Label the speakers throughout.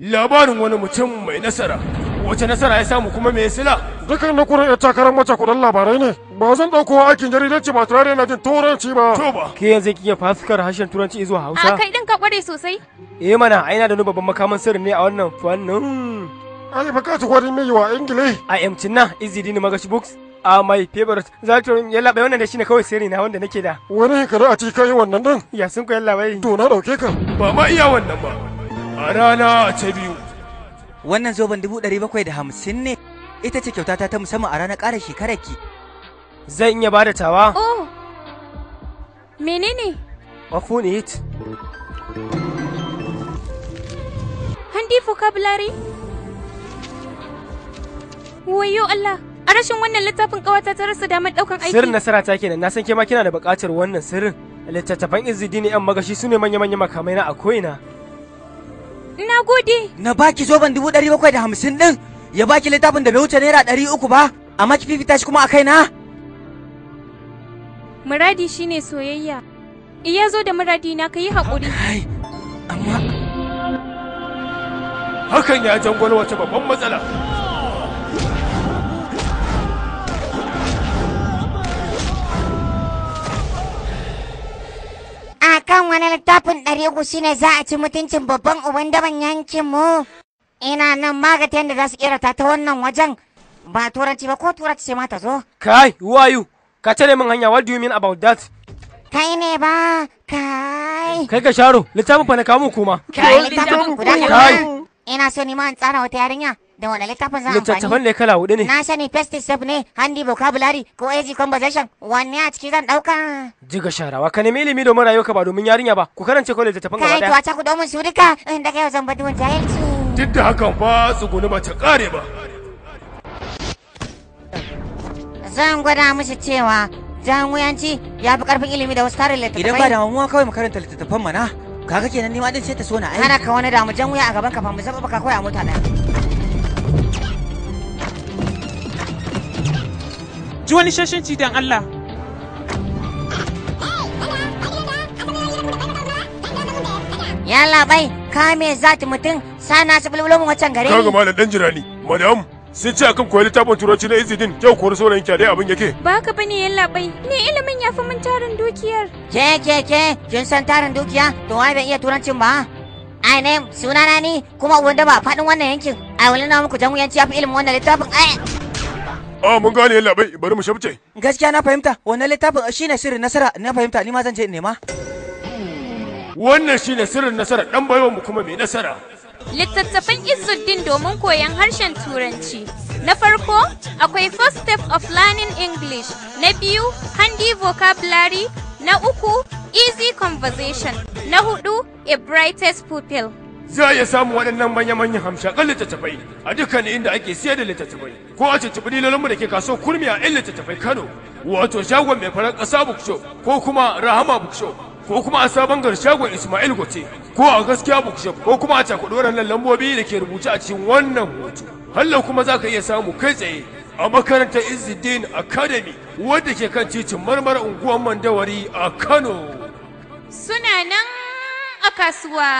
Speaker 1: labarin wani mutum mai nasara
Speaker 2: wace nasara ya samu kuma mai sila
Speaker 3: dukkan na kuren ya takarar mace kudin labarai ne ba zan dauko
Speaker 2: aikin jaridanci ba tare na jin turanci ba to ba ke yanzu kike fasikar harshen turanci zuwa hausa a kai
Speaker 1: din ka
Speaker 4: kware sosai
Speaker 2: eh mana ai na da babban makaman sirri ne a wannan fannin ai fa ka ci kwarin mai wa ingili i am tinna easy dini magashi books a my favorite za ta ya labai wannan da shine kawai sirri na wanda nake da
Speaker 3: wani kada a ci kai wannan din ya sun ku yalla bai to na dauke ka
Speaker 2: ba ma iya wannan ba a rana ta biyu wannan zoben dubu ɗari bakwai da hamsin ne ita ce kyautata ta musamman a ranar ƙara shekarar ki zan iya bada tawa
Speaker 4: oh menene
Speaker 2: open it
Speaker 4: Handi vocabulary wayo Allah a rashin wannan littafin kawata ta rasa damar ɗaukan aiki sirrin nasara
Speaker 2: ta kenan na san ke ma kina da buƙatar wannan sirrin littattafan ne yan magashi su ne manya-manya makamai na a ko'ina
Speaker 4: Na gode.
Speaker 5: Na baki zoban dubu ɗari bakwai da hamsin ɗin ya baki littafin da bai wuce naira ɗari uku ba amma ki fifita shi kuma a na.
Speaker 4: Muradi shine soyayya. Iya zo da muradi na ka yi haƙuri. Amma.
Speaker 2: Hakan ya jangwal wata babban matsala.
Speaker 5: a kan wani littafin ɗari uku shine za a ci mutuncin babban uban daban yankin mu ina nan magatayen da za su kirata ta wannan wajen ba turanci ba ko turanci sai ma ta zo
Speaker 2: kai wayu ka tare min hanya what do you mean about that
Speaker 5: kai ne ba kai
Speaker 2: kai ka sharo littafin fa na kamu kuma
Speaker 5: kai littafin guda kai ina so ni ma an tsara wata yarinya Da wani littafin za a amfani? Littattafan ne
Speaker 2: kala hudu ne. Na
Speaker 5: sani pesticide ne, handi vocabulary ko easy conversation. Wanne a ciki zan dauka?
Speaker 2: Jiga sharawa ka nemi ilimi domin rayuwa ba domin yarinya ba. Ku karance ko littattafan gaba daya. Kai
Speaker 5: to a ku mun su in Da kai zan bar duwan jahilci.
Speaker 2: Duk da hakan fa tsuguni ba ta kare ba.
Speaker 5: Zan gwada musu cewa jan wuyanci ya fi karfin ilimi da wasu tarin littattafai. Idan ba da mamuwa kawai mu karanta littattafan mana. Kaga kenan ne ma din sai ta so na aiki. kana ka wani damu jan wuya a gaban kafa mu zaba baka koya mota na
Speaker 6: ji wani shashanci dan Allah
Speaker 7: ya labai ka me zati mutum sana su bulbulo mun wancan gare ni. kaga malam
Speaker 3: dan jirani madam sai ce akan koyi littafin turanci na izidin kyau ko saurayin ki dai abin yake
Speaker 4: ba ka bane yan labai ni ilimin ya min tarin dukiyar
Speaker 5: ke ke ke kin san tarin dukiya to wai ban iya turancin ba ai ne sunana ni kuma wanda ba faɗin wannan yankin ai wani na muku jamuyanci ya fi ilimin wannan littafin ai
Speaker 3: a ah, mun gane yalla bai bari mu shafce
Speaker 5: gaskiya na fahimta wannan littafin shine sirrin nasara na fahimta ni ma zan je nema
Speaker 2: wannan shine sirrin nasara dan baiwa mu kuma mai nasara
Speaker 4: littattafan Izzuddin domin koyon harshen turanci na farko akwai first step of learning english na biyu handy vocabulary na uku easy conversation na hudu a brightest pupil
Speaker 2: za ya samu waɗannan manya-manyan hamshakan littattafai a dukkanin inda ake siyar da littattafai ko a tuntuɓi lalunmu da ke kaso kurmi a 'yan littattafai kano wato shagon mai farar ƙasa buksho ko kuma rahama buksho ko kuma a sabon gar shagon ismail gote ko a gaskiya buksho ko kuma a cakuɗoran nan lambobi da ke rubuce a cikin wannan hoto hallau kuma za ka iya samu kai tsaye a makarantar izidin academy wadda ke kan titin marmara unguwar mandawari a kano
Speaker 4: suna nan a kasuwa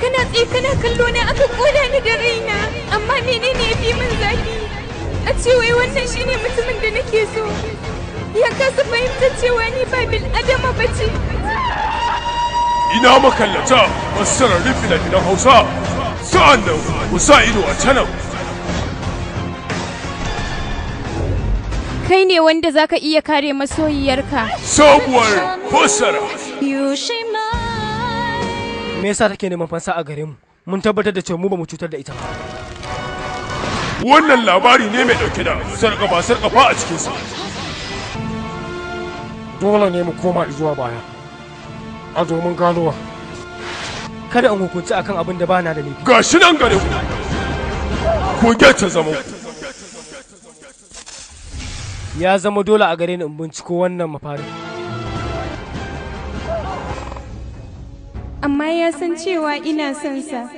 Speaker 4: kana tsaye kana kallo na aka koda ni da raina amma menene yafi fi min zafi a ce wannan shine mutumin da nake so ya kasa fahimta cewa ni ba bil adama bace
Speaker 3: ina makallata masarar sararin fina-finan hausa sa'an nan ku sa ido a channel.
Speaker 4: kai ne wanda zaka iya kare masoyiyarka sabuwar fassara me
Speaker 2: yasa take neman fansa a gare mu mun tabbatar da cewa mu ba mu cutar da ita ba
Speaker 3: wannan labari ne mai dauke da
Speaker 2: sarka fa a cikin sa.
Speaker 3: dole ne mu koma zuwa baya
Speaker 2: a domin ganowa kada an hukunci akan abin da ba na da laifi gashi nan gare ku ku gace zama ya zama dole a gare ni in binciko wannan mafarin.
Speaker 4: Amma ya san cewa ina son sa,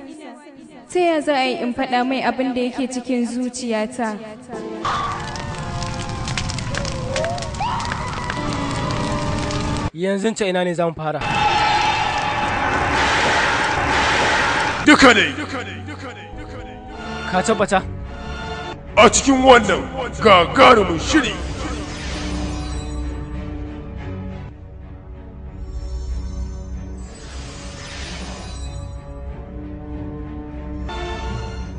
Speaker 4: ta ya za a yi in faɗa mai abin da yake cikin zuciyata.
Speaker 2: Yanzu ce ina ne zan fara. Duka ne! Ka tabbata? A cikin wannan
Speaker 3: gagarumin shiri.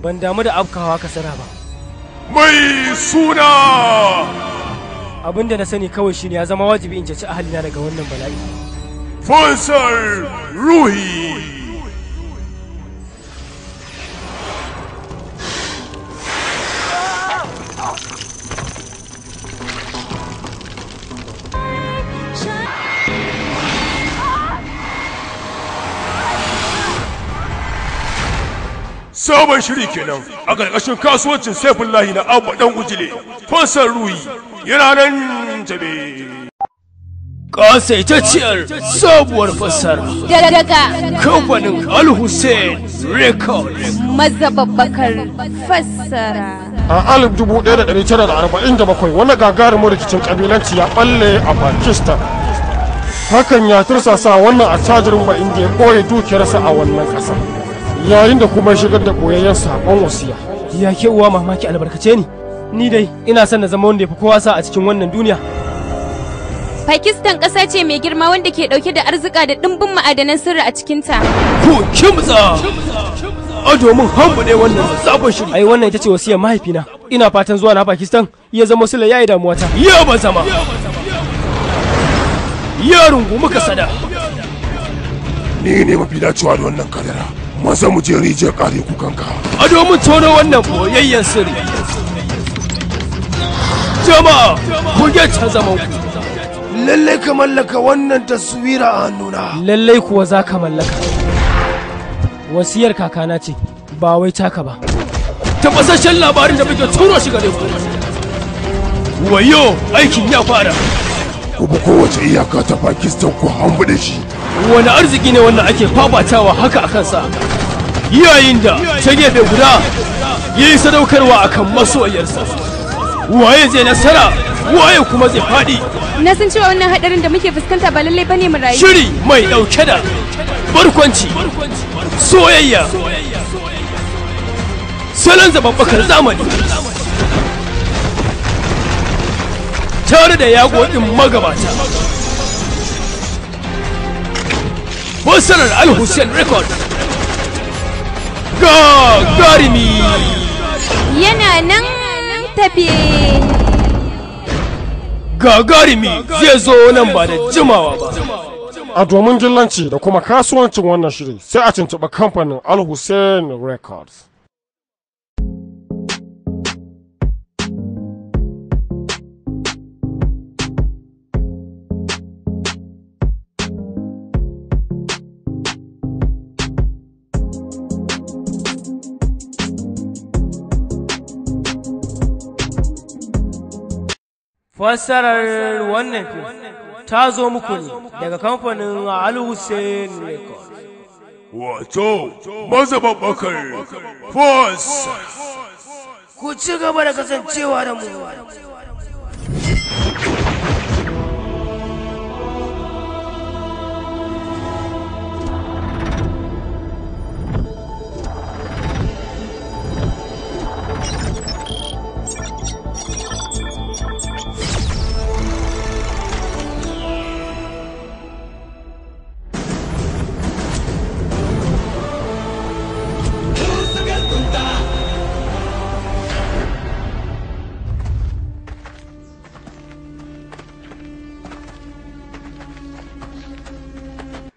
Speaker 2: ban damu da afkawa kasara ba mai suna abinda na sani kawai shine ya zama wajibi in ci ahalina daga wannan bala'i
Speaker 3: fonsar ruhi sabon shiri kenan a ƙarƙashin kasuwancin lahi na abu ɗan ujile fansan ruyi yana nan tabe ƙasaitacciyar
Speaker 2: sabuwar fassara daga kamfanin alhussein hussein records
Speaker 4: mazababbakar fassara
Speaker 3: a ɗaya da da da tara arba'in bakwai wani gagarumin rikicin ƙabilanci ya ɓalle a pakistan hakan ya tursasa wannan a cajirin ba inda ya ɓoye dukiyarsa a wannan ƙasa yayin da kuma
Speaker 2: shigar da koyayyen sakon wasiya ya ke uwa mamaki albarkace ni ni dai ina son na zama wanda ya fi kowa sa a cikin wannan duniya
Speaker 4: Pakistan ƙasa ce mai girma wanda ke ɗauke da arzika da ɗimbin ma'adanan sirri a cikinta.
Speaker 2: Ku kimza A domin ne wannan sabon shiri. Ai wannan ita ce wasiyar mahaifina. Ina fatan zuwa na Pakistan ya zama sila ya yi damuwa ta. Ya ba zama! Ya rungu muka
Speaker 3: sada. Ni ne mafi dacewa da wannan kadara. maza mu je rijiyar kare kanka a domin tono wannan boyayyen sirri
Speaker 2: jama'a ku ta zaman ku lallai ka mallaka wannan taswira a hannuna lallai kuwa za ka mallaka wasiyar kakana ce ba wai taka ba tabbasashen labarin da muke turo shi gare ku wayo aikin ya fara
Speaker 3: ku bi kowace iyaka ta pakistan ku hambu da shi
Speaker 2: wani arziki ne wannan ake fabatawa haka akan sa yayin da ta gefe guda ya yi sadaukarwa akan masoyarsa waye zai nasara waye kuma zai faɗi
Speaker 4: na san cewa wannan hadarin da muke fuskanta ba lallai bane mu rayu shiri
Speaker 2: mai ɗauke da barkwanci soyayya salon zababbakar zamani tare da yago din magabata Bursanar Al-Hussein Record garimi.
Speaker 4: Yana nan
Speaker 2: ga garimi zai zo nan ba da jimawa ba
Speaker 3: A domin jillanci da kuma kasuwancin wannan shiri sai a tuntuɓi kamfanin Al-Hussein Records
Speaker 2: fassarar wannan fim ta zo muku ne daga kamfanin al-hussein wato maza babbakar fos. ku ci gaba da kasancewa da mu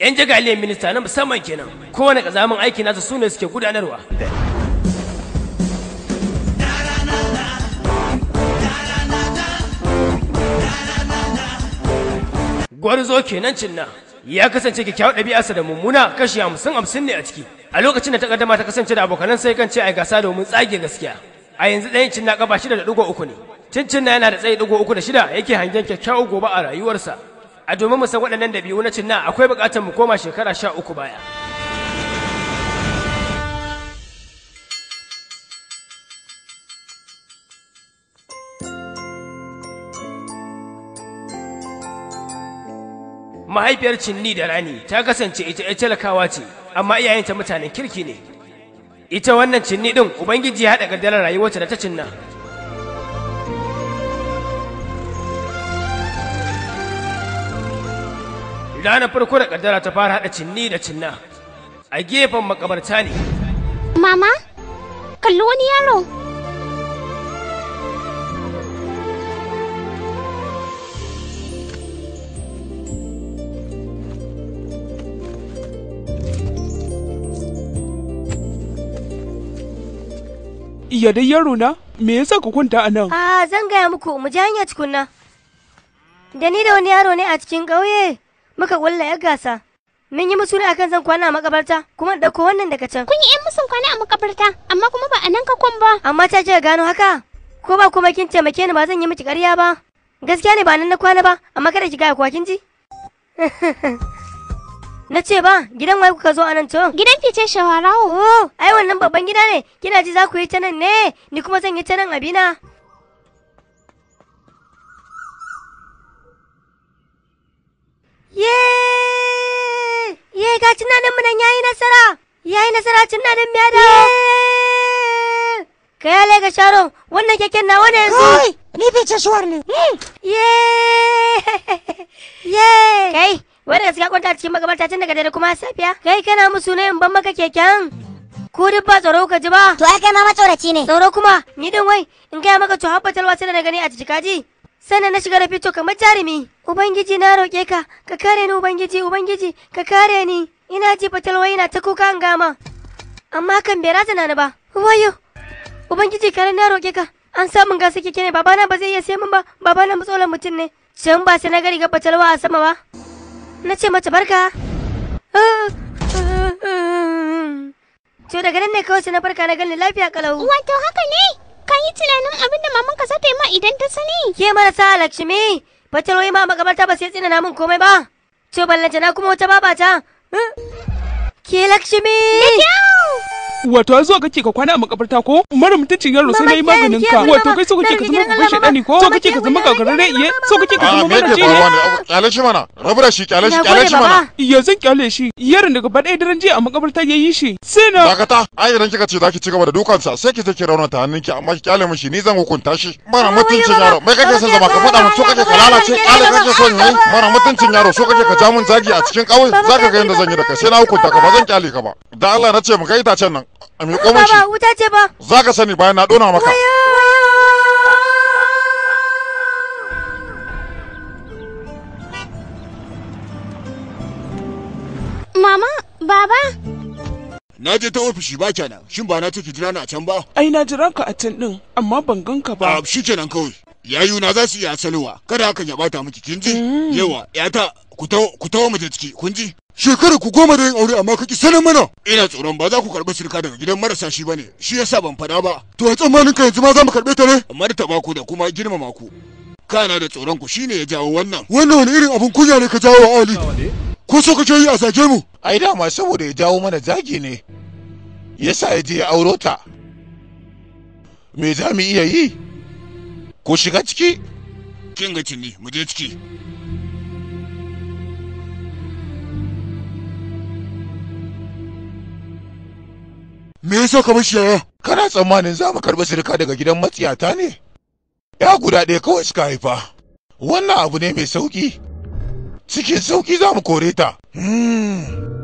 Speaker 2: 'yan jagaliyar minista na musamman kenan kowane kazamin aiki nasa su ne suke gudanarwa gwarzo kenan cinna ya kasance kyakkyawar ɗabi'arsa da mummuna kashi hamsin hamsin ne a ciki a lokacin da ta kaddama ta kasance da abokanan sai kan ce a gasa domin tsage gaskiya a yanzu ɗayan cinna ƙafa shida da ɗigo uku ne cin cinna yana da tsayi ɗigo uku da shida yake hangen kyakkyawar gobe a rayuwarsa a domin mu san waɗannan dabi'u na cinna akwai buƙatar mu koma shekara sha uku baya mahaifiyar cinni da rani ta kasance ita ya talakawa ce amma iyayenta mutanen kirki ne ita wannan cinni ɗin ubangiji ya haɗa gardalar rayuwarta da ta cinna ranar farko da kaddara ta fara haɗa cinni da cinna a gefen makabarta ne
Speaker 4: mama kalli wani yaro
Speaker 6: Iya dai yaro na, me yasa ku kwanta a nan?
Speaker 7: A ah, zan gaya muku, mu ji hanya tukunna. Da ni da wani yaro ne a cikin ƙauye. muka walla ya gasa Mun yi musu ne akan zan kwana a makabarta kuma ɗauko wannan daga can. Kun yi ‘yan musun kwana a makabarta amma kuma ba a nan ka kwan ba. Amma ta ce gano haka ko ba kuma kin taimake ni ba zan yi miki ƙarya ba. Gaskiya ne ba nan na kwana ba amma kada ki gaya kuwa kin ji. Na ce ba gidan wai kuka zo a nan to. Gidan ki ce shawarawo. Oh ai wannan babban gida ne kina ji za ku yi ta nan ne ni kuma zan yi ta nan abina. Ye! Ye ga tunanin nan yayi nasara. Yayi nasara cinna tunanin ya dawo. Ka yale ga sharo. wannan keken na wani yanzu. Kai, ni fice shuwar ne. Ye! Ye! Kai, wanda suka kwanta cikin magabarta tun daga dare kuma safiya. Kai kana musu ne in ban maka keken. ko duk ba tsoro ka ji ba. To ai kai ma matsoraci ne. Tsoro kuma ni din wai in gaya maka to habbatar wasa da na gani a kaji? Sannan na shiga da fito kamar jarumi. Ubangiji na roƙe ka, ka kare ni Ubangiji, Ubangiji, ka kare ni, ina ji fatalwa na ta kuka gama. Amma kan bai razana ni ba, wayo, Ubangiji kare na roƙe ka, an samun gasa keke ne, babana ba zai iya sai min ba, babana matsalar mutum ne. Can ba sai na gari ga fatalwa a sama ba. Na ce mace barka. To daga nan ne kawai sai na farka na gani lafiya kalau. Wato haka ne, ka yi tunanin abin da mamanka za ta yi ma idan ta sani. Ke marasa Lakshmi, bacin wai ma magabarta ba sai tsina na mun komai ba. To ballanta na kuma wata babata. Ke Lakshmi!
Speaker 6: wato zo kake ka kwana a makabarta ko mara mutuncin yaro sai nayi maganin ka wato kai so kake ka zama babban shedani ko so kake ka zama gagarare iye so kake ka zama mara ce kyale shi mana rabu da shi kyale shi kyale shi mana iya zan kyale shi yaron daga baɗaya daren jiya a makabarta yayi shi sai na dakata ai idan kika
Speaker 3: ce zaki ci gaba da dukansa sai ki take raunata hannunki amma ki kyale mishi ni zan hukunta shi mara mutuncin yaro mai kake son zama ka faɗa mu so kake ka lalace kyale kake son yi mara mutuncin yaro so kake ka ja mun zagi a cikin ƙauye zaka ga yadda zan yi da kai sai na hukunta ka ba zan kyale ka ba da Allah na ce mu kai can nan a miƙo
Speaker 7: wuta ce ba
Speaker 3: za ka sani bayan na maka
Speaker 4: mama baba
Speaker 6: na je ta ofishi ba kenan shin ba na take jira na can ba ai na jira ka a can ɗin amma ban gan ka ba ah, shi kenan kawai yayu
Speaker 3: na za su iya salowa kada haka ya bata miki kin ji mm. yawa yata ku taho mu da ciki kun ji shekara ku goma da yin aure amma kaki sanin mana ina tsoron ba za ku karɓi sirka daga gidan marasa shi bane shi yasa ban faɗa ba to a tsammanin ka yanzu ma za mu karɓe ta ne da ku da kuma girmama ku
Speaker 8: kana da tsoron ku shine ya jawo wannan
Speaker 3: wannan wani irin abun kunya ne ka jawo wa ali ko so kake yi a zage mu ai dama saboda ya jawo mana zagi ne yasa ya je ya auro ta me za mu iya yi ko shiga ciki
Speaker 8: kin ga cinni mu je ciki
Speaker 1: me yasa
Speaker 3: ka shi yaya kana tsammanin za mu karɓi sirka daga gidan matsiyata ne ya guda ɗaya kawai suka haifa wannan abu ne mai sauki cikin sauki za mu kore ta hmm.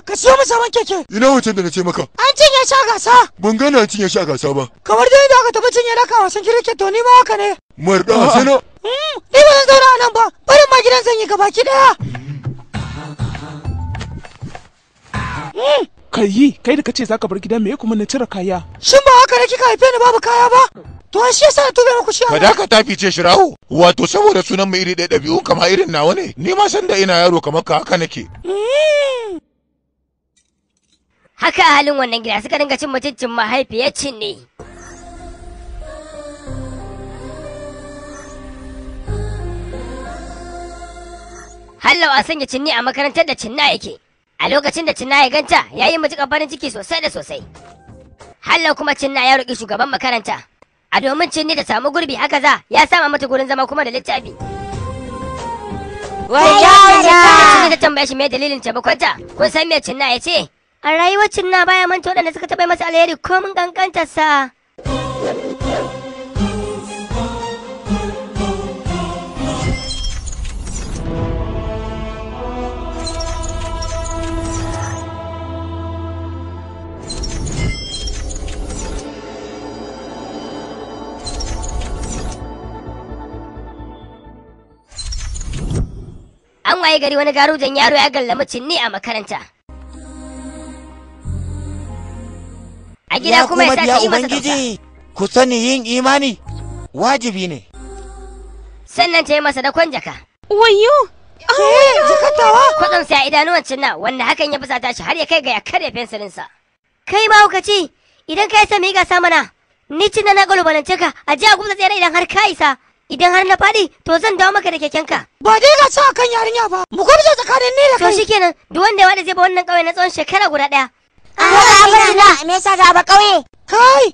Speaker 3: ka siyo masa man keke. Ina wancan da na ce maka. An cinye shi a gasa. Ban gane an cinye shi a gasa ba.
Speaker 5: Kamar dai da aka taɓa cinye a wasan kirket to ni ma haka ne.
Speaker 3: Marɗa a sana.
Speaker 5: Mm, ni ba zan zauna a nan ba. Barin ma gidan zan yi baki ɗaya.
Speaker 6: Mm. Kai yi, kai da kace zaka bar gida me kuma na cire kaya.
Speaker 3: Shin ba haka ne kika haife ni babu kaya ba? To shi yasa na tube muku shi. Ka Kada ka fice shi rawo. Wato saboda sunan mu iri ɗaya ɗabi'u kama irin nawa ne. Ni ma san da ina yaro kamar ka haka nake.
Speaker 7: Mm. haka halin wannan gida suka dinga cin mutuncin mahaifiyacin ne hallau a sanya cinni a makarantar da cinna yake a lokacin da cinna ya ganta ya yi matuƙar farin ciki sosai da sosai hallau kuma cinna ya roƙi shugaban makaranta a domin cinni da samu gurbi haka za ya sama mata gurin zama kuma da littafi wai ya ta tambaye shi me dalilin taimakonta kun san me cinna ya ce A rayuwacin na baya manta waɗanda suka taɓa masa alheri ko mun komin sa? An waye gari wani garujan yaro ya gallama cinni a makaranta. a gida kuma ya sake yi masa ubangiji
Speaker 8: ku sani yin imani wajibi ne
Speaker 7: sannan ta yi masa dakon jaka wayo ah, jakatawa kwatsam sa a idanuwan na, wanda hakan ya fusata shi har ya kai ga ya karya fensirinsa kai ma ka ci idan ka isa miƙa gasa mana ni cin na nagalo ka a ji a gumsa tsere idan har ka isa idan har na faɗi to zan dawo maka da kekenka. Ba dai ga sa kan yarinya ba, mu gwamza tsakanin ni da kai. To shikenan, duk wanda ya wada zai ba wannan ƙauye na tsawon shekara guda ɗaya. Me yasa ta ba ƙauye? Kai,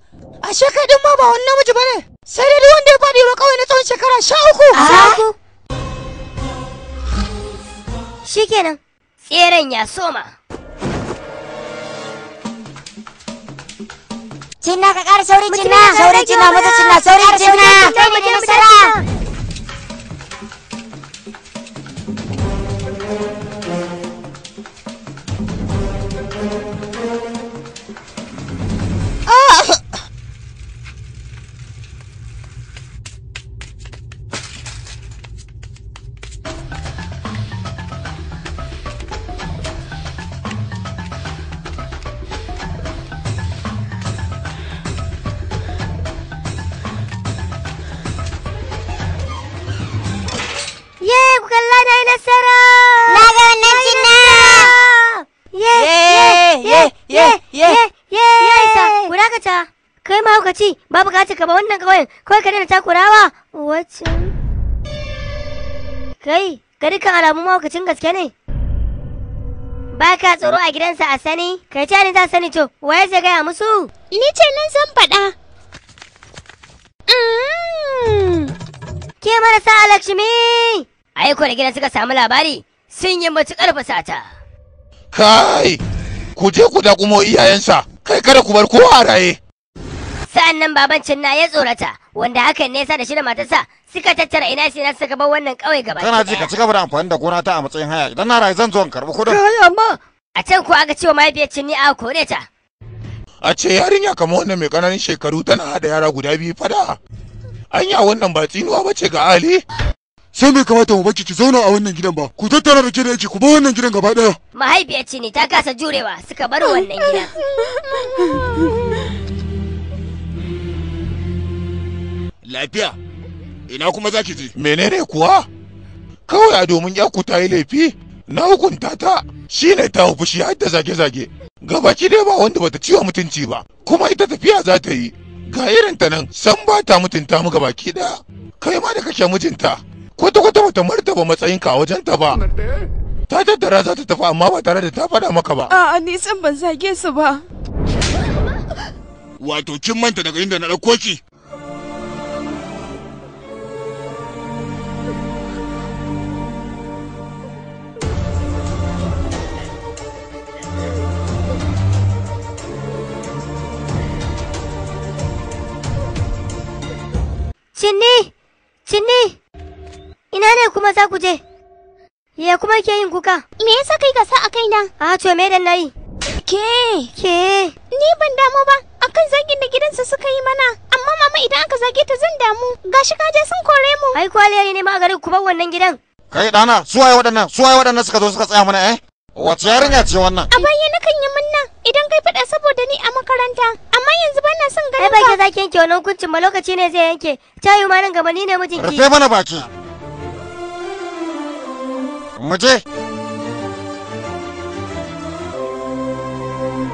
Speaker 7: ashe kai ma ba wani namiji bane. Sai dai duk wanda ya faɗi ba ƙauye na tsawon shekara ah. sha uku. Shikenan, tseren ya soma. Cinna ka ƙara sauri cinna, sauri cinna, maza cinna, sauri cinna. Kai ne nasara.
Speaker 1: thank you
Speaker 7: gaba wannan kawai kawai ka daina ba. Wacce kai ga alamu mawakacin gaske ne ba ka tsoro a gidansa a sani kai ce ni za sani to waye zai gaya musu ni ce nan zan faɗa mm. ke marasa Lakshmi? aiko da gidan suka samu labari sun yi matuƙar fasata
Speaker 3: kai ku je ku da iyayensa kai kada ku bar kowa raye
Speaker 7: sa'an nan baban na ya tsorata wanda hakan ne sa da shi da matarsa suka tattara ina sai na suka bar wannan kauye gaba kana ji ka
Speaker 3: ci gaba da amfani da gona ta a matsayin haya idan na rayu zan zo in karbi kudin haya
Speaker 7: ma a can ko aka cewa mahaifiyar cinni a kore ta
Speaker 3: a ce yarinya kamar wannan mai ƙananan shekaru tana haɗa yara guda biyu fada anya wannan ba tsinuwa ba ce ga ali sai mai kamata mu baki ki zauna a wannan gidan ba ku tattara da ke da yake ku bar wannan gidan gaba daya
Speaker 7: mahaifiyar ne ta kasa jurewa suka bar wannan gidan
Speaker 3: lafiya ina kuma zaki je menene kuwa kawai a domin ya ta yi laifi na hukunta ta shine ta fushi har da zage-zage gabaki dai ba wanda bata ciwa mutunci ba kuma ita tafiya za ta yi ga irin ta nan san ba ta mutunta mu gabaki daya kai ma da kake mijinta kwata-kwata bata martaba matsayinka a ta ba ta tattara za ta tafi amma ba tare da ta faɗa maka ba
Speaker 4: a'a ni san ban zage su ba
Speaker 3: wato kin manta daga inda na ɗauko ki
Speaker 7: Cinni! Cinni! Ina ne kuma za ku je? Ya kuma ke yin kuka? Me yasa kai gasa a kaina? A ah, to me dan nayi? Ke! Ke! Ni ban damu ba, akan zagin da gidansa suka yi mana. Amma mama idan aka zage ta zan damu. Gashi ka je sun kore mu. Ai kwaliyar ne ma a garin ku wannan gidan.
Speaker 5: Kai dana, suwaye waɗannan? Suwaye waɗannan suka zo suka tsaya mana eh?
Speaker 1: wace yarinya ce wannan a
Speaker 7: baya na kan yi munna idan kai faɗa saboda ni a makaranta amma yanzu ba na son ganin ka ai za zaki yanke wannan hukuncin ma lokaci ne zai yanke tayu ma nan gaba ni ne mijinki rufe mana
Speaker 3: baki mu je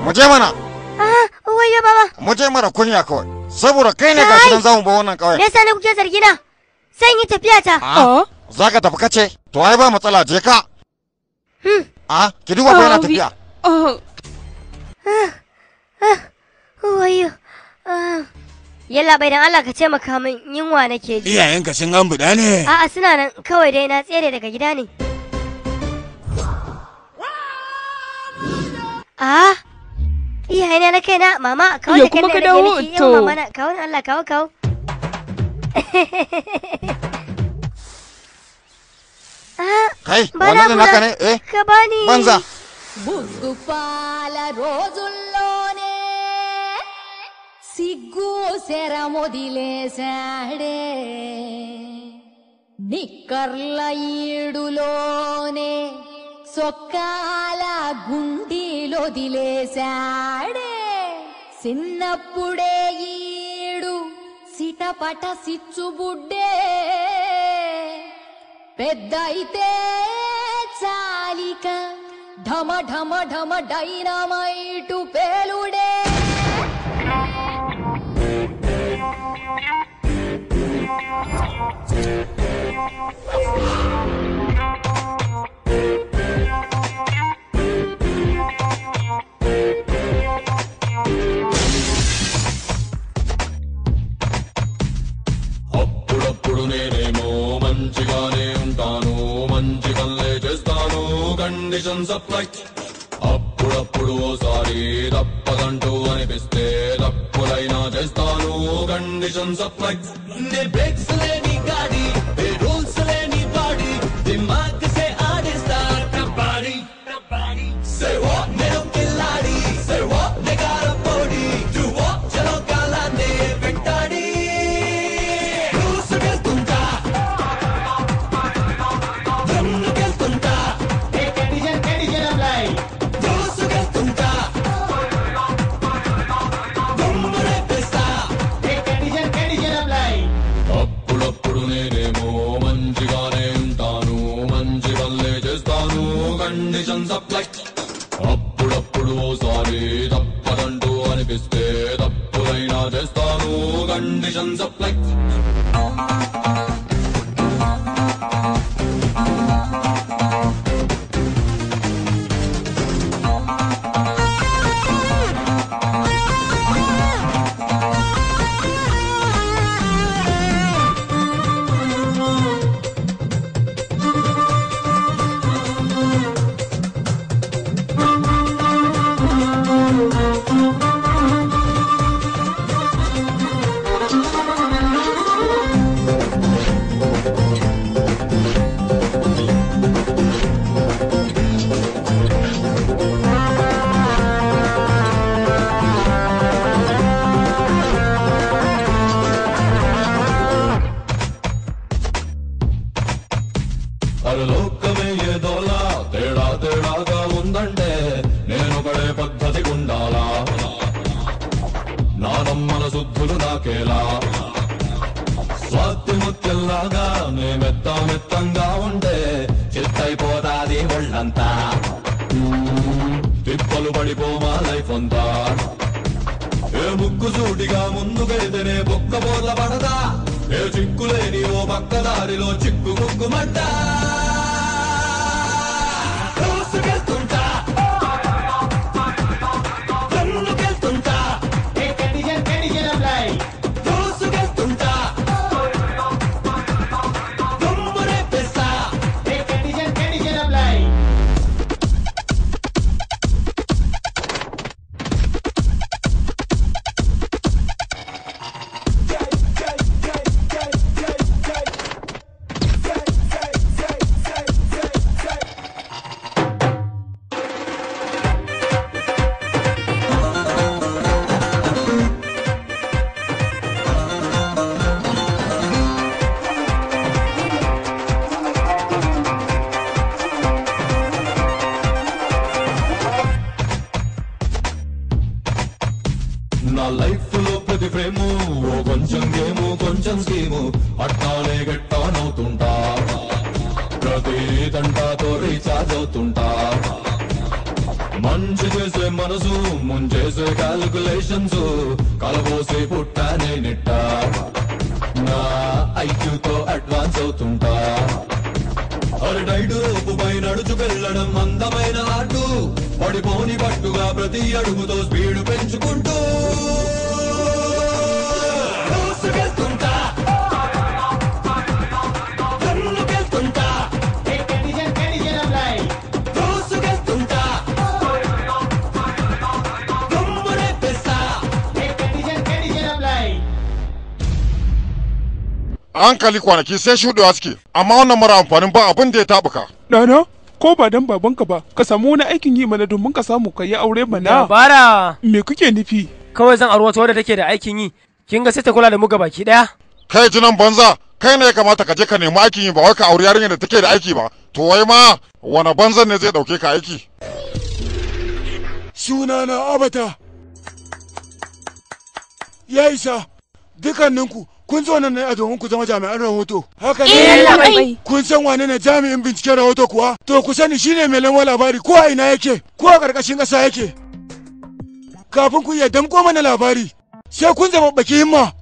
Speaker 5: mu je mana
Speaker 7: ah wayo baba
Speaker 5: mu je mara kunya kawai saboda kai ne gashi nan zamu ba wannan kawai me yasa
Speaker 7: ne kuke zargina sai yi tafiya ta ah, oh.
Speaker 5: za ka tafi kace to ai ba matsala je ka A,
Speaker 8: ki duba ko yana tafiya.
Speaker 7: Wayo. Yalla bai dan Allah ka taimaka, maka min yunwa nake ji. Iyayenka
Speaker 8: sun an buɗa ne.
Speaker 7: A'a suna nan kawai dai na tsere daga gida ne. A? Iyaye na kaina mama kawai da kai ne nake mama na ka wani Allah kawo kawo.
Speaker 1: హై వందది నాకనే ఏ
Speaker 9: బంజా బుగ్గుపాల రోజుల్లోనే సిగ్గు శరమొదిలేశాడే నిక్కర్ల ఈడులోనే సొక్కాల గుండీలొదిలేశాడే చిన్నప్పుడే ఈడు సిటపట సిచ్చుబుడ్డే పెద్ద అయితే చాలిక ఢమ ఢమ ఢమ డైనమైటు పేలుడే
Speaker 1: Thank you.
Speaker 10: up like
Speaker 3: hankali kwanaki sai shuɗewa
Speaker 6: suke amma wannan mara amfanin ba abin da ya tabuka. Ɗana ko ba dan babanka ba ka samu wani aikin yi mana domin ka samu ka yi aure mana. Dabara. Me kuke nufi?
Speaker 2: Kawai zan auri wata wadda take da
Speaker 3: aikin yi kin ga sai ta kula da mu baki ɗaya. Kai jinan banza kai ne ya kamata ka je ka nemi aikin yi ba wai ka auri yarinya da take da aiki ba to wai ma wani banzan ne zai ɗauke ka aiki. Sunana Abata. Ya isa dukanninku kun zo nan ne a domin ku zama jami'an rahoto haka ne eh, kun san wane ne jami'in binciken rahoto kuwa to ku sani shine mai lamar labari ko a ina yake ko a karkashin ƙasa yake kafin ku iya damƙo mana labari sai kun zama baki himma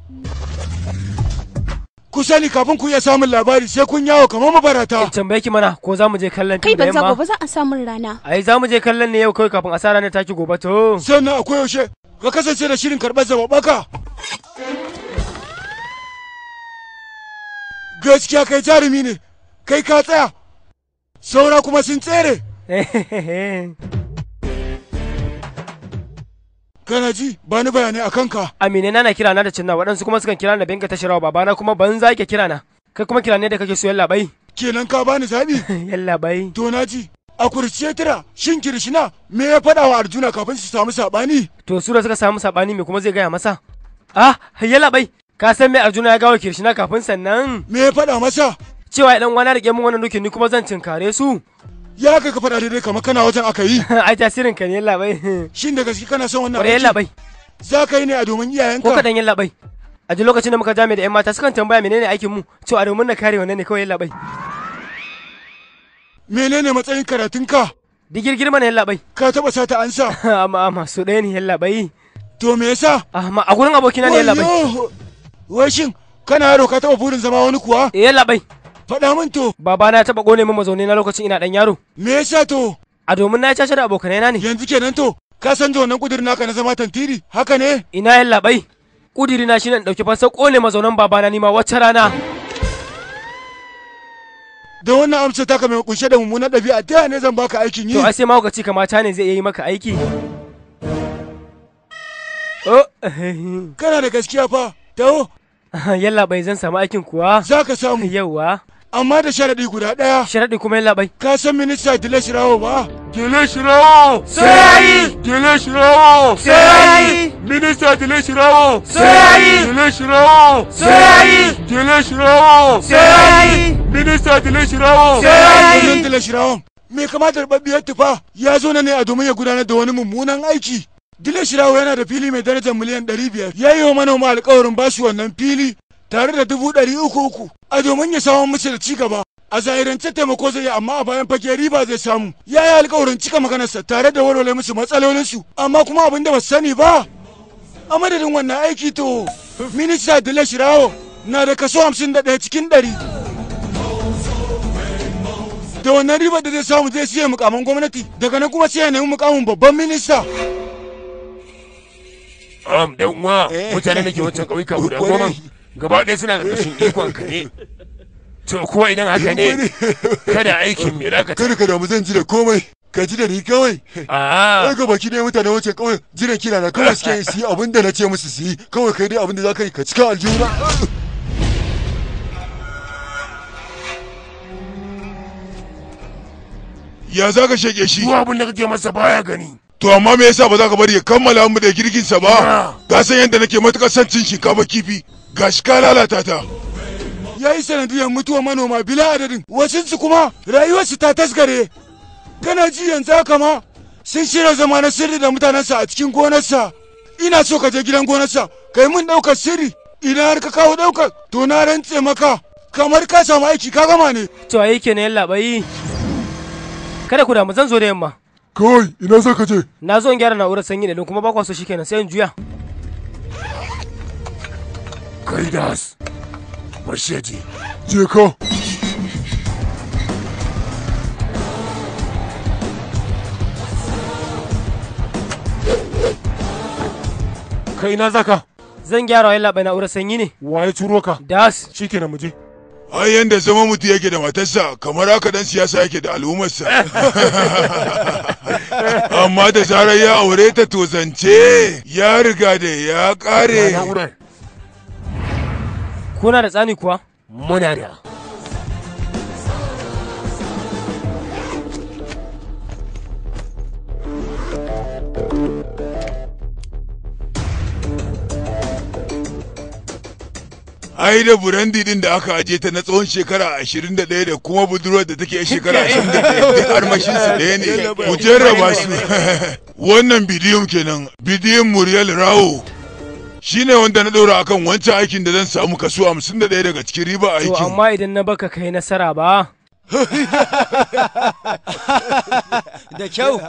Speaker 3: ku sani kafin ku iya samun labari
Speaker 2: sai kun yawo kamar mabarata. In eh, tambaye ki mana ko za mu je kallon ta? da yamma. Kai banza
Speaker 4: za a samu rana.
Speaker 2: Ai za mu je kallon ne yau kawai kafin a sa ranar taki gobe to. Sannan akwai yaushe ka kasance da shirin karɓar zababaka. gaskiya kai jarumi ne kai ka tsaya saura kuma sun tsere kana ji ba ni bayanai akan ka amine na na kira na da cinna waɗansu kuma sukan kira na benga ta shirawa babana kuma ban zaki kira na kai kuma kira ne da kake so yalla bai kenan ka bani zaɓi yalla bai to na ji a kurciye tira shin kirshina me ya faɗa wa arjuna kafin su samu saɓani to su da suka samu saɓani me kuma zai gaya masa ah yalla bai ka san mai arjuna ya gawo kirshina kafin sannan me ya faɗa masa cewa idan wani rike min wannan dukin ni kuma zan cinkare su ya kai ka faɗa daidai kamar kana wajen aka yi ai tasirin ka ne bai shin da gaske kana son wannan yalla bai za ka yi ne a domin iyayenka ko kaɗan yalla bai a duk lokacin da muka jami da 'yan mata sukan tambaya menene aikin mu cewa a domin na kare wannan ne kawai yalla bai menene matsayin karatunka digir girma ne yalla bai ka taɓa sata ansa amma amma su ɗaya ne yalla bai to me yasa amma a gurin abokina ne yalla bai wai shin kana yaro ka taɓa burin zama wani kuwa eh labai faɗa min to baba na taɓa ƙone min mazauni na lokacin ina ɗan yaro me yasa to a domin na caca da abokanai na ne yanzu kenan to ka san da wannan ƙudurin naka na zama tantiri haka ne ina yan labai ƙudiri na shine in ɗauki fansa ƙone mazaunan babana ni ma wacce rana
Speaker 3: da wannan amsa taka mai kunshe da mummunan ɗabi'a ta ne zan baka aikin yi to ai sai
Speaker 2: mahaukaci kamata ne zai iya yi maka aiki
Speaker 3: oh.
Speaker 2: kana da gaskiya fa taho yalla bai zan samu aikin kuwa za ka samu Yauwa.
Speaker 3: amma da sharaɗi guda ɗaya sharaɗi kuma yalla bai ka san minista dile shirawo ba dile shirawo sai dile shirawo sai minista dile shirawo sai dile shirawo sai dile shirawo sai minista dile shirawo sai dile shirawo me kamata da rubabbiyar tufa ya zo ne a domin ya gudanar da wani mummunan aiki Dile Shirawo yana da fili mai darajar miliyan 500 ya yi wa manoma alkawarin shi wannan fili tare da dubu ɗari uku uku a domin ya samu mace da ci gaba a zahirance taimako zai yi amma a bayan fage riba zai samu ya yi alkawarin cika maganarsa tare da walwale musu su amma kuma abin da ba sani ba a madadin wannan aiki to minista Dile Shirawo na da kaso 51 cikin 100 da wannan ribar da zai samu zai siya mukamin gwamnati daga nan kuma sai ya nemi mukamin babban minista am dan uwa eh. mutane da ke wancan ƙauyuka guda goma gaba ɗaya suna ƙarƙashin ikon ka ne to kuma idan haka ne kada aikin me zaka kada ka mu zan ji da komai ka ji da ni kawai a'a ga baki ne mutane wancan kawai jiran kira na kawai suke su yi abin da na ce musu su yi kawai kai dai abin da za ka yi ka cika aljihuna ya za ka shege shi ko abin da kake masa baya gani to amma me yasa ba za ka bari ya kammala mu da girgin sa ba ka san yadda nake matukar son cin shinkafa kifi gashi ka lalata ta ya yi sanadiyar mutuwar manoma bila adadin su kuma rayuwarsu ta tasgare kana ji yanzu haka ma sun shirya zama na sirri da mutanensa a cikin gonarsa ina so ka je gidan gonarsa kai mun ɗaukar sirri ina har ka kawo ɗaukar to na rantse maka kamar ka samu aiki
Speaker 2: ka gama ne to a yake ne yallaɓayi kada ku damu zan zo da yamma
Speaker 3: Kawai ina za ka je?
Speaker 2: Na zo in gyara na'urar sanyi ne don kuma ba kwaso shikenan sai in juya.
Speaker 3: Kai das. Mashedi. Je ka. Kai ina za ka? Zan gyara wa labai na'urar sanyi ne. Waye turo ka? Das. Shikenan mu je. ai yanda zama mutu yake da matarsa kamar haka dan siyasa yake da al'ummarsa amma da zarar ya aure ta to zance ya riga da ya kare
Speaker 2: kuna da tsani kuwa
Speaker 3: muna da ai da burandi din da aka aje ta na tsawon shekara 21 da kuma budurwar da take shekara 21 da armashin su ɗaya ne ku jarraba su wannan bidiyon kenan bidiyon Muriel Rawo shine wanda na ɗora akan wancan aikin da zan samu kaso 51 daga cikin riba aikin to amma
Speaker 2: idan na baka kai
Speaker 3: nasara ba da kyau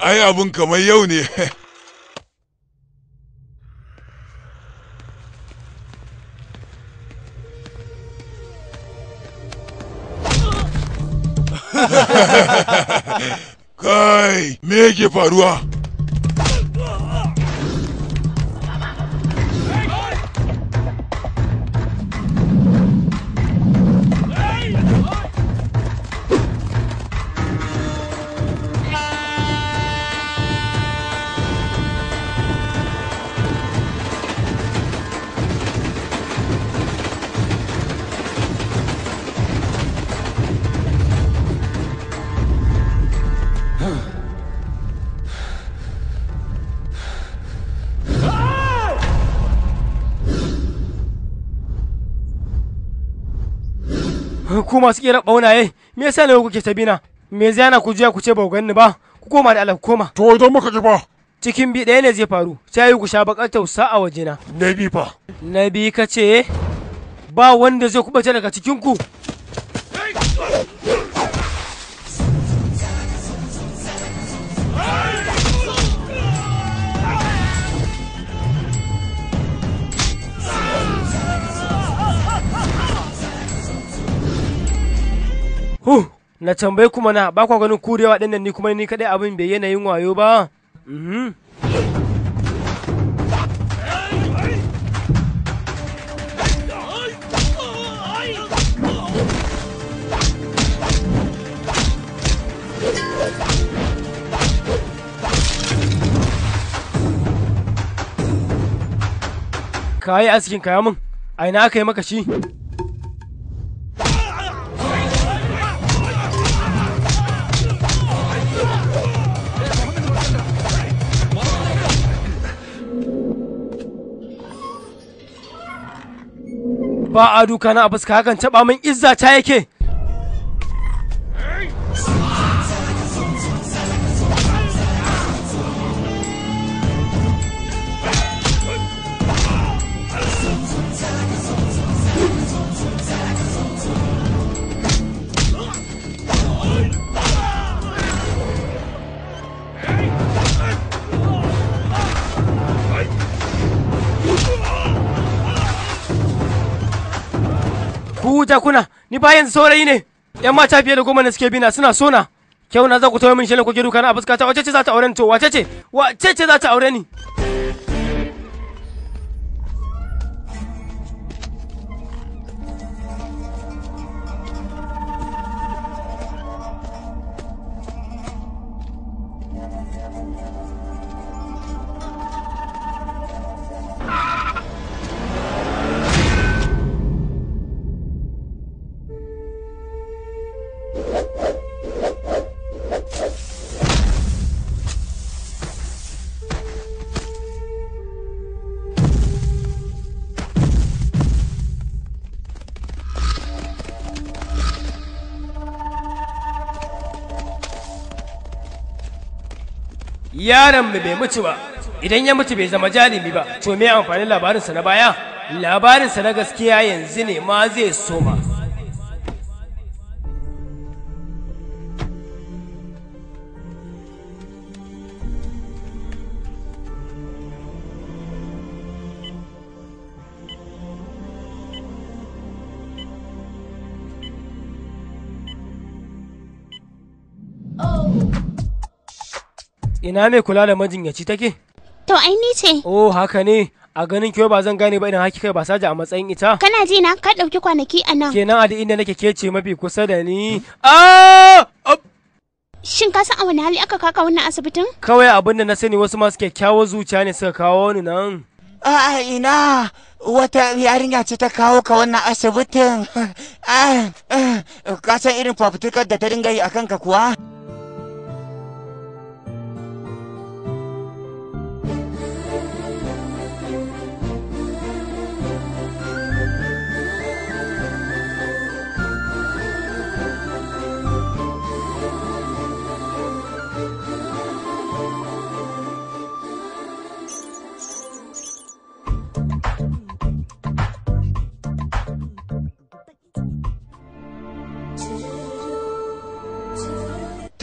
Speaker 3: ai abun kamar yau ne Kai, me yake faruwa?
Speaker 2: ku masu kera baunaye me yasa ne kuke sabina me zai ku juya ku ce ba ganni ba ku koma da Allah koma to idan muka ji ba cikin bi ɗaya ne zai faru sai ku sha bakar tausa a wajena na bi fa na bi ka ce ba wanda zai kubace daga cikin ku na tambayi kuma na ba ganin kurewa ɗin nan ni kuma ni kadai abin bai yanayin wayo ba mhm. kayi askin kayamun min a aka yi maka shi ba a duka na a fuska hakan taba min izza ta yake huta kuna ni bayan yanzu saurayi ne yan mata fiye da goma ne suke bina suna sona kyau na za ku tawo min ne ku gidu kana a ta wace ce za ta aure ni to wace ce wace ce za ta aure ni yaron mu bai mutu ba idan ya mutu bai zama jalimi ba to me amfanin labarinsa na baya labarinsa na gaskiya yanzu ne ma zai soma Ina mai kula da majinyaci take? To ai ni ce. Oh haka ne. A ganin kyau ba zan gane ba idan haki kai ba saja a matsayin ita. Kana ji na ka ɗauki kwanaki a nan. Kenan a duk inda nake kece mafi kusa da ni.
Speaker 4: Shin ka san a wani hali aka kaka wannan asibitin?
Speaker 2: Kawai abin da na sani wasu masu kyakkyawar zuciya ne suka kawo ni nan.
Speaker 4: A ina
Speaker 5: wata yarinya ce ta kawo ka wannan asibitin. Ah, ah, ka san irin fafutukar da ta dinga yi a kanka kuwa?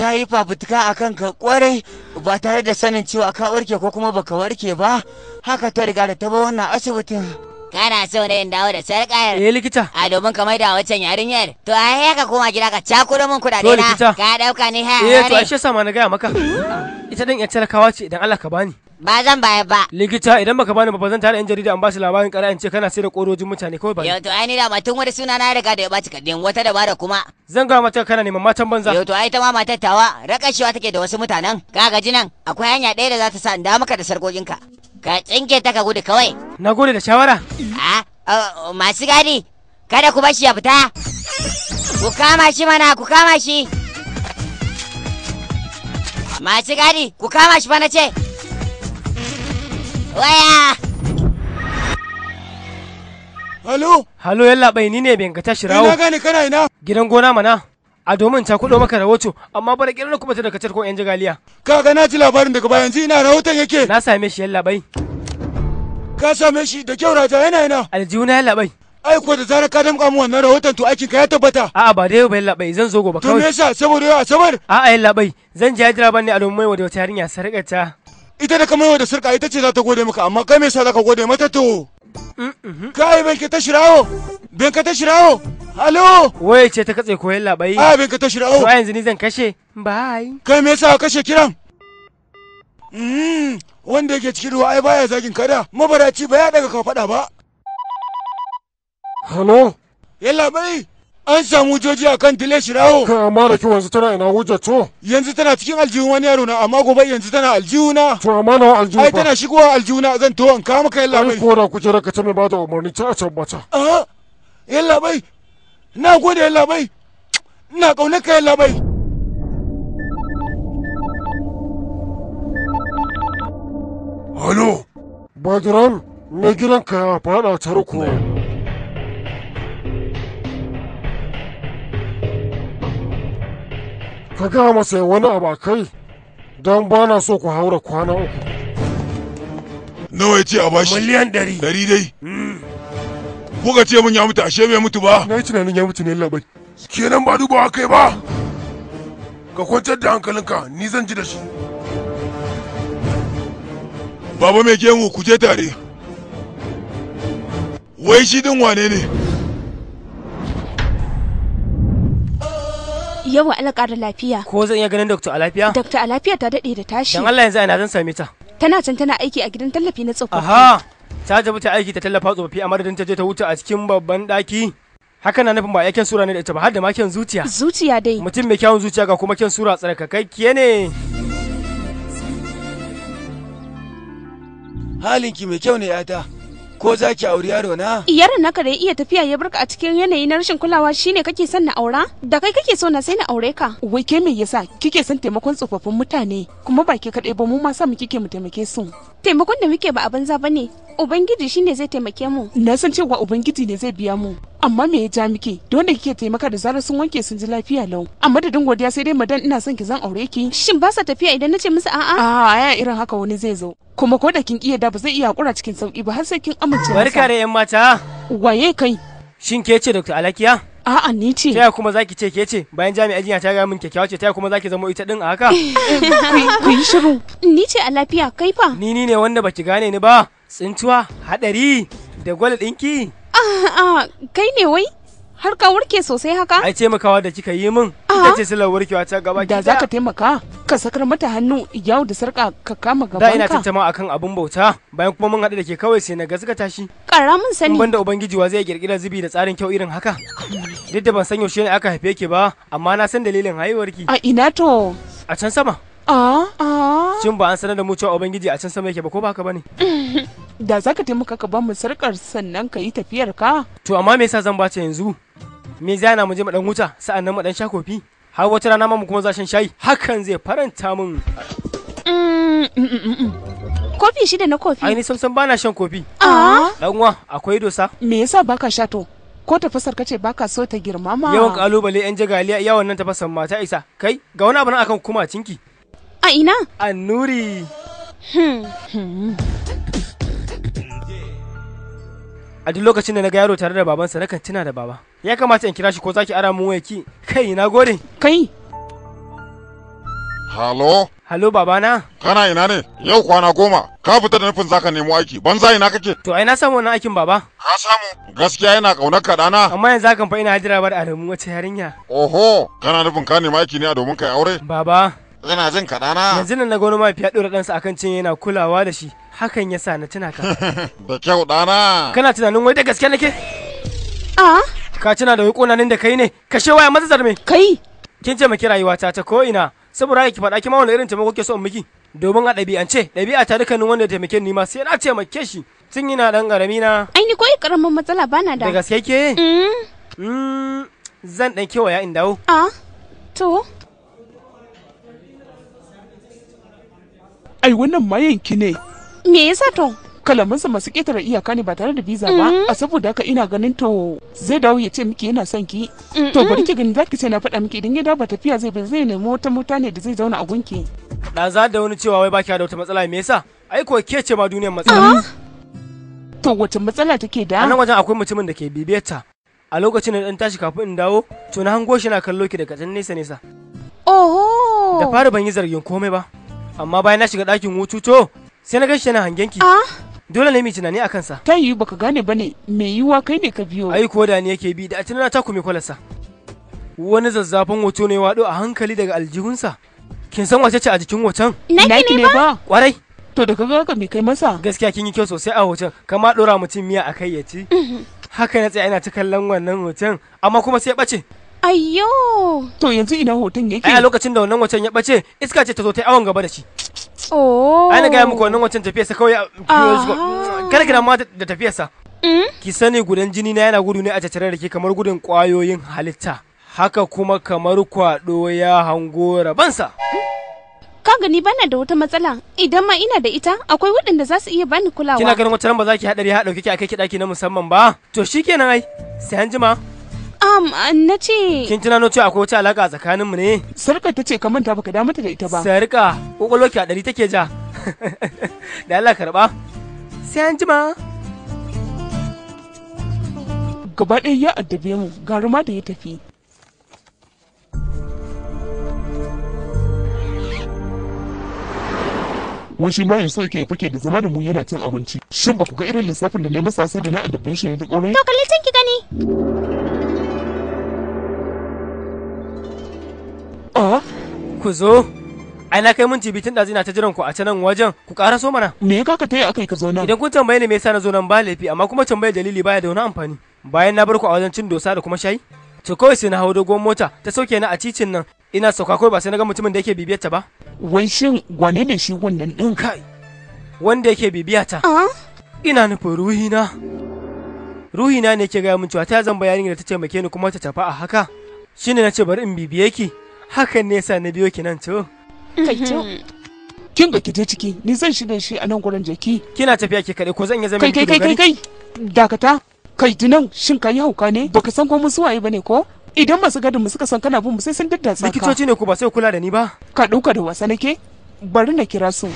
Speaker 5: ta yi fafutuka a kanka kwarai ba tare da sanin cewa ka warke ko kuma baka warke ba haka ta riga da ta ba wannan asibitin kana so ne in dawo da sarƙayar eh likita a domin ka maida wancan yarinyar to a haka koma gida ka cakuro min kudade na ka dauka ne ha eh to ashe
Speaker 2: sama na gaya maka ita din yar talakawa ce idan Allah ka bani Ba zan baya ba. Likita idan baka bani ba zan tare yan jarida an ba su labarin ƙara in ce kana sai da korojin mutane kawai ba. Yau to
Speaker 5: ai ni da matun wani suna na riga da ya baci kaɗin wata dabara kuma. Zan ga mata kana neman matan banza. Yau to ai ta ma matar tawa rakashewa take da wasu mutanen. Ka gaji nan akwai hanya ɗaya da za ta sa in dawo maka da sarƙoƙinka. Ka tsinke ta ka gudu kawai.
Speaker 2: Na gode da shawara.
Speaker 5: A masu gadi kada ku bashi ya fita. Ku kama shi mana ku kama shi. Masu gadi ku kama shi mana ce. Waya!
Speaker 2: Halo? Halo yalla bai ni ne Benga tashi shirawo. Ina gane kana ina? Gidan gona mana. A domin ta kudo maka rahoto amma bara kiran kuma ta daga tarkon yan jigaliya. Kaga na ji labarin daga bayan ji ina rahoton yake. Na same shi yalla bai. Ka same shi da kyau raja yana ina. na yalla bai. ai ko da zarar ka damƙa mu wannan rahoton to aikin ka ya tabbata a'a ba dai bai zan zo gobe kawai to me yasa saboda yau asabar a'a yallaɓai zan je jira ban ne a domin mai wata yarinya sarƙata
Speaker 3: ita da kamar da surka ita ce za ta gode maka amma kai me yasa za ka gode mata to
Speaker 2: kai ban ka ta shirawo ban ka ta shirawo halo waye ce ta katse koyon labai a ah, ban ka ta shirawo to yanzu ni zan kashe bye kai me yasa kashe kiran
Speaker 3: mm, wanda yake cikin ruwa ai baya zagin kada mabaraci ba ya daga ka faɗa ba halo yalla bai an samu joji a kan dile shirawo kan amma da ki wanzu tana ina hujjar to yanzu tana cikin aljihun wani yaro na amma gobe yanzu tana aljihuna to amma na aljihu ai tana shigowa aljihuna zan to an kama kai labai bai ko da kujera ka ta mai bada umarni ta a can mata a yalla na gode yalla labai
Speaker 1: ina kaunar ka yalla bai Halo, Badran, gidan gidanka
Speaker 3: ya fada tarko. ka ga masa wani abu a kai don ba na so ku haura kwana uku nawa ya ce a bashi miliyan ɗari ɗari dai hmm. ka ce mun ya mutu ashe bai mutu ba na yi tunanin ya mutu ne labai kenan ba dubawa kai ba ka kwantar da hankalinka ni zan ji da shi baba mai gemu ku je tare wai shi din wane ne
Speaker 4: yawa ala ƙara lafiya
Speaker 2: ko zan iya ganin doctor a lafiya
Speaker 4: doctor a lafiya ta daɗe da tashi dan Allah
Speaker 2: yanzu ina zan same ta
Speaker 4: tana can tana aiki a gidan tallafi na tsofaffi aha
Speaker 2: ta jabi ta aiki ta tallafa tsofaffi a madadin ta je ta huta a cikin babban ɗaki haka na nufin ba ya kyan sura ne da ita ba har da ma kyan zuciya zuciya dai mutum mai kyawun zuciya ga kuma kyan sura tsarkakakkiye ne
Speaker 3: halinki mai kyau ne yata ko za ki auri yaro na?
Speaker 4: Yaron naka da ya iya tafiya ya barka a cikin yanayi na rashin kulawa shine kake son na aura? Da kai kake so na sai na aure ka. Wai ke me yasa kike son taimakon tsofaffin mutane kuma ba ke
Speaker 6: kaɗai ba mu ma sa mu kike mu taimake su. Taimakon da muke ba a banza bane Ubangiji shine zai taimake mu. Na san cewa Ubangiji ne zai biya mu. Amma me ya ja miki? Da kike taimaka da zarar sun wanke sun ji lafiya lau. A madadin godiya sai dai madan ina son ki zan aure ki. Shin ba sa tafiya idan na ce musu a'a? A'a, ya irin haka wani zai zo. Kuma ko da kin iya da ba zai iya hakura cikin sauki ba har sai kin amince Barka da yan
Speaker 2: mata. Waye kai? Shin ke ce Dr. Alakiya? A'a ni ce. Taya kuma zaki ce ke ce bayan jami'a jinya ta gaya min kyakkyawa ce taya kuma zaki zama ita din a haka? Ku yi shiru. Ni ce a lafiya kai fa. Ni ni ne wanda baki gane ni ba. Tsintuwa, haɗari da gwal ɗinki?
Speaker 4: a ah, ah, kai ne wai? Har ka warke sosai haka? Ai
Speaker 2: taimakawa da kika yi min. Ita ah. ce silar warkewa ta gaba Da za ka
Speaker 6: taimaka, ka sakar mata hannu yawo da sarka ka kama ka. Da ina tantama
Speaker 2: akan abun bauta, bayan kuma mun hadu da ke kawai sai na gaska tashi.
Speaker 6: Ƙara mun sani. Banda
Speaker 2: Ubangiji wa zai ƙirƙira zubi da tsarin kyau irin haka. Duk da ban san yaushe ne aka haife ki ba, amma na san dalilin haihuwarki. A
Speaker 6: ina to? A can sama. Shin
Speaker 2: ba an sanar da mu cewa Ubangiji a can sama yake ba ko ba haka bane? Da zaka taimaka ka ba mu sarkar sannan ka yi tafiyar ka? To amma me yasa zan bace yanzu? Me zai na mu je mu dan huta sa'an nan mu dan sha kofi? Har wata rana mu kuma za shan shayi. Hakan zai faranta mun. Mm,
Speaker 6: mm, mm, kofi shida na kofi. Ai ni sam sam bana shan kofi. Ah? Dan uwa akwai dosa. Me yasa baka sha to? ko tafasar kace baka so ta girmama yawan
Speaker 2: kalubale yan jagaliya yawan nan tafasar mata isa kai ga wani abu nan akan kuma cinki
Speaker 6: A
Speaker 4: ina? A Nuri. Hmm.
Speaker 2: A duk lokacin da na ga yaro tare da babansa nakan tuna da baba. Ya kamata in kira shi ko zaki ara mu wayaki.
Speaker 3: Kai na gore. Kai. Halo? Halo babana? Kana ina ne? Yau kwana goma. Ka fita da nufin zaka nemo aiki. Banza ina kake? To ai na samu wannan aikin baba. Ka samu? Gaskiya yana kaunar ka dana. Amma yanzu hakan fa ina hajira ba da Adamu wace yarinya. Oho, kana nufin ka nemi aiki ne a domin kai aure? Baba, Ina jin ka dana. Yanzu
Speaker 2: nan na wani mafi ya dora ɗansa akan cin yana kulawa da shi. Hakan sa na tuna ka.
Speaker 3: da kyau dana.
Speaker 2: Kana tunanin wai da gaske nake? A? Ka tuna da wai konanin da kai ne? Kashe waya maza me Kai. Kin ce maki rayuwata ta ko ina. Saboda ki faɗa ki ma wani irin taimako ke so in miki. Domin a ɗabi'ance, ɗabi'a ta dukkanin wanda ya taimake ni ma sai na taimake shi. Tun yana ɗan ƙarami na.
Speaker 4: Ai ni ko ƙaramin matsala bana da. Da gaske
Speaker 2: ke? Mm. Mm. Zan ɗan kewaya
Speaker 6: in dawo. A? To? ai wannan mayanki ne me yasa to kalamansa masu ƙetare iyaka ne ba tare da visa ba mm-hmm. a saboda haka ina ganin to zai dawo ya ce miki yana son ki to bari ki gani zaki ce na faɗa miki idan ya dawo ba tafiya zai zai nemi wata mota ne da zai zauna a gunki
Speaker 2: da za da wani cewa wai baki da wata matsala me yasa ai ko ke ce ma duniyar matsala ah.
Speaker 6: to wata matsala take da nan
Speaker 2: wajen akwai mutumin da ke bibiyar ta a lokacin da dan tashi kafin in dawo to na hango shi na kallo ki daga can nesa nesa
Speaker 6: oho da
Speaker 2: fara ban yi zargin komai ba amma bayan na shiga ɗakin to? sai na gashi yana hangen ki dole ne mai tunani a kansa ta yiwu baka gane ba ne mai yiwuwa kai ne ka biyo ai ko da ni yake bi da a tunana ta mai kwalarsa. wani zazzafan hoto ne wado a hankali daga aljihunsa kin san wace ce a jikin hoton naki ne ba kwarai to da kaga ka mai kai masa gaskiya kin yi kyau sosai a hoton kama dora mutum miya a kai ya ci mhm. haka na tsaya ina ta kallon wannan hoton amma kuma sai ya bace
Speaker 4: Ayyo!
Speaker 6: To yanzu idan hoton yake. Ai
Speaker 2: lokacin da wannan wancan ya bace iska ce ta zo ta yi awon gaba da shi.
Speaker 1: Oh. Ai na gaya muku
Speaker 2: wannan wancan tafiyarsa kawai kada kira ah. ma da tafiyarsa. Mm? Ki sani gudan jini na yana gudu ne a tattare da ke kamar gudun kwayoyin halitta. Haka kuma kamar kwaɗo ya hango rabansa.
Speaker 4: ka gani bana da wata matsala idan ma ina da ita akwai waɗanda za su iya bani kulawa kina ganin
Speaker 2: wata ba za ki haɗari ha ɗauke ki a kai ki ɗaki na musamman ba to shikenan ai sai an jima
Speaker 6: Am, na ce.
Speaker 2: Kin tunano cewa akwai wata alaka tsakanin mu ne?
Speaker 6: Sarka ta ce ka manta baka da mata da ita ba.
Speaker 2: Sarka, kokolo ki a ɗari take ja. da Allah karba. Sai an jima.
Speaker 6: Gaba ɗaya ya addabe mu, garuma ma da ya tafi. wai shi ma yanzu yake fake da zama da mu yana cin abinci shin ba ku ga irin lissafin da na masa sai da na addabe shi ne da ƙorai to kalli ki gani
Speaker 2: Ah, ku zo. Ai na kai minti bitin ɗazu na ta jiran ku a canan wajen ku ƙara so mana. Me ka ka taya kai ka zo nan? Idan kun tambaye ni me yasa na zo nan ba laifi amma kuma tambaye dalili baya da wani amfani. Bayan na bar ku a wajen cin dosa da kuma shayi. To kawai sai na hau dogon mota ta sauke ni a cicin nan ina sauka kawai ba sai na ga mutumin da yake bibiyar ta ba. Wai shin wane ne shi wannan ɗin? Kai, wanda yake bibiya ta. Ah? Ina nufin ruhina. Ruhina ne ke gaya min cewa ta zan bayani da ta taimake ni kuma ta tafi a haka. Shine na ce bari in bibiye ki. hakan ne sa na biyo ki nan to kai mhm. kin
Speaker 6: ga kije ciki ni zan shi da shi a nan gurin jeki
Speaker 2: kina tafiya ki kaɗai ko zan yi zama kai kai kai kai
Speaker 6: dakata kai tunan shin yi hauka ne baka san ko mun waye bane ko idan masu gadin mu suka san kana bin mu sai sun daddatsa ka likitoci ne ku ba sai kula da ni ba ka dauka da wasa nake bari na kira su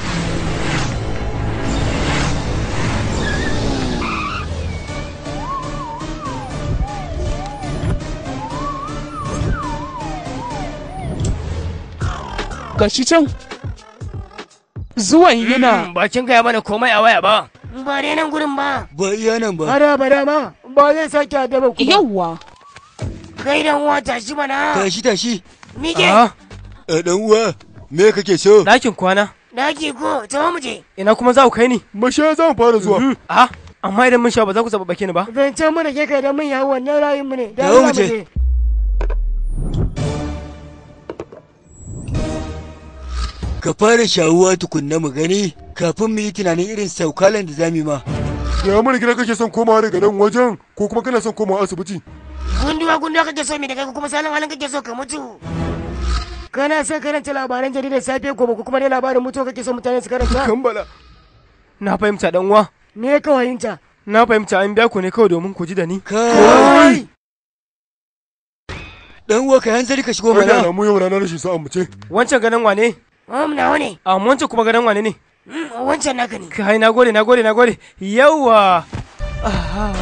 Speaker 6: gashi can
Speaker 2: zuwan yana hmm, bakin gaya mana komai a waya ba
Speaker 5: ba dai nan gurin ba
Speaker 2: ba iya nan ba
Speaker 5: bara ba ma ba zai sake hada ba kuma yawwa kai dan uwa tashi mana
Speaker 2: tashi tashi mike ah. eh dan uwa me kake so dakin kwana daki ko tawo mu je ina kuma za ku kai ni mu zan za mu fara zuwa mm-hmm. a ah, amma idan mun sha ba za ku zaɓa ni ba ce mana ke kai da mun yawo wannan rayin mu ne da mu je
Speaker 3: ka fara shawuwa tukunna mu gani kafin mu yi tunanin irin saukalan da zamu ma ya mana gida kake son komawa daga nan wajen ko kuma kana son komawa asibiti
Speaker 2: gunduwa gunduwa kake so me da kai kuma salon halin kake so ka mutu kana son karanta labaran jaridar safe gobe ko kuma ne labarin mutuwa kake so mutane su karanta kambala na fahimta dan uwa me ka fahimta na fahimta an biya ku ne kawai domin ku ji da ni kai dan uwa ka hanzari ka shigo mana mu yau ranar shi sa'an mu ce wancan ganin wane Um, na ne. A wancan kuma gadon wane ne?
Speaker 1: Hmm, wancan naka ne.
Speaker 2: Kai, gode na gode. Yawwa.
Speaker 1: Aha.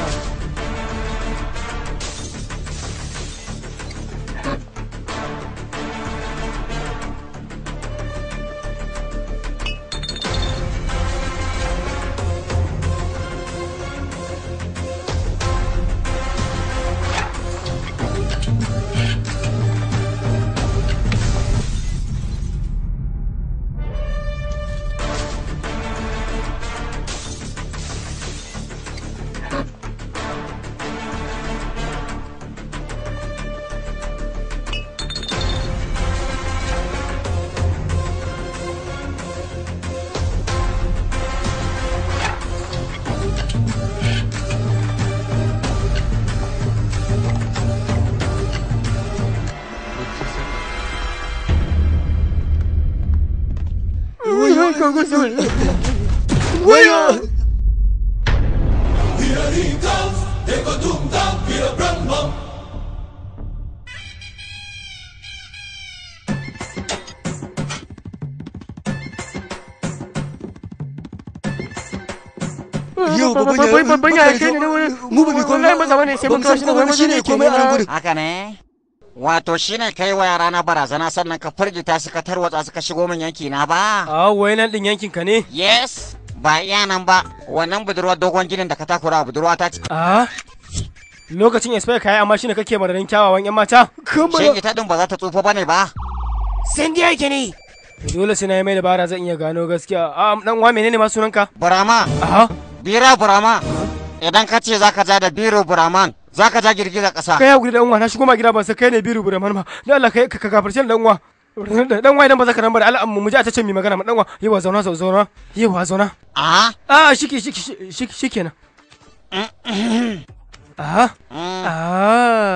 Speaker 5: wato shine kai wa yara na barazana sannan ka firgita su ka tarwatsa su ka shigo min yanki na ba a wai nan
Speaker 2: din yankin ka ne yes ba iya nan ba wannan budurwa dogon ginin da ka takura budurwa ta ci a lokacin expire kai amma shine kake mararin kyawawan yan mata shin ita din ba za ta tsufa bane ba sun da yake ne dole sai na yi mai dabara zan iya gano gaskiya a dan wa menene ma sunanka barama aha bira barama idan ka ce za ka ja da biro buraman za ka ja girgiza ƙasa. kai hakuri da ɗanwa na shigo ma gida ban san kai ne biro buraman ma da Allah kai ka gafarce da ɗanwa. dan idan ba za ka namba da mu ji a tace mi magana ma dan wa yawa zauna sau zauna yawa zauna. a a ah, shike shike shike shikenan. Mm-hmm. Mm.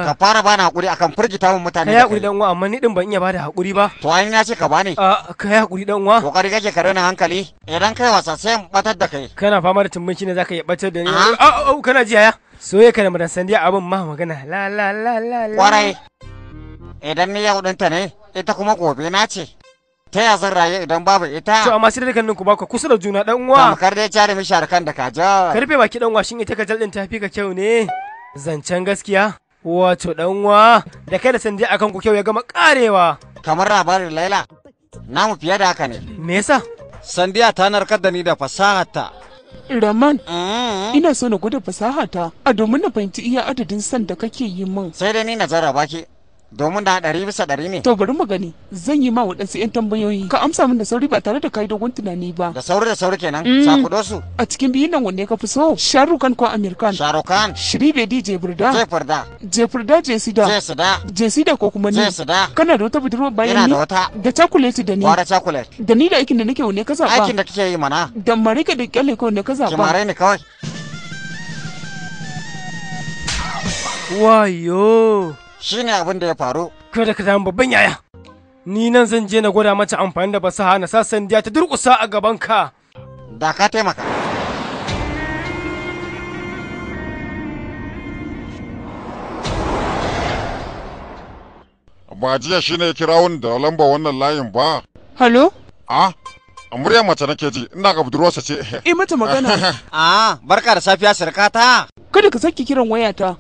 Speaker 2: ka fara bani hakuri akan firgita mun mutane kai hakuri dan uwa amma ni din ban iya bada hakuri ba to an yace ce ka bani a kai hakuri dan uwa kokari kake ka rena hankali idan kai wasa sai mu batar da kai kana fama da tumbinci ne zaka iya batar da ni a kana jiya ya soye ka da madan sandiya abin ma magana la la la la warai
Speaker 5: idan ni yau dinta ne ita kuma gobe na ce ta ya zan raye idan babu ita to amma sai da
Speaker 2: kannin ku ba ku kusa da juna dan uwa kamar dai cari mishi harkan da kaja karfe baki dan uwa shin ita jaldin ta fi ka kyau ne zancen gaskiya wato ɗanwa da kai da sanje akan ku kyau ya gama karewa kamar labarin laila namu fiye da haka ne me yasa
Speaker 5: sandiya ta narkar da ni da fasahata
Speaker 6: Raman, mm. ina so na gwada fasahata a domin na fahimci iya adadin san da kake yi min. Sai dai ni na jarraba ke,
Speaker 5: domin da ɗari
Speaker 6: bisa ɗari ne. To bari mu gani zan yi ma waɗansu 'yan tambayoyi ka amsa min da sauri ba tare da kai dogon tunani ba. Da sauri da sauri kenan mm. sakudo su. A cikin biyun nan wanne ka fi so? Sharukan ko Amirkan? Sharukan. Shiribe di Jefurda. Jefurda. Jefurda Jesida. Jesida. Jesida ko kuma ni. Jesida. Kana da wata budurwa bayan ni? Ina da wata. Da cakuleti da ni. Wara cakulet. Da ni da aikin da nake wanne ka zaɓa? Aikin da kake yi mana. Da marika da kyalle ko wanne ka zaɓa? Kimare ni kawai.
Speaker 2: Wayo. Shi ne abin da ya faru kada ka zama babban yaya ni nan zan je na gwada mata amfani da fasaha na sa sandiya ta durƙusa a gaban ka da ka taimaka
Speaker 3: ba jiya shi ne kira wani da lamba wannan layin ba halo a murya mace nake ji ina ga budurwarsa ce eh
Speaker 6: mata magana a
Speaker 3: ah, barka da safiya sirkata kada ka sake kiran wayata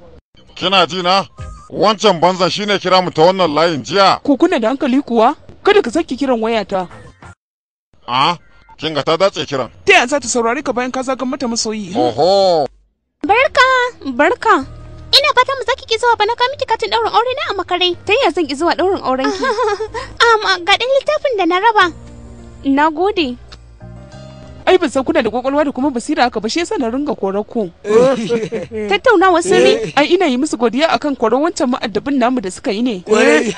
Speaker 3: kina ji na Wancan banza shine kira mu ta wannan layin
Speaker 6: jiya. Ko kuna da hankali kuwa? Kada ka saki kiran wayata. A? Kin ga ta dace kiran. Ta yaya za ta saurare ka bayan ka zagan mata masoyi? Oho. Barka,
Speaker 4: barka. Ina fata mu zaki ki zuwa bana ka miki katin daurin aure na a makare. Ta yaya zan ki zuwa daurin auren ki? amma ga dan littafin da na raba. Na gode.
Speaker 6: ai ban san kuna da kwakwalwa da kuma basira haka ba shi yasa na ringa korar ku
Speaker 1: eh.
Speaker 6: tattaunawa sirri ai ina yi musu godiya akan koro wancan ma'addabin namu da suka yi ne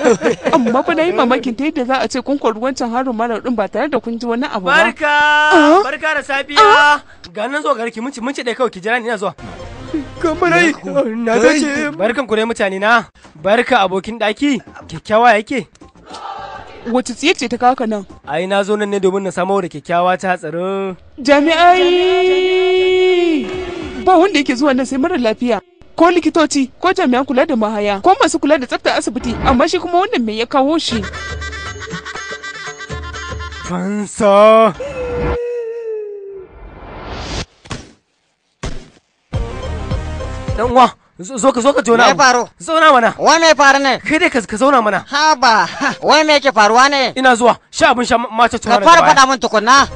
Speaker 6: amma ba na yi mamakin ta yadda za a ce kun kori wancan harin marar din ba tare da kun ji wani abu ba barka ah?
Speaker 2: barka da safiya ah? ga nan zuwa garki mun ci mun ci dai kawai ki jira ni ina zuwa kamarai na dace barkan ku dai mutane na barka abokin daki kyakkyawa
Speaker 6: yake Wace tsiye ce ta kaka nan?
Speaker 2: a na zo nan ne domin na samo da kyakkyawa ta tsaro.
Speaker 6: Jami'ai! Ba wanda yake zuwa nan sai mara lafiya. Ko likitoci, ko jami'an kula da mahaya, ko masu kula da tsafta asibiti, amma shi kuma wannan mai ya kawo shi? Fansa!
Speaker 2: zo ka zo ka jona me faru zauna mana wa mai faru ne kai dai ka zauna mana
Speaker 5: ha ba wai me yake faruwa ne ina zuwa sha abin sha ma ta ka fara faɗa min tukunna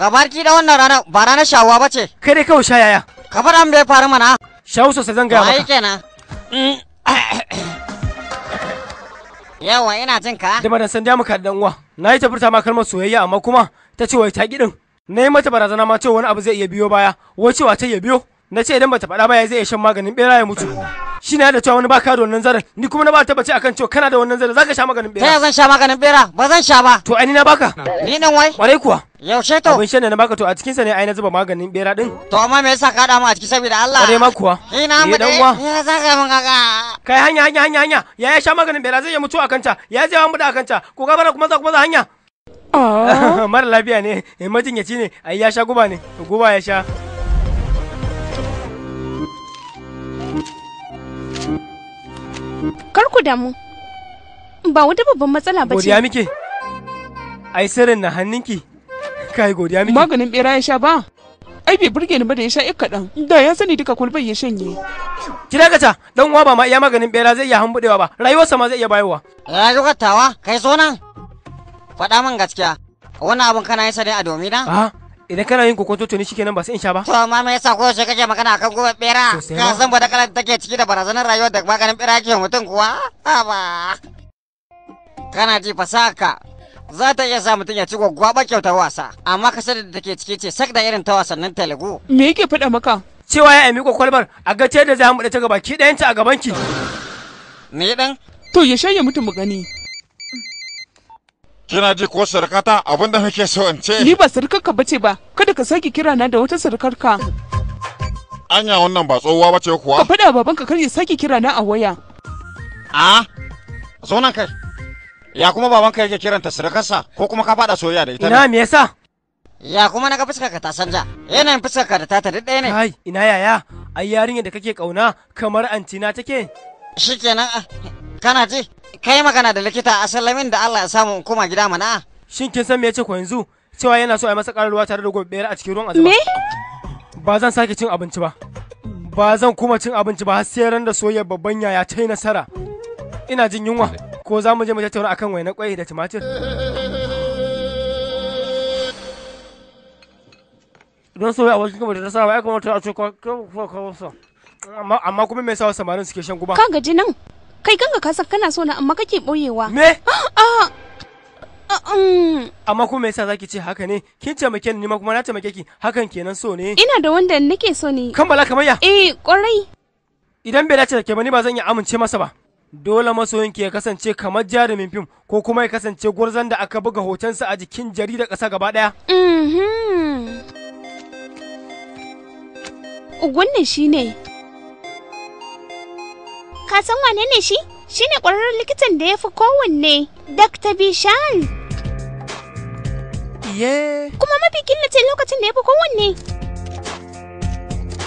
Speaker 5: gabarki da wannan rana ba ranar shawa ba ce kai dai kawai sha yaya ka faɗa min bai
Speaker 2: faru mana shawu sosai zan gaya maka ai
Speaker 5: kenan mm. yawa ina jin ka
Speaker 2: da madan san da muka dan uwa nayi ta furta ma kalmar soyayya amma kuma ta ce wai ta gidin nayi mata barazana ma cewa wani abu zai iya biyo baya wai cewa ta iya biyo na ce idan bata faɗa ba ya zai iya shan maganin bera ya mutu shi na da cewa wani baka da wannan zarar ni kuma na ba tabbaci akan cewa kana da wannan zarar zaka sha maganin bera ta zan sha maganin bera ba zan sha ba to ai na baka ni nan wai kwarai kuwa yaushe to abin shan da na baka to a cikin sa ne ai na zuba maganin bera din to amma me yasa ka da mu a ciki saboda Allah kwarai ma kuwa ina mu dan uwa ya zaka mun kaka kai hanya hanya hanya hanya ya ya sha maganin bera zai ya mutu akan ta ya zai mu da akan ta ko bara kuma za kuma za hanya mara lafiya ne eh, majinyaci ne ai ya sha guba ne guba ya sha
Speaker 4: Kar ku damu. Ba wata babban matsala ba ce. Godiya muke.
Speaker 2: Ai sirrin na hannunki. Kai godiya muke.
Speaker 4: Maganin bera ya sha
Speaker 2: ba. Ai bai burge ni ba da ya sha ik kaɗan. Da ya sani duka kulban ya shanye. Ki ta dan uwa ba ma iya maganin bera zai iya hanbudewa ba. Rayuwarsa ma zai iya bayowa. Rayuwar tawa, kai so nan. Faɗa min gaskiya. Wani abin kana
Speaker 5: yin sa ne a domina? Ah, idan kana yin kokonto to ni shikenan ba sai in sha ba to amma me yasa ko sai kake magana akan gobe bera ka san ba da kalan take ciki da barazanar rayuwa da maganin bera ke mutum kuwa ba kana ji fasaka za ta iya sa mutum ya ci ba kyautar wasa amma kasar da take ciki ce sak da irin ta wasannin telugu
Speaker 6: me yake faɗa maka cewa ya aimi
Speaker 2: kwalbar a gace da za mu da ta gaba ki ɗayanta a gabanki me ɗan to ya
Speaker 6: shanya mutum mu gani
Speaker 3: kina ji ko sarkata abinda nake so in
Speaker 6: ce ni ba sarkarka bace ba kada ka sake kira na da wata sarkarka
Speaker 3: anya wannan ba tsohuwa bace kuwa ka
Speaker 6: faɗa babanka kar ya sake kira na a waya a
Speaker 5: zo nan kai ya kuma babanka yake kiranta sarkarsa ko kuma ka faɗa soyayya da ita ina
Speaker 2: me yasa ya kuma na ga fuskar ka ta sanja yanayin fuskar ka da ta tare ɗaya ne ai ina yaya ai yarinyar da kake kauna kamar antina take shikenan ah, kana ji
Speaker 5: kai magana da likita a sallamin da Allah ya samu koma gida mana shin kin san me yace ko yanzu
Speaker 2: cewa yana so a masa karar ruwa tare da gobbera a cikin ruwan azaba me ba zan sake cin abinci ba ba zan kuma cin abinci ba har sai ran da soyayyar babban yaya ta yi nasara ina jin yunwa ko za mu je mu tattauna akan wainan kwai da tumatir don soyayya abokin kuma da ta sa ba ya kamata a ce amma kuma me yasa samarin suke shan guba kan
Speaker 4: gaji nan kai ganga ka san kana so na amma kake boyewa me
Speaker 2: ah, ah, um. amma kuma yasa zaki ce haka ne kin muke ni ma kuma na muke ki hakan kenan so ne
Speaker 4: ina da wanda nake so ne
Speaker 2: Bala kamar ya eh kwarai idan bai dace da ke ba ni ba zan iya amince masa ba dole ki ya kasance kamar jarumin fim ko kuma ya kasance gwarzon da aka buga hotonsa a jikin jarida ƙasa gaba ɗaya.
Speaker 4: Wannan mm-hmm. shine Ka san wane ne shi? Shi ne ƙwararren likitan da ya fi kowanne, Dr. Bishal. Ye. Kuma mafi killace lokacin da ya fi kowanne.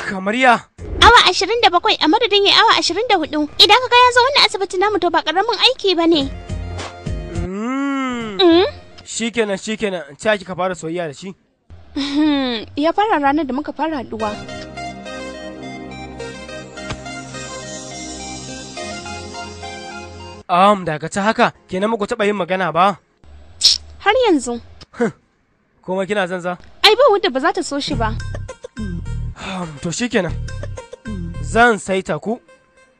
Speaker 4: Kamar ya. Awa ashirin da bakwai a madadin ya awa ashirin da hudu. Idan kaka ya zo wani asibiti namu to ba ƙaramin aiki ba ne.
Speaker 2: Hmm. Mm? Shikenan shikenan, ta kika fara soyayya da shi?
Speaker 4: Hmm. Ya fara ranar da muka fara haɗuwa.
Speaker 2: daga ta haka kenan muku taɓa yin magana ba?
Speaker 4: Har yanzu.
Speaker 2: Kuma kina zanza?
Speaker 4: Ai ba wanda ba za ta so shi ba.
Speaker 2: To shikenan. Zan saita ku.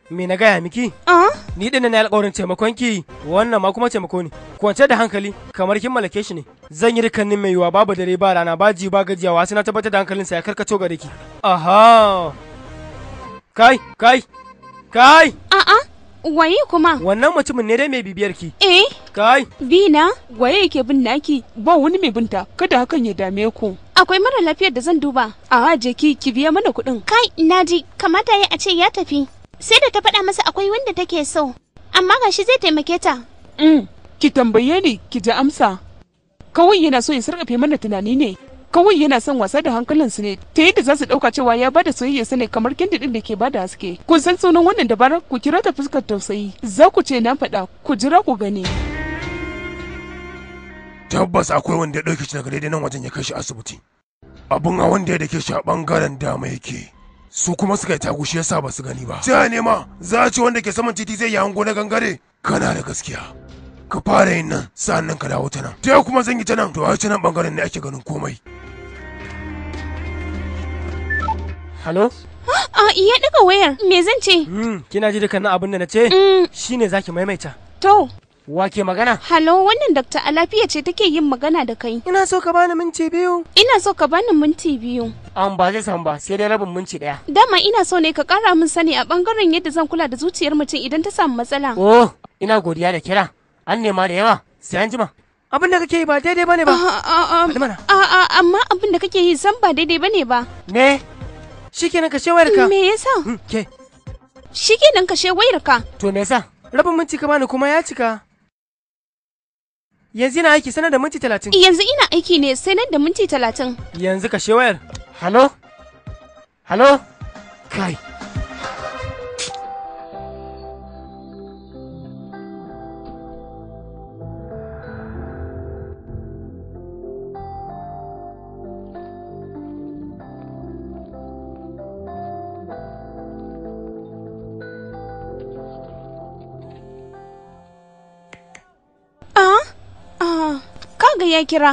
Speaker 2: Me na gaya miki? Ah? Ni dinnan na alƙawarin taimakon ki wannan ma kuma taimako ne. Kwance da hankali kamar kin mallake shi ne. Zan yi dukkanin mai yiwa babu dare ba rana ba ji ba gajiyawa sai na tabbatar da hankalinsa ya karkato gare ki. Aha!
Speaker 4: Kai, kai, kai! A'a! Waye kuma? Wannan mutumin ne dai mai bibiyar ki. Eh? Kai. Bina, waye yake bin naki? Ba wani mai binta, kada hakan ya dame ku. Akwai mara lafiyar da zan duba. A je ki ki biya mana kuɗin. Kai, naji, kamata ya a ce ya tafi. Sai da ta faɗa masa akwai wanda take so. Amma gashi zai
Speaker 6: taimake ta. Mm, ki tambaye ni, ki ji amsa. Kawai yana so ya sarkafe mana tunani ne. kawai yana son wasa da hankalin su ne ta yadda za su ɗauka cewa ya bada soyayya su ne kamar kindi din da ke bada haske kun san sunan wannan dabarar ku kira ta fuskar tausayi za ku ce na faɗa ku jira ku gani.
Speaker 3: tabbas akwai wanda ya dauke shi daga daidai nan wajen ya kai shi asibiti abin a wanda ya dake shi a bangaren dama yake su kuma suka yi tagushi yasa ba su gani ba. Ta nema za a ce wanda ke saman titi zai yi hango na gangare kana da gaskiya. ka fara yin nan sa'an nan ka dawo ta nan ta kuma zan yi ta nan to a ta nan bangaren ne ake ganin komai halo a ah,
Speaker 2: ah, iya daga wayar me zan ce hmm, kina ji dukkanin abin da na ce mm. shine zaki maimaita to Wa ke magana?
Speaker 4: Halo, wannan Dr. Alafiya ce take yin magana da kai. Ina so ka bani minti biyu. Ina so ka bani minti biyu.
Speaker 2: An ba zai san ba, sai dai rabin minti ɗaya.
Speaker 4: Dama ina so ne ka kara min sani a bangaren yadda zan kula da zuciyar mutum idan ta samu matsala. Oh, ina godiya da kira. an nema da yawa sai an jima abin da kake yi ba daidai bane ba amma abin da kake yi san ba daidai bane ba ne shikenan kashe wayar ka me yasa ke shikenan kashe wayar ka to me yasa rabin minti ka bani kuma ya cika yanzu ina aiki sanar da minti talatin yanzu ina aiki ne sanar da minti talatin
Speaker 2: yanzu kashe wayar halo halo
Speaker 1: kai
Speaker 4: Sale ya kira.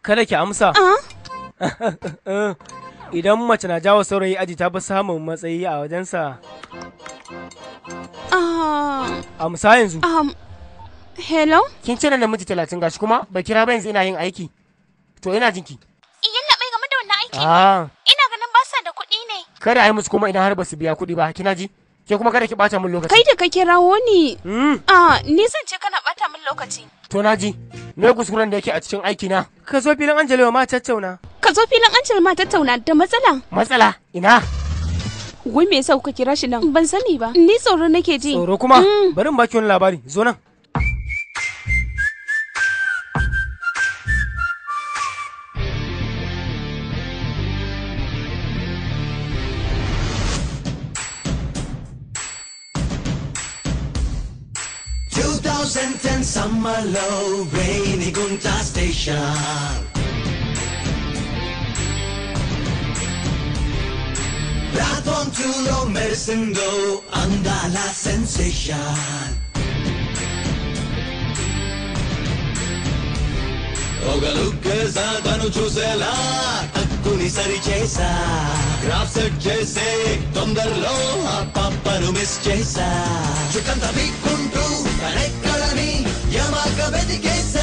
Speaker 2: Kada ki amsa. Ah. Idan mace na jawo saurayi aji ta fi samun matsayi a wajensa.
Speaker 1: Ah.
Speaker 2: Amsa yanzu. Um, hello? Kin ce da namiji talatin gashi kuma ba kira ba yanzu ina yin aiki. To ina jinki. Iyan eh, labai game da wannan aiki. Ah. Ina
Speaker 4: ganin ba sa da kuɗi ne.
Speaker 2: Kada a yi musu kuma idan har ba su biya kuɗi ba, kina ji? Ke kuma kada ki bata min lokaci. Kai
Speaker 4: da ka kirawo ni. Hmm? Ah, ni zan ce kana bata min lokaci.
Speaker 2: To na ji. Me kuskuren da yake a cikin aiki na? Ka zo filin Angela
Speaker 4: ma tattauna. Ka zo filin Angela ma tattauna da matsala.
Speaker 2: Matsala? Ina?
Speaker 4: Wai me yasa kuka kira shi nan? Ban sani ba. Ni tsoro nake ji. Tsoro kuma? Hmm.
Speaker 2: Bari in baki wani labari. Zo nan.
Speaker 9: Ten సమ్మర్లో రేణిగుంట స్టేషన్ రాత్వం టూలో మెరిసిందో అందాల సెన్సేషన్
Speaker 10: ఒకలుక్కేసా తను
Speaker 9: చూసేలా తక్కుని సరి చేసా గ్రాఫ్ సెట్ చేసే తొందరలో ఆ పప్పను మిస్ చేసా చుట్టంతా వీక్కుంటూ కనెక్ట్ Yamaa qabati keessa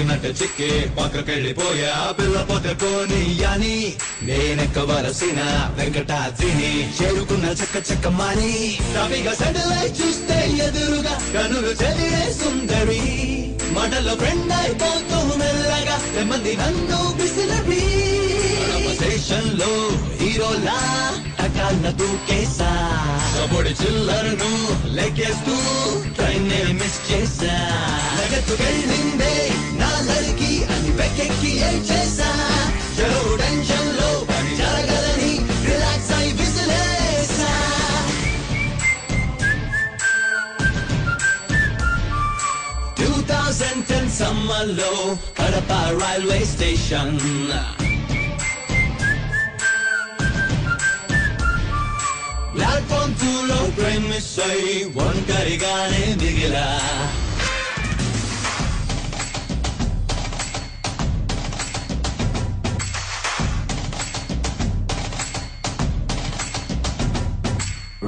Speaker 10: తిన్నట్టు చిక్కి పక్కకెళ్ళిపోయా పిల్ల పొద్దు పోని అని నేనెక్కవలసిన వెంకటాద్రిని
Speaker 9: చేరుకున్న చక్క చక్క మాని రవిగా సెటిలైట్ చూస్తే ఎదురుగా కనులు చెదిరే సుందరి మడలో ఫ్రెండ్ అయిపోతూ మెల్లగా నెమ్మది నన్ను బిసిలబీ స్టేషన్ లో హీరోలా తాళాల దూకేసా కబడి చిల్లరను లెక్కేస్తూ ట్రైన్ మిస్ చేసా లగెత్తుకెళ్ళిందే నా లరికి అని వెక్కెక్కి ఏం చేసా టెన్షన్ లో పని జరగదని రిలాక్స్ అయి
Speaker 1: విసిలేసా
Speaker 9: టూ థౌజండ్ టెన్ సమ్మర్లో కడప రైల్వే స్టేషన్ ప్రేమిసై ఒంటరిగానే దిగిలా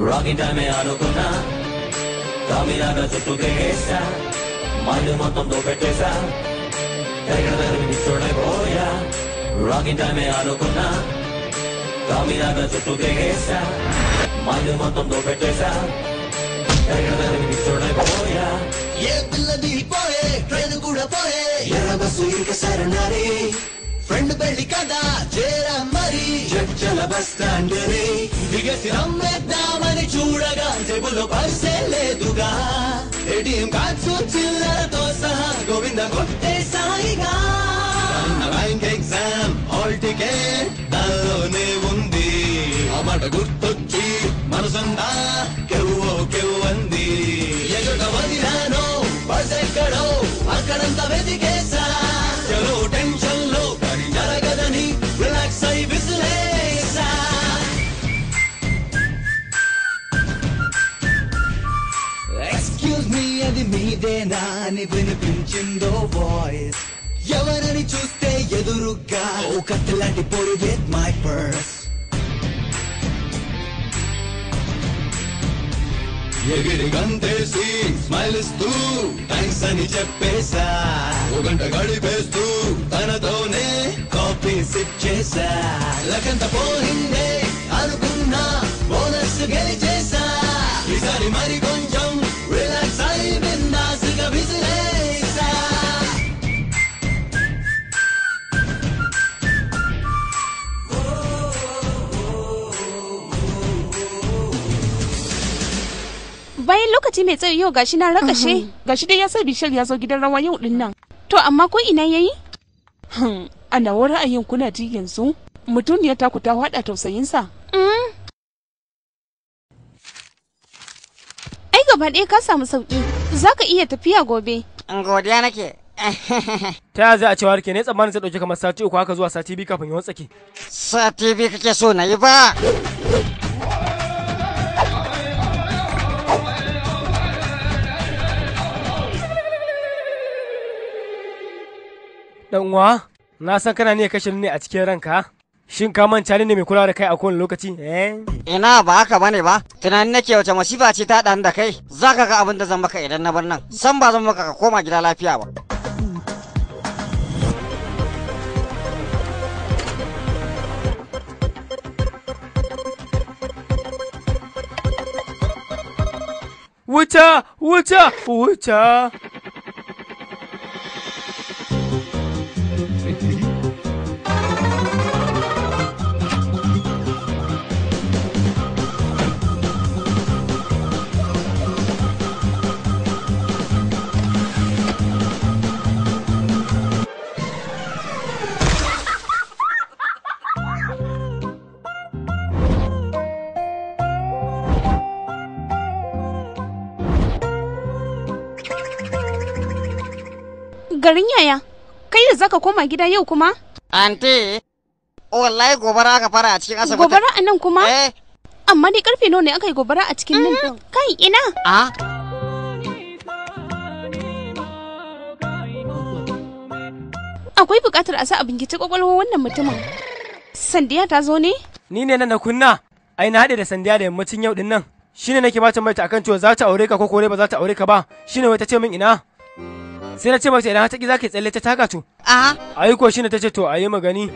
Speaker 9: రాగి టైమే అనుకున్నా తమిళనాడు చుట్టూ తిరిగేసా మైలు మొత్తం దోపెట్టేశా ఎక్కడ దగ్గరికి చూడబోయా రాగి టైమే అనుకున్నా తమిళనాడు చుట్టూ తిరిగేసా మాయ మొత్తంతో పెట్టేశా ఎక్కడానికి చూడబోయా ఏ పిల్లది పోయే ట్రైన్ కూడా పోయే ఎర్ర బస్సు ఇక సరణారే ఫ్రెండ్ పెళ్లి కదా చేరా మరి చల బస్ స్టాండ్ దిగసి రమ్మేద్దామని చూడగా జేబులో పర్సే లేదుగా ఏటీఎం కార్డ్స్ చిల్లరతో సహా గోవింద కొట్టే సాయిగా
Speaker 10: బ్యాంక్ ఎగ్జామ్ హాల్ టికెట్ దానిలోనే ఉంది ఆ మాట
Speaker 9: గుర్తొచ్చి సరసందా కెవ్వో కెవ్వంది ఎదుట వదిలాను బస్ ఎక్కడో అక్కడంత వెతికేసా చలో టెన్షన్ లో పని జరగదని రిలాక్స్ అయి విసిరేసా ఎక్స్క్యూజ్ మీ అది మీదేనా అని వినిపించిందో వాయిస్ ఎవరని చూస్తే ఎదురుగా ఓ కత్తిలాంటి పొడిగేట్ మై పర్స్
Speaker 10: ఎగిరి గంతేసి స్మైలిస్తూ థ్యాంక్స్ అని చెప్పేశా ఓ గంట గడిపేస్తూ తనతోనే
Speaker 9: కాఫీ సిప్ చేశా లకంత పోయిందే అనుకున్నా బోనస్ గెలిచేశా ఈసారి మరి కొంచెం
Speaker 4: bayan lokaci mai tsayi yau gashi na rakashe
Speaker 6: gashi dai ya sa bishal ya zo gidan rawa yau din nan to amma ko ina yayi hmm, ana wa ra'ayin kuna ji yanzu mutuniyar taku ta hada tausayinsa mm.
Speaker 4: ai gaba ɗaya ka samu sauki zaka iya tafiya gobe mm, godiya nake
Speaker 2: ta za a cewa ke ne tsammanin zai ɗauki kamar sati uku haka zuwa sati biyu kafin ya tsaki sati biyu kake so na yi ba Dan uwa, na san kana ne kashe ne a cikin ranka. Shin ka manta ne mai kula da kai a kowane lokaci? Eh. Ina
Speaker 5: ba haka bane ba. Tunanin nake wace masifa ce ta ɗan da kai. Za ka ga abin da zan maka idan na bar nan. San ba zan maka ka koma gida lafiya ba.
Speaker 2: Wuta! Wuta! Wuta!
Speaker 4: garin yaya kai da zaka koma gida yau kuma anti wallahi gobara aka fara a cikin asibiti gobara a nan kuma eh amma dai karfe nawa ne aka yi gobara a cikin nan mm. kai ina a ah. akwai bukatar a sa abin bincike kwakwalwa wannan mutumin sandiya ta zo ne ni ne nan na kunna ai na haɗe da
Speaker 2: sandiya da yammacin yau din nan shine nake bata mai ta akan cewa za ta aure ka ko kore ba za ta aure ka ba shine wai ta ce min ina sai na ce mata idan ta ki zaki tsalle ta taka to a ayi ko ta ce to ayi magani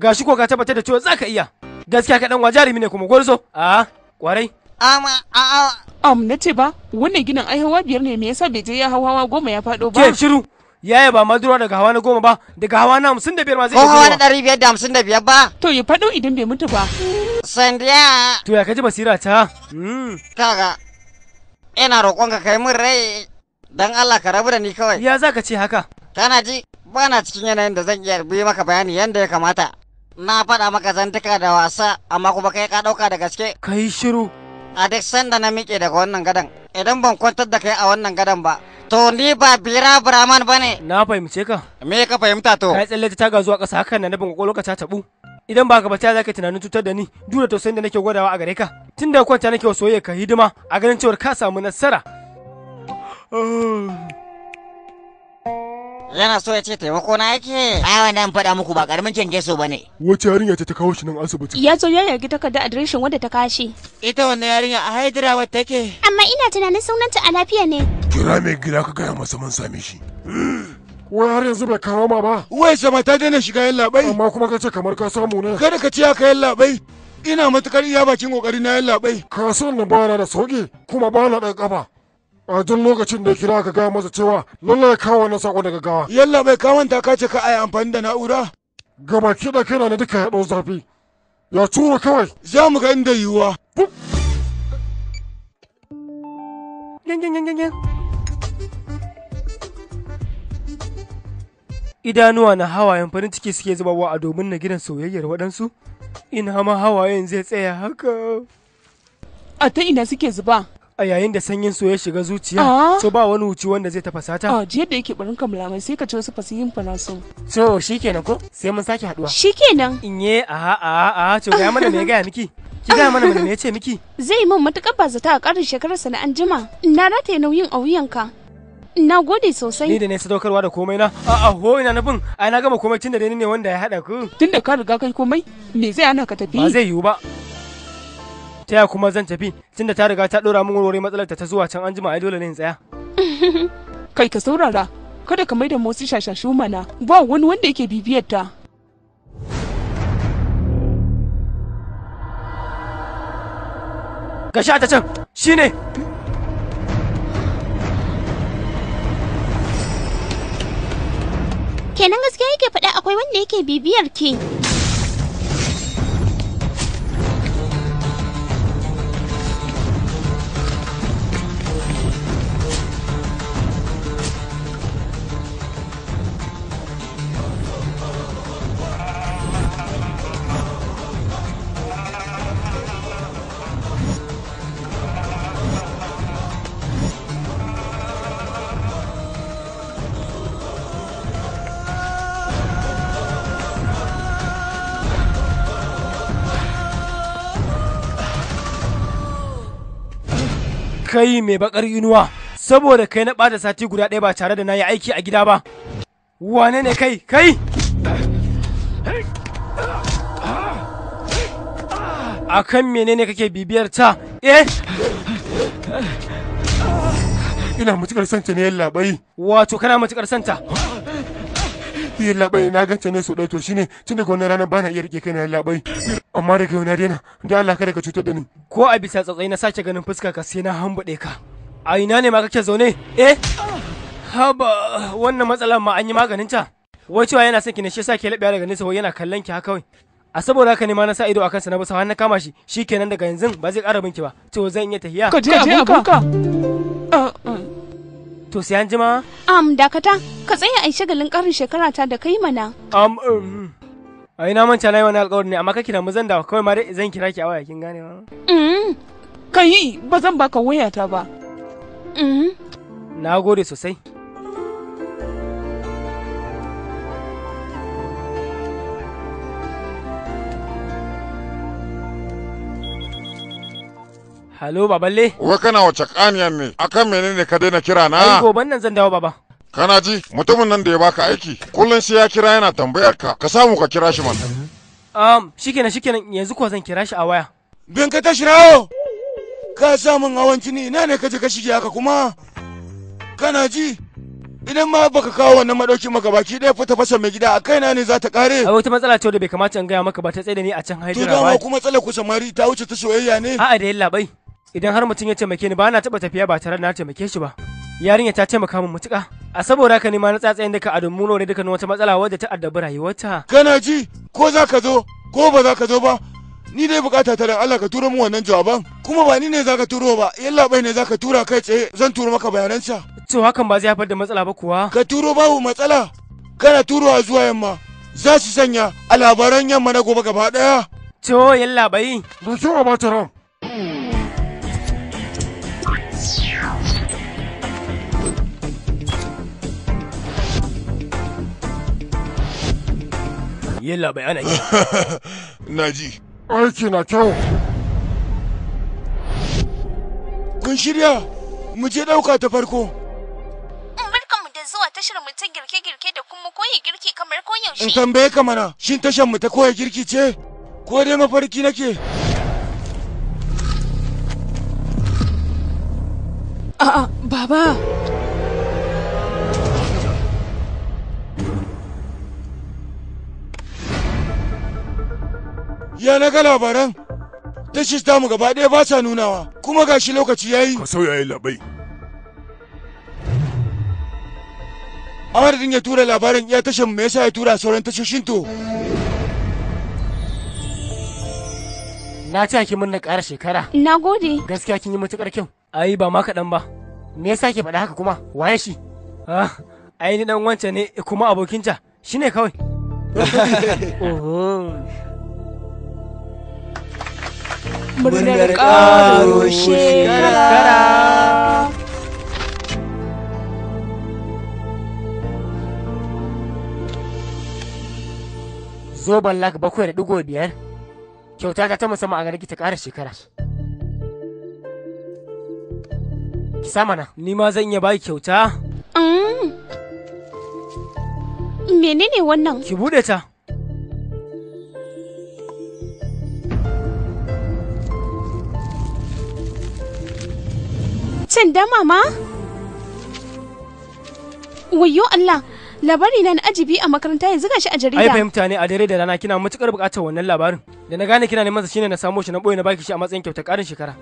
Speaker 2: gashi ko ka tabbatar da cewa zaka iya gaskiya ka dan wa jarumi ne kuma gwarzo a kwarai
Speaker 6: ama a a. am na ce ba wannan ginin ai hawa biyar ne me yasa bai je ya hawa goma ya fado ba ke
Speaker 2: shiru yaya ba madura daga hawa na goma ba daga hawa na hamsin da biyar ma zai ko hawa na ɗari
Speaker 5: biyar da hamsin da biyar ba to ya fado idan bai mutu ba sandiya
Speaker 2: to ya kaji basira ta hmm.
Speaker 5: kaga ina roƙonka kai min rai don Allah ka rabu da ni kawai. Ya za ka ce haka? Kana ji ba na cikin yanayin da zan iya bi maka bayani yadda ya kamata. Na faɗa maka zantuka da wasa amma kuma kai ka ɗauka da gaske. Ka yi shiru. A duk sanda na miƙe daga wannan gadon idan ban kwantar da kai a wannan gadon
Speaker 2: ba. To ni ba bira Brahman ba ne. Na fahimce ka. Me ka fahimta to? Ka yi tsalle ta taga zuwa ƙasa hakan na nabin ƙwaƙwalwa ta taɓu. idan ba ka ba ta zaka tunanin cutar da ni duk da tausayin da nake gwadawa a gare ka tunda kwanta nake soyayya ka hidima a ganin cewa ka samu nasara yana so ya ce taimako na yake ai wannan
Speaker 5: faɗa muku ba
Speaker 4: karamin kyankyaso ba ne wace yarinya ta kawo shi nan asibiti ya zo ya yargi takarda adireshin wanda ta kashe ita wannan yarinya a haidara wata take amma ina tunanin sunanta a lafiya ne
Speaker 3: kira mai gida ka gaya masa mun same shi wai har yanzu bai kawo ma ba wai sama ta daina shiga yan labai amma kuma ka ce kamar ka samu ne kada ka ce ka yan labai ina matukar iya bakin kokari na yan labai ka san na bana da sauki kuma bana da kafa a duk lokacin da kira ka gaya masa cewa lallai ya kawo wannan sako daga gawa. Yalla bai kawanta ka ce ka ai amfani da na'ura? Gaba kiɗa kana na duka ya ɗau zafi. Ya tura kawai. Za mu ga inda yiwuwa.
Speaker 2: Idanuwa na hawayen farin ciki suke zubawa a domin na gidan soyayyar waɗansu? Ina ma hawayen zai tsaya haka. A ta ina suke zuba? a yayin da sanyin so ya shiga zuciya so ah. ba wani wuci wanda zai tafasa ta a ah,
Speaker 6: jiya da yake barin mulamai sai ka ci wasu fasihin fanaso so shikenan ko sai mun sake haduwa
Speaker 2: shikenan ye a a a to ga mana me ga miki ki ga mana me yace ce miki
Speaker 4: zai min matukar ba zata a karin shekarar sa na anjima na rataye nauyin a wuyanka Na gode sosai. Ni da ne
Speaker 2: sadaukarwa da komai na. A ho ina nufin ai na gama komai tunda da ni ne
Speaker 6: wanda ya haɗa ku. Tunda ka riga kai komai me zai hana ka tafi? Ba
Speaker 2: zai yiwu ba. ta ya kuma zan tafi tunda ta riga ta dora min warware matsalar ta zuwa can anjima ai dole ne in tsaya
Speaker 6: kai ka saurara kada ka maida motsi shashashu mana ba wani wanda yake bibiyar ta
Speaker 2: ga sha ta can shine
Speaker 4: kenan gaskiya yake faɗa akwai wanda yake bibiyar ke
Speaker 2: kai mai bakar inuwa saboda kai na bada sati guda ɗaya ba tare da na yi aiki a gida ba wane ne kai kai a kan menene kake bibiyar ta eh
Speaker 3: ina matukar santa
Speaker 2: ne bai wato kana matukar santa yalla bai na ga ne su dai to shine tun da wannan ranar bana iya rike kai na yalla amma daga yau na daina dan Allah kada ka cutar da ni ko a bisa tsatsai na sace ganin fuska ka sai na hambude ka a ina ne ma kake zaune eh haba wannan matsalar ma an yi maganin ta wai cewa yana son ki ne shi yasa ke laɓewa daga nesa wai yana kallon ki haka kawai a saboda haka ne ma na sa ido akan sa na busa har na kama shi shikenan daga yanzu ba zai ƙara binki ba to zan iya tahiya ka je abuka To sai an jima?
Speaker 4: Am dakata, ka tsaya a shagalin karin shekara ta da kai mana.
Speaker 2: Am um. Ai na manta na yi wani alƙawari ne amma kake da mu zan dawo kawai ma dai zan kira ki a waya kin gane ma.
Speaker 6: Mm. Kai ba zan baka wayata ba. Mm.
Speaker 2: Na gode sosai.
Speaker 3: Halo baballe. Wai kana wace kaniyan ne? Akan menene ka daina kira na? Ai goban nan zan dawo baba. Kana ji mutumin nan da ya baka aiki kullum sai ya kira yana tambayar ka ka samu ka kira shi man.
Speaker 2: Um shikenan shikenan yanzu ko zan kira shi a waya. Bin ka
Speaker 3: tashirawo. Ka samu hawan jini ina ne ka je ka shige haka kuma? Kana ji? idan ma baka kawo wannan madauki maka baki ɗaya fita fasa mai gida a kaina ne za ta kare. A
Speaker 2: wata matsala ce da bai kamata in gaya maka ba ta tsaye da ni a can haidara To dama kuma
Speaker 3: matsalar ku samari ta wuce ta soyayya
Speaker 2: ne. A'a da yalla bai. idan har mutum ya taimake ni ba na taɓa tafiya ba tare da na taimake shi ba yarinya ta taimaka min mutuƙa a saboda ka nema na tsatsayin da ka a domin nore dukkan wata matsala wadda ta addabi rayuwarta
Speaker 3: kana ji ko za ka zo ko ba za ka zo ba ni dai bukata ta da Allah ka turo min wannan jawaban kuma ba ni ne za ka turo ba yalla bai ne za ka tura kai tsaye zan turo maka bayanan sa. to
Speaker 2: hakan ba zai haifar da matsala ba kuwa ka turo babu matsala kana a zuwa yamma za su sanya a labaran yamma na gobe gaba daya to yalla bai ba so ba ta ran
Speaker 3: yalla bai ana yi na ji aiki na kyau kun shirya mu je dauka ta farko
Speaker 4: barkanmu da zuwa tashar mu ta girke-girke da kuma koyi girki kamar koyaushe in tambaye ka mana
Speaker 3: shin tashar mu ta koyi girki ce ko dai mafarki nake
Speaker 4: a'a baba
Speaker 3: ya naga ga labaran tashi ta mu gaba ɗaya ba sa nunawa kuma gashi lokaci yayi ka sauya yayi labai amadadin ya tura labarin ya tashin mai yasa ya tura sauran tashoshin to na ci ki na ƙara
Speaker 2: shekara na gode gaskiya kin yi matuƙar kyau ai ba ma kaɗan ba me yasa ke faɗa haka kuma waye shi ah ai ni dan wancan ne kuma abokinta shine kawai
Speaker 1: murnar ƙaro shekara
Speaker 2: zoben lak bakwai da digo biyar kyauta ta ta musamman a gare ki ta ƙara shekara ki samana ni ma zan iya baki kyauta
Speaker 4: mm. menene wannan ki bude ta Canda mama? Wayo Allah, labari na ajibi a makaranta yanzu gashi a jarida. Ai fahimta
Speaker 2: ne a dare da rana kina matukar bukatar wannan labarin. Da na gane kina neman sa shine na samo shi na boye na baki shi a matsayin kyauta karin shekara.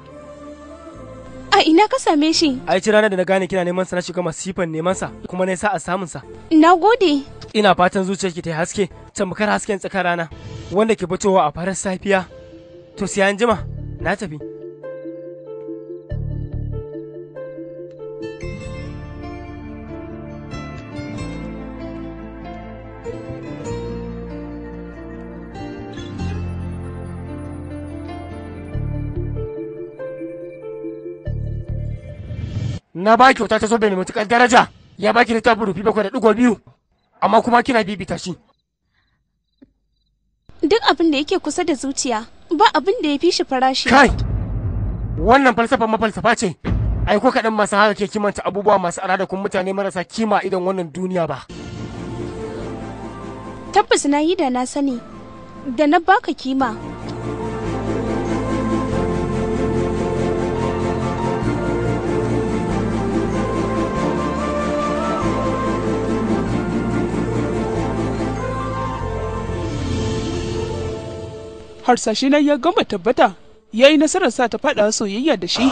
Speaker 4: A ina ka same shi?
Speaker 2: Ai ci rana da na gane kina neman sa na shiga masifan neman sa kuma na sa a samun sa. Na gode. Ina fatan zuciyarki ta yi haske, tamkar hasken tsakar rana, wanda ke fitowa a farar safiya. To sai an jima, na tafi. na ba kyauta ta so bai matukar daraja ya ba ki littafin rufi bakwai da ɗigo biyu amma kuma kina bibita shi
Speaker 4: duk abin da yake kusa da zuciya ba abin da ya fi shi farashi kai
Speaker 2: wannan falsafa mafalsafa ce ai ko kaɗan masu haka ke kimanta abubuwa masu da kun mutane marasa kima idan wannan duniya ba
Speaker 4: tabbas na yi da na sani da na baka kima
Speaker 6: harsashi na ya gama tabbata ya yi nasarar sa ta faɗa soyayya da shi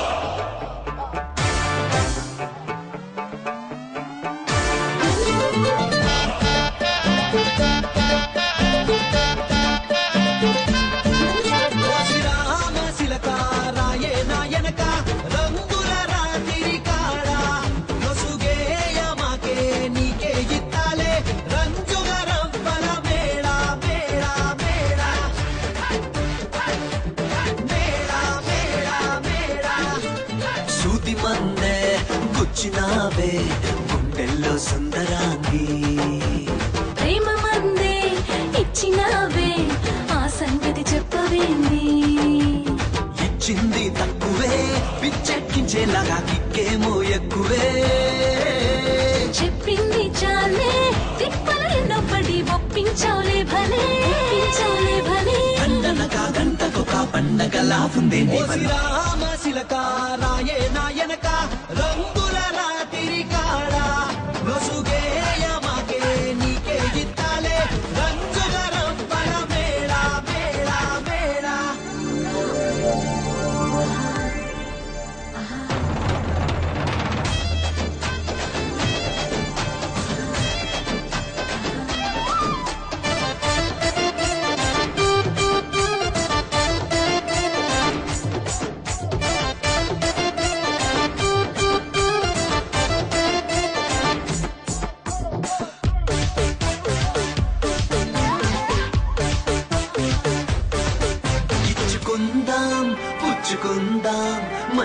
Speaker 9: చెక్కించేలాగా కిక్కేమో ఎక్కువే చెప్పింది చాలే తిప్పలు ఎన్నో ఒప్పించాలే భలే భలే గంటనగా గంటకొక పండగలా ఉంది రామ శిలక రాయే నాయనక రంగు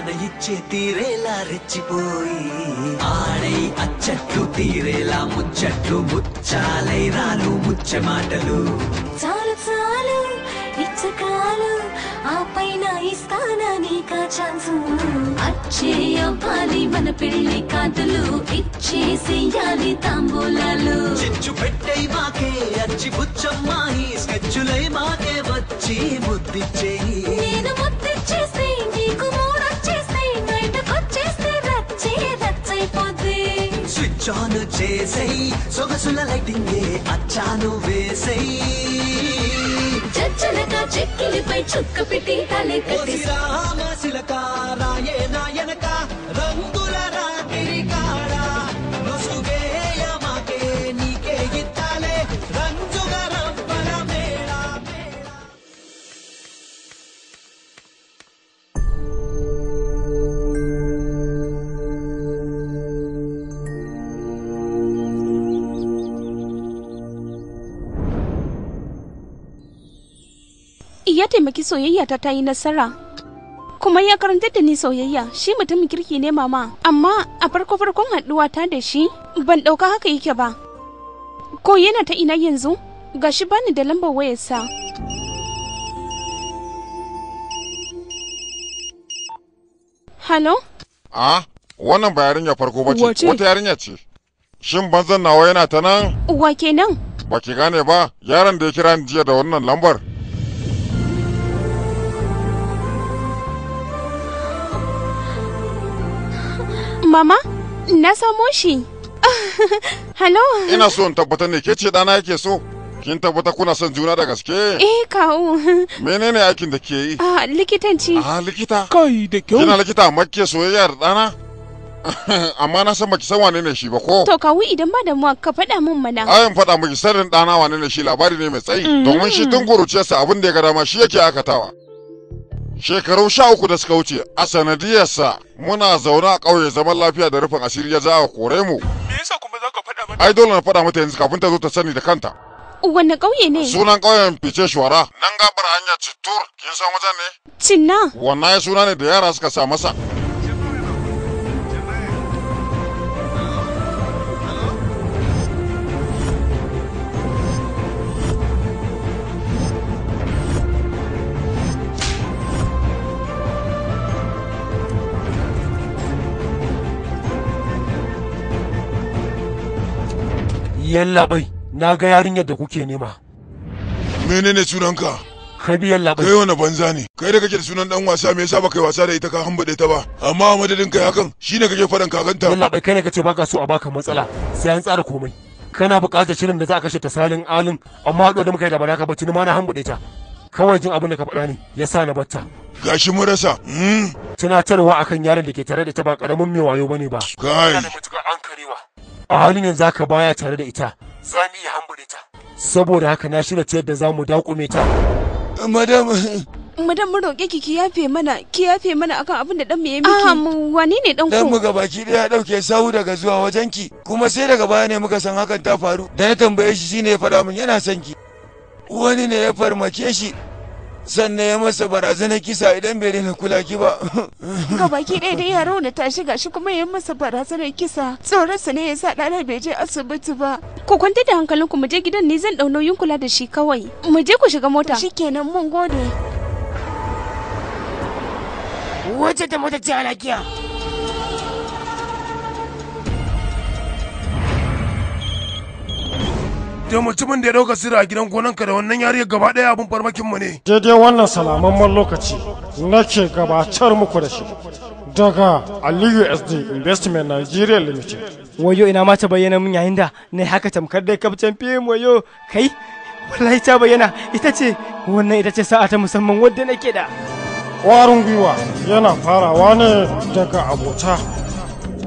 Speaker 9: ఆడ ఇచ్చే తీరేలా రెచ్చిపోయి ఆడై అచ్చట్లు తీరేలా ముచ్చట్లు ముచ్చాలై రాలు ముచ్చ మాటలు
Speaker 4: చాలు చాలు ఇచ్చకాలు ఆ పైన ఇస్తానా నీకా ఛాన్సు అచ్చే అవ్వాలి మన పెళ్లి కాదులు
Speaker 9: ఇచ్చేసేయాలి తాంబూలాలు చెచ్చు పెట్టై మాకే అచ్చి బుచ్చమ్మాయి స్కెచ్చులై మాకే వచ్చి ముద్దిచ్చేయి నేను ముద్దిచ్చేసి చాను చేసై సొగసుల లైటింగ్ ఏ అచ్చాను వేసై చచ్చలక చెక్కిలిపై చుక్క పెట్టి తలే కట్టి శిలక రాయే నాయ
Speaker 4: ya taimaki soyayya ta ta yi nasara kuma ya karantar da ni soyayya shi mutumin kirki ne mama amma a farko farkon haɗuwa ta da shi ban ɗauka haka yake ba ko yana ta ina yanzu gashi bani da lambar wayarsa halo
Speaker 3: a wannan ba yarinya farko ba ce wata yarinya ce shin banzan nawa yana ta nan
Speaker 4: uwa kenan
Speaker 3: ba ki gane ba yaron da ya kira ni jiya da wannan lambar
Speaker 4: Mama, na samo shi. Halo? Ina so
Speaker 3: in tabbatar ne ke ce ɗana yake so. Kin tabbata kuna son juna da gaske? Eh,
Speaker 4: kawo.
Speaker 3: Menene aikin da ke yi? a
Speaker 4: ah, likitanci. a
Speaker 3: ah, likita. Kai da kyau. Kina likita amma ke soyayya da ɗana? amma na san baki san wane ne shi ba ko to
Speaker 4: kawu idan ba da mu ka faɗa min mana ayin
Speaker 3: faɗa miki sanin ɗana wane ne shi labari ne mai tsayi mm. domin shi tun kuruciyarsa abin da ya ga dama shi yake akatawa shekaru sha uku da suka wuce a sanadiyarsa muna zaune a ƙauye zaman lafiya da rufin asiri ya a kore mu me kuma faɗa mata ai dole na faɗa mata yanzu kafin ta zo ta sani da kanta
Speaker 4: wanne ƙauye ne sunan
Speaker 3: ƙauyen fice shuwara nan gabar
Speaker 4: hanyar cittur kin
Speaker 3: san wajen ne cinna wannan ya suna ne da yara suka sa masa yallabai na ga yarinyar da kuke nema. Menene sunanka? Rabiyar labai. Kai wani banza ne. Kai da kake da sunan dan wasa me yasa baka yi wasa da ita ka hambade ta ba? Amma a madadin kai hakan shine kake fadan kakanta. yallabai kai ne kace baka so a baka matsala. Sai an tsara komai. Kana buƙatar shirin da za ka kashe ta salin alin amma haɗuwa da muka yi da baraka bacci ma na hambade ta. Kawai jin abin da ka faɗa ne ya sa na batta. Gashi mun rasa. Hmm? Tunatarwa akan yaron da ke tare da ta ba ƙaramin mai wayo bane ba. Kai. Kana da
Speaker 1: matuƙar an karewa.
Speaker 3: a halin yanzu haka baya tare da ita
Speaker 4: za
Speaker 1: mu iya hambure ta
Speaker 3: saboda haka na shirya ta yadda za mu dakume ta madam
Speaker 4: madam mun roƙe ki yafe mana ki yafe mana akan abin da dan mu ya miki ah wani ne dan ku dan mu gabaki
Speaker 3: da ya dauke sahu daga zuwa wajen ki kuma sai daga baya ne muka san hakan ta faru da na tambaye shi shine ya faɗa min yana son ki wani ne ya farmake shi sannan ya masa barazanar kisa idan bai daina kula ki
Speaker 1: ba
Speaker 6: baki ɗaya dai yaro na tashi gashi kuma ya masa barazanar kisa tsoronsa
Speaker 4: ne ya sa ɗana bai je asibiti ba ku kwanta da ku, mu je gidan ne zan ɗau nauyin kula da shi kawai mu je ku shiga mota shikenan mun gode wace
Speaker 2: ta mota ce lafiya.
Speaker 3: to mutumin da ya dauka sirri a gidan gonanka da wannan yariyar gaba daya abun farmakin mu ne
Speaker 2: daidai wannan salamamman lokaci nake gabatar muku da shi daga aliyu sd investment nigeria limited wayo ina ma ta bayyana mun yayin da na haka tamkar dai kaftan fim wayo kai wallahi ta bayyana ita ce wannan ita ce sa'a ta musamman wadda nake da kwarin gwiwa yana farawa ne daga abota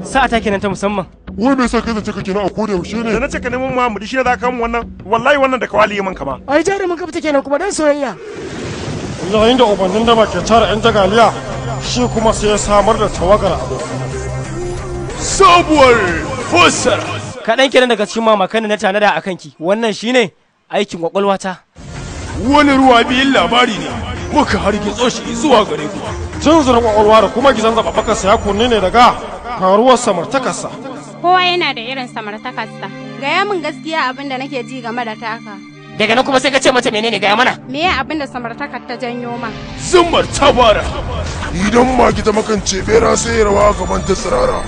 Speaker 2: sa'a ta kenan ta musamman wai me yasa
Speaker 3: kai zance kake na a koda yaushe ne da nace ka neman Muhammadu shi ne za ka mu wannan wallahi wannan da ka waliye man kama
Speaker 2: ai jari mun kafta nan kuma dan soyayya
Speaker 3: wallahi inda ubannin da ke tara yan jagaliya shi
Speaker 2: kuma sai ya samar da tawagar abokan sabuwar fassara kaɗan kenan daga cikin mamakan na tanada a ki wannan shine aikin kwakwalwata
Speaker 3: wani ruwa biyun labari ne muka hargitso shi zuwa gare ku tunzura kwakwalwa da kuma gizon zaɓaɓɓakarsa ya kunne ne daga karuwar samartakarsa
Speaker 4: kowa yana da irin samartakarsa gaya min gaskiya abin da nake ji game da taka daga nan kuma sai ka ce
Speaker 2: mata menene gaya
Speaker 3: mana
Speaker 4: me ya abin da samartakar ta janyo ma
Speaker 2: zumar tabara
Speaker 3: idan magi ta makance bera sai rawa gaban ta tsirara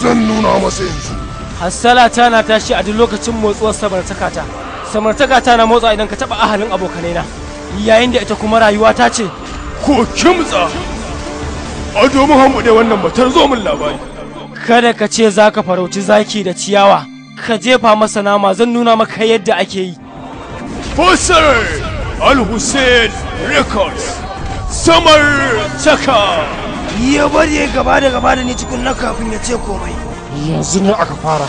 Speaker 3: zan nuna masa yanzu
Speaker 2: hassala ta na tashi a duk lokacin motsuwar samartaka ta samartaka ta na motsa idan ka taba ahalin abokanai na yayin da ita kuma rayuwa ta ce ko kimtsa ado muhammadu wannan batar zo min labari kada ka ce za ka farauci zaki da ciyawa ka jefa masa nama zan nuna maka yadda ake yi Fusar Al-Hussein Records Samar taka ya bari gaba da gaba da ni cikin na kafin ya ce komai yanzu ne aka fara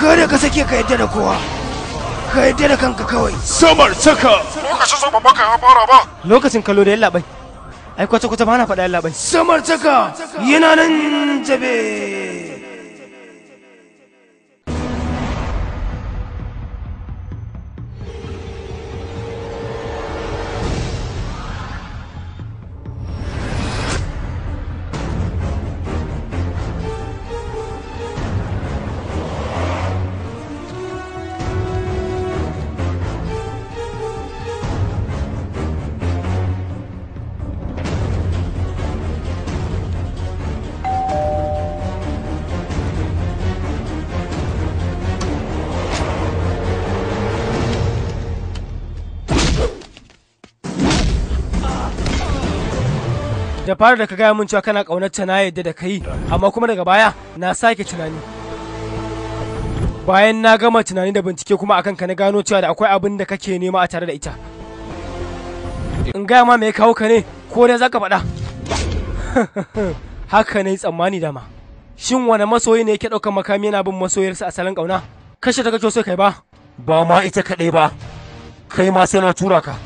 Speaker 2: kada ka sake ka yadda da kowa ka yadda da kanka kawai Samar taka
Speaker 1: lokacin zama maka ya fara ba
Speaker 2: lokacin kalo da yallaɓai ai kwata-kwata ba na faɗa labai samartaka yana nan jabe da fara da ka gaya min cewa kana ƙaunar ta na yadda da kai amma kuma daga baya na sake tunani bayan na gama tunani da bincike kuma akan ka na gano cewa da akwai abin da kake nema a tare da ita in gaya ma me kawo ka ne ko dai zaka faɗa haka ne tsammani dama shin wani masoyi ne yake ɗaukar makami yana bin masoyarsa a salon ƙauna kashe ta kake so kai ba ba ma ita kaɗai ba kai ma sai
Speaker 3: na tura ka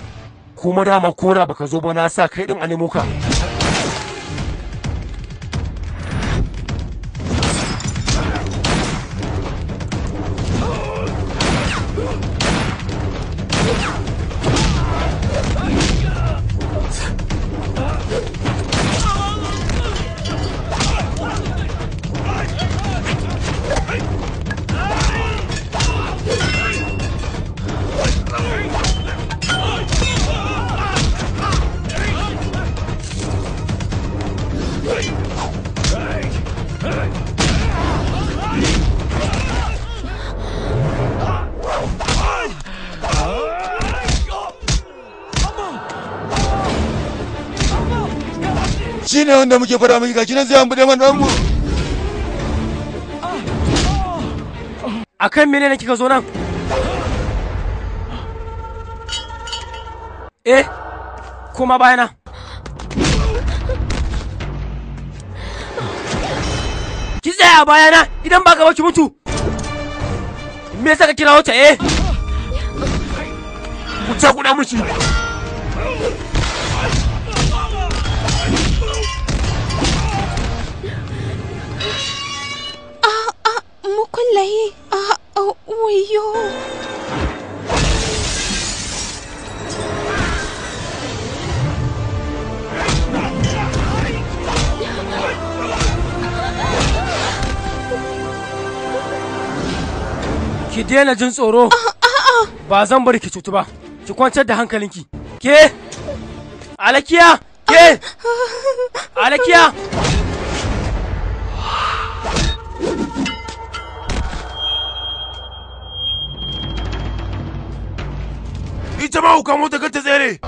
Speaker 3: kuma dama kora baka zo ba na sa kai din a nemo ka abin da muke fara miki gashi nan sai an bude dan mu akan mene ne kika zo nan
Speaker 2: eh kuma bayana ki tsaya bayana idan ba ka ki mutu
Speaker 3: me yasa ka kira wata eh ku ta kuɗa mushi
Speaker 4: kullaye a wayo
Speaker 2: ki daina jin tsoro ba zan bari ki cutu ba ki kwantar da hankalinki ke alakiya ke
Speaker 3: alakiya ita ma ku kamo ta ta tsere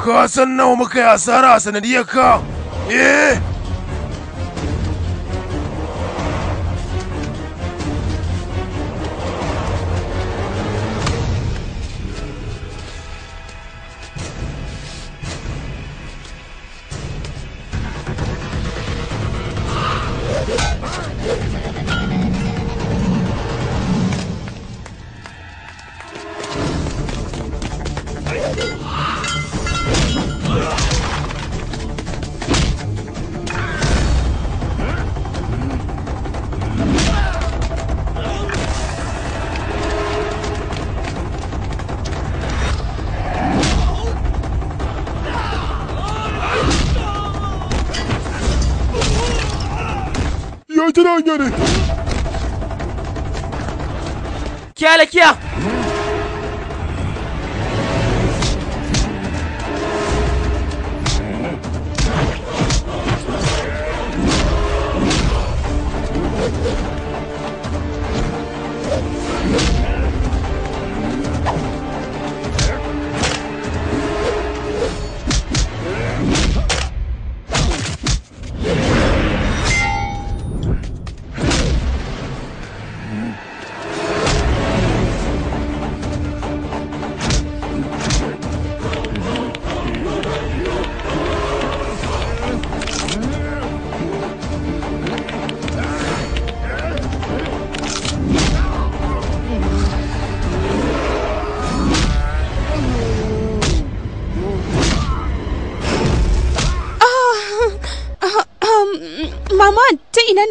Speaker 3: ka san nawa muka yi asara a sanadiyar ka eh Kiyala kiya!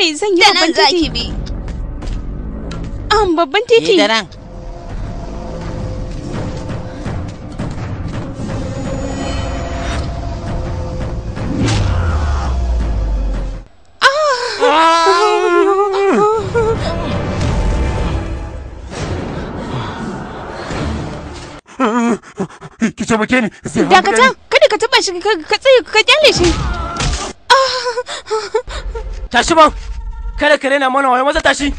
Speaker 4: kai zan yi babban titi. bi. An babban titi. Da nan. Ah! Ki kada ka taba shi ka tsaye ka kyale shi. Ah! Tashi ba. kada ka rena mana wayo maza tashi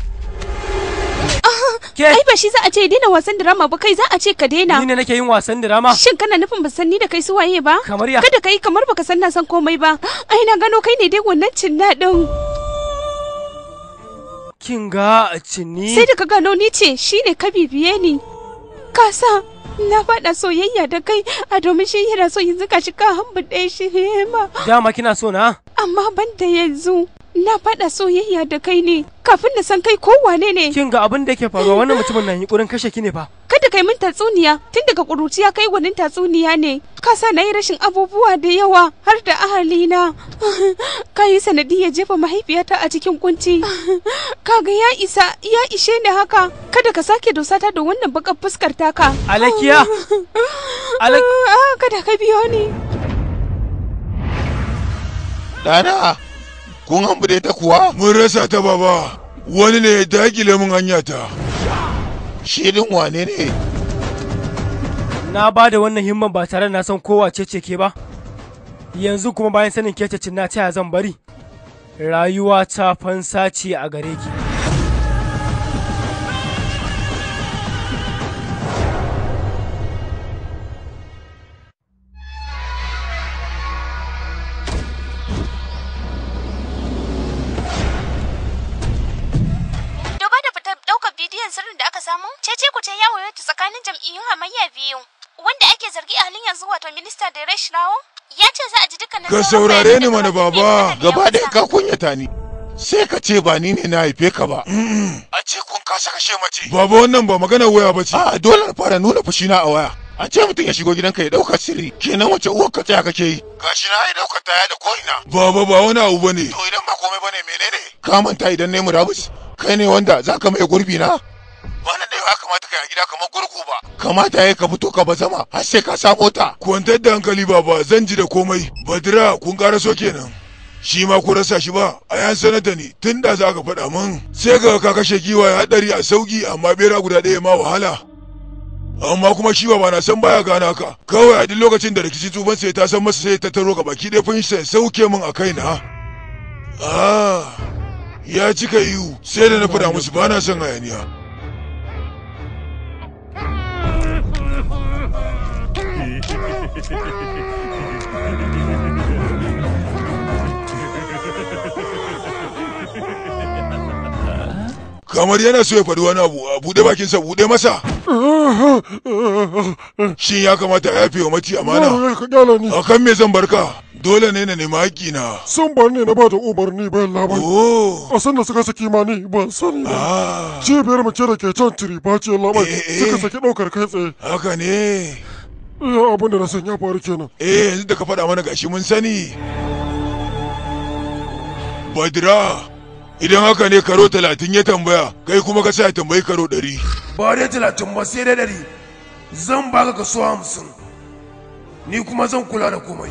Speaker 4: ke ai ba shi za a ce daina wasan drama ba kai za a ce ka daina ni ne nake yin wasan drama shin kana nufin ba san ni da kai su waye ba kamar ya kada kai kamar baka san na san komai ba ai na gano kai ne dai wannan cin nadin
Speaker 2: kin ga cinni
Speaker 4: sai da ka gano ni ce shine ka bibiye ni ka sa na faɗa soyayya da kai a domin shi yana so yanzu ka shi ka hamba ɗaya shi hema
Speaker 2: dama kina so na
Speaker 4: amma ban da yanzu na faɗa soyayya da kai ne kafin na san kai ko wane ne kin ga abin da yake faruwa wannan mutumin nan yunkurin kashe ki ne fa kada kai min tatsuniya tun daga ƙuruciya kai gwanin tatsuniya ne kasa na yi rashin abubuwa da yawa har da ahalina ka yi sanadiyar jefa mahaifiyata a cikin kunci kaga ya isa ya ishe ni haka kada ka sake dosata da wannan bakar fuskar taka alakiya ah, kada ka biyo ni
Speaker 3: Dada! kun da ita kuwa mun rasa ta baba wani ne ya dakile mun hanya ta shirin wane ne na ba da wannan himman ba tare na san kowa ce ce ke ba
Speaker 2: yanzu kuma bayan sanin kececin na ta zan bari rayuwa ta fansa ce a gare ki
Speaker 4: wannan sirrin da aka samu ce ce ku ya yawo ta tsakanin jam'iyyun hamayya biyu wanda ake zargi a halin yanzu wato minista da rash rawo ya
Speaker 1: ce za a
Speaker 3: ji dukkanin ka saurare ni mana baba gaba da ka kunyata ni sai ka ce ba ni ne na haife ka ba a ce kun kasa kashe mace baba wannan ba magana waya ba ce a dole na fara nuna fushina a waya a ce mutum ya shigo gidanka ya ɗauka sirri kenan wace uwar ka tsaya kake yi gashi na ya ɗauka taya da koina baba ba wani abu bane to idan ba komai bane menene ka manta idan ne murabus kai ne wanda za ka mai gurbi na Malam da ya kamata kai a gida kamar gurgu ba. Kamata yayi ka fito ka bazama har sai ka sa mota. Kwantar da hankali ba zan ji da komai. Badira kun gara so kenan. Shi ma ku rasa shi ba, a yan sanata ne tun da za ka faɗa min. Sai ga ka kashe giwa ya haɗari a sauki amma bera guda ɗaya ma wahala. amma kuma shi ba na san baya gana ka kawai a duk lokacin da rikici tsufan sai ta san masa sai ta taro ga baki ɗaya fin sai sauke min a kaina ah ya cika ihu sai da na fada musu ba na son hayaniya kamar yana so ya faɗi wani abu a buɗe bakinsa buɗe masa shin ya kamata ya fi wa maci amana a kan me zan barka dole ne na nema haƙƙi na sun bar ne na ba da umarni bayan labari oh. a san da suka saki ma ni ban sani ba ah. cibiyar mace da ke can tiri ba ce eh, labari eh, eh. suka saki ɗaukar kai tsaye haka ne abin da na san ya faru kenan eh yanzu da ka faɗa mana gashi mun sani badra idan haka ne karo talatin ya tambaya kai kuma ka sa ya tambayi karo ɗari ba dai talatin ba sai dai ɗari zan ba ka kaso hamsin ni kuma zan kula da komai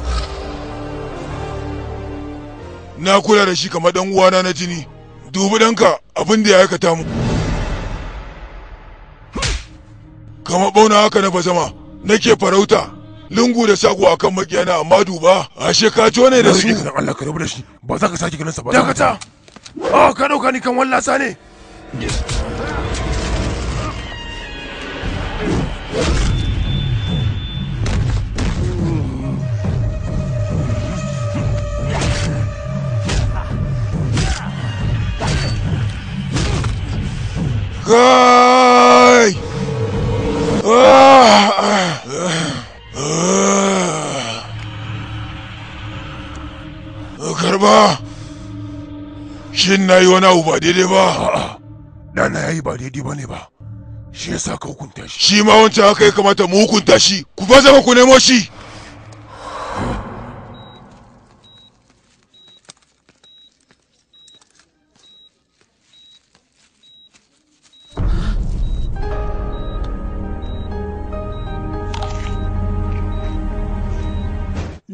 Speaker 3: na kula da shi kamar dan uwana na jini dubi ka abin da ya aikata mu kama bauna haka na bazama nake farauta lungu da sako akan makiyana amma duba ashe ka ne da su Allah ka rabu da shi ba za ka sake ganin sa ba dakata oh ka dauka ni kan wallasa ne
Speaker 1: Go!
Speaker 3: Karba! Shin na yi wani abu ba daidai ba? na ya yi ba daidai ba ne ba. Shi ya sa ka hukunta shi. Shi ma wancan haka ya kamata mu hukunta shi. Ku ba zama ku nemo shi.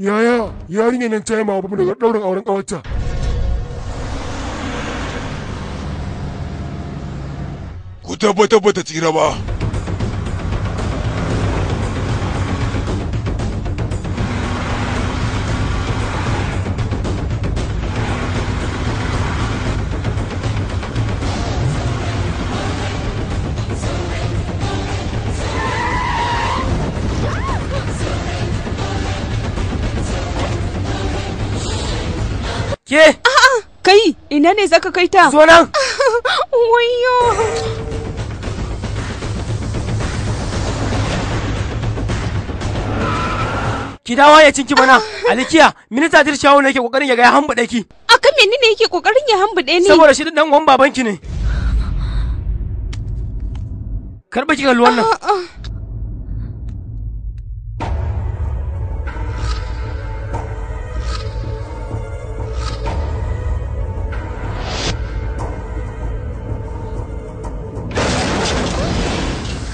Speaker 3: Yaya, yarinyar nan ta yi ma bamu daga ɗaurin auren ƙawarta. Ku tabbatar ba ta tsira ba.
Speaker 4: Ke? Kai, ina ne zaka kai ta? Zo nan. Wayo.
Speaker 2: Ki dawo ya cinki bana. Alikiya, minita dir shawo ne yake kokarin ya ga ya hambuɗe ki. Aka menene yake kokarin ya dai ni? Saboda shi dan gwan babanki ne. Karba ki kalli wannan.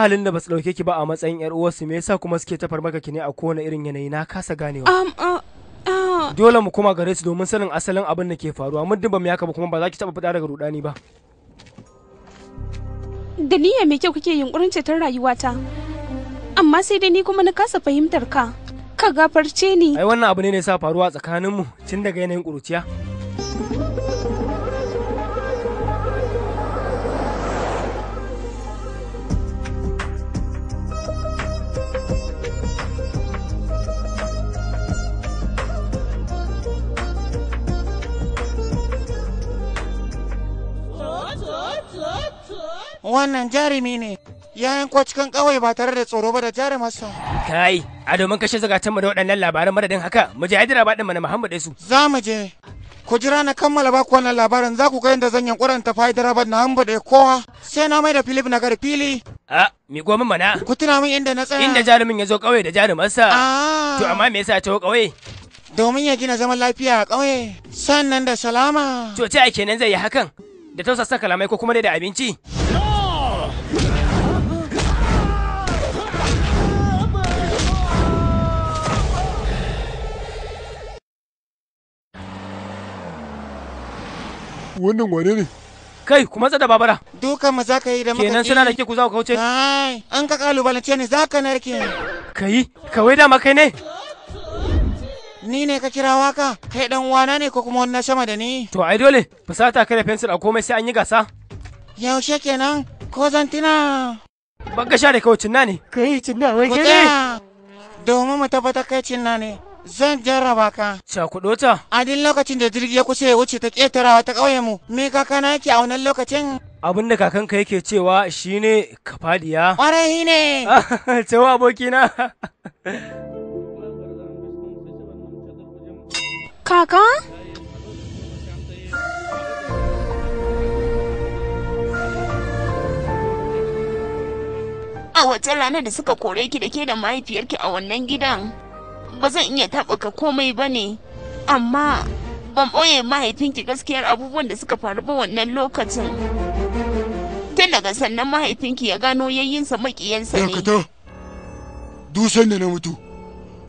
Speaker 2: ahalin da ba su dauke ki ba a matsayin yar uwarsu me yasa kuma suke tafar maka ki ne a kowane irin yanayi na kasa ganewa
Speaker 4: um, uh, uh.
Speaker 2: dole mu koma gare su domin sanin asalin abin da ke faruwa muddin ba mu yaka ba kuma ba za ki taɓa fita daga rudani ba
Speaker 4: da niyya mai kyau kake yunkurin ceton rayuwata amma sai dai ni kuma na kasa fahimtar ka ka gafarce
Speaker 2: ni ai wannan abu ne ne sa faruwa tsakaninmu tun daga yanayin ƙuruciya
Speaker 5: wannan jarumi ne ya yanko cikin kawai ba tare da tsoro ba da jarumarsa
Speaker 2: kai a domin kashe zagatan mu da waɗannan labaran madadin haka mu je hadira ɗin mu na muhammad su
Speaker 5: za mu je ku jira na kammala ba ku wannan labarin za ku ga yadda zan yankuran ta fa'idar rabar na hamba da kowa sai na mai da filip na gari fili
Speaker 2: a mi goma mana ku tuna min inda na tsaya inda jarumin ya zo kauye da jarumarsa ah. to amma me yasa ta kauye
Speaker 5: domin ya gina zaman lafiya a kauye sannan da salama
Speaker 2: to ta kenan zai yi hakan da tausasa kalamai ko kuma dai da abinci
Speaker 3: wannan wane ne
Speaker 2: kai kuma tsada babara Dukan ma za ka yi da makafi kenan suna da ke ku za ku kauce an ka kalubalance ne za ka narke kai kawai dama kai ne
Speaker 5: ni ne ka kira waka kai dan wana ne ko kuma wannan sama da ni
Speaker 2: to ai dole fusata kai da fensir a komai sai an yi gasa yaushe kenan ko zantina ban sha da kawai cinna ne kai cinna wai kai domin mu tabbatar kai cinna ne zan jarraba ka. Cakuɗo A duk lokacin da jirgi ya kusa ya wuce ta ƙetarawa ta ƙauyen mu,
Speaker 5: me kakana yake a wannan lokacin?
Speaker 2: Abin da kakanka yake cewa shine ka fadiya. Ƙwarai ne. Cewa abokina.
Speaker 4: Kaka?
Speaker 6: A wace ranar da suka kore ki da ke da mahaifiyarki a wannan gidan? ba zan iya taɓuka komai ba ne amma ban ɓoye mahaifinki gaskiyar abubuwan da suka faru ba wannan lokacin tun daga sannan mahaifinki ya gano yayyinsa maƙiyansa ne dakata
Speaker 3: dusan da na mutu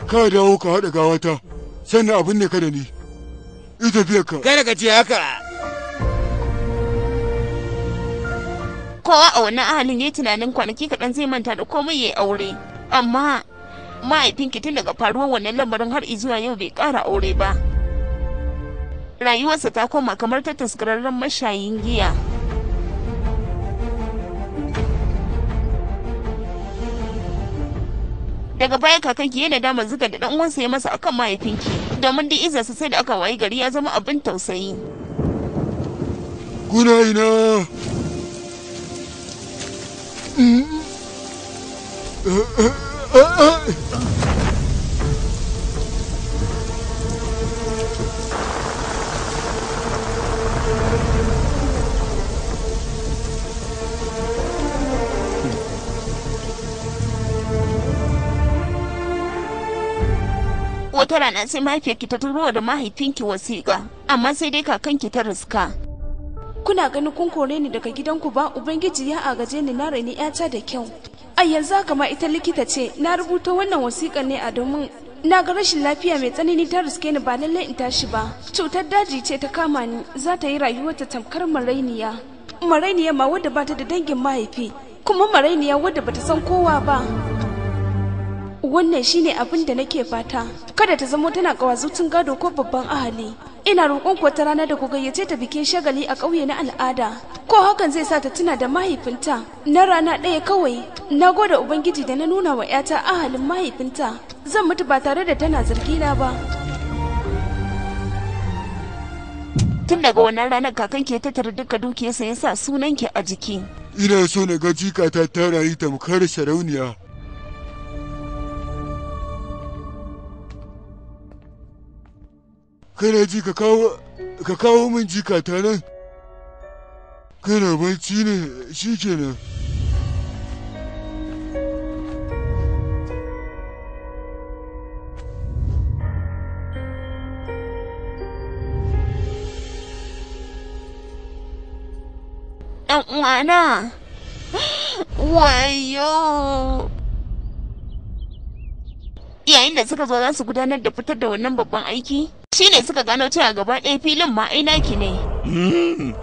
Speaker 3: ka dawo ka haɗa gawata sannan abin ne ka da ni ita fiye ka kada ka ce haka
Speaker 6: kowa a wannan ahalin ya yi tunanin kwanaki kaɗan zai manta da komai ya aure amma mahaifinki tun daga faruwar wannan lamarin har zuwa yau bai kara aure ba rayuwarsa ta koma kamar ta taskararren mashayin giya daga baya kakanki yana damar zuga da dan uwansa ya masa akan mahaifinki domin duk iza sai da aka wayi gari ya zama abin tausayi
Speaker 3: kuna ina
Speaker 6: mm. wata rana sai mahaifiyarki ta turo da mahaifinki wasiƙa amma sai dai kakanki ta riska
Speaker 4: kuna ganin kun kore ni daga gidanku ba ubangiji ya agaje ni na raini yata da kyau a yanzu haka ita likita ce na rubuta wannan wasiƙa ne a domin na ga rashin lafiya mai tsanani ta riske ni ba lallai in tashi ba cutar daji ce ta kama ni za ta yi rayuwarta tamkar marainiya marainiya ma wadda ba ta da dangin mahaifi kuma marainiya wadda ba ta san kowa ba wannan shine abin da nake fata kada ta zamo tana kawazutun gado ko babban ahali ina roƙon ku ta rana da ku gayyace ta bikin shagali a ƙauye na al'ada ko hakan zai sa ta tuna da mahaifinta na rana ɗaya kawai na gode ubangiji da na nuna wa 'yata ahalin mahaifinta zan mutu ba tare da tana zargi na
Speaker 6: ba tun daga wannan ranar kakan ke tattara duka dukiyarsa ya sa sunan sunanki a jiki
Speaker 3: ina so na ga jikata ta rayu tamkar sarauniya kana ji ka kawo ka kawo min jika ta nan kana bacci ne shi kenan
Speaker 1: ɗan uwana wayo
Speaker 6: yayin da suka zo za su gudanar da fitar da wannan babban aiki Shi ne suka gano cewa gaba ɗaya filin ma ki ne
Speaker 1: hmm.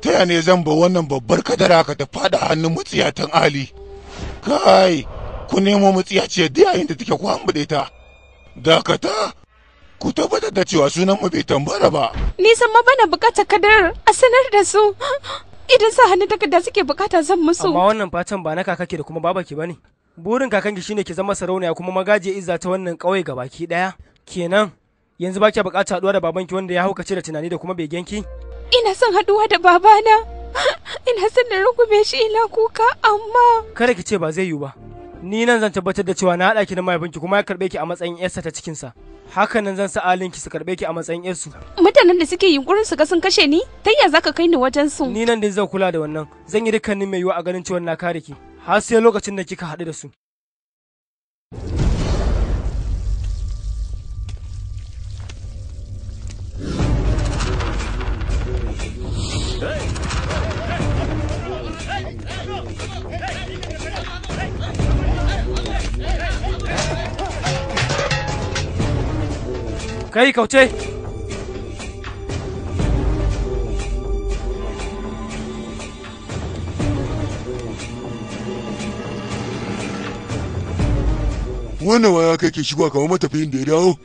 Speaker 3: ta yaya zan ba wannan babbar kadara ka ta fada hannun mutsiyatan ali kai ku nemo mutsiyaci da yayin da take kwan bude ta dakata ku tabbatar da cewa sunan mu bai tambara
Speaker 4: ba ni san ma bana bukatar kadarar a sanar da su idan sa hannun takarda suke bukata zan musu amma
Speaker 2: wannan fatan ba na ke da kuma babaki bane burin ki shine ki zama sarauniya kuma magaji izza ta wannan kauye gabaki daya kenan yanzu ba kya buƙatar haɗuwa da babanki wanda ya haukace da tunani da kuma begenki?
Speaker 4: Ina son haɗuwa da babana. Ina son na rungume shi ina kuka amma.
Speaker 2: Kada ki ce ba zai yiwu ba. Ni nan zan tabbatar da cewa na haɗa ki da mahaifinki kuma ya karɓe ki a matsayin 'yarsa ta cikinsa. Haka nan zan sa alinki su karɓe ki a matsayin 'yarsu.
Speaker 4: Mutanen da suke yunkurin su ga sun kashe ni, ta yaya za ka
Speaker 2: kai ni wajen su? Ni nan din zan kula da wannan. Zan yi dukkanin mai yiwuwa a ganin cewa na kare ki. Har sai lokacin da kika haɗu da su. Kai kauce!
Speaker 3: Wannan waya kai ke shigo kamar matafiyin da ya dawo?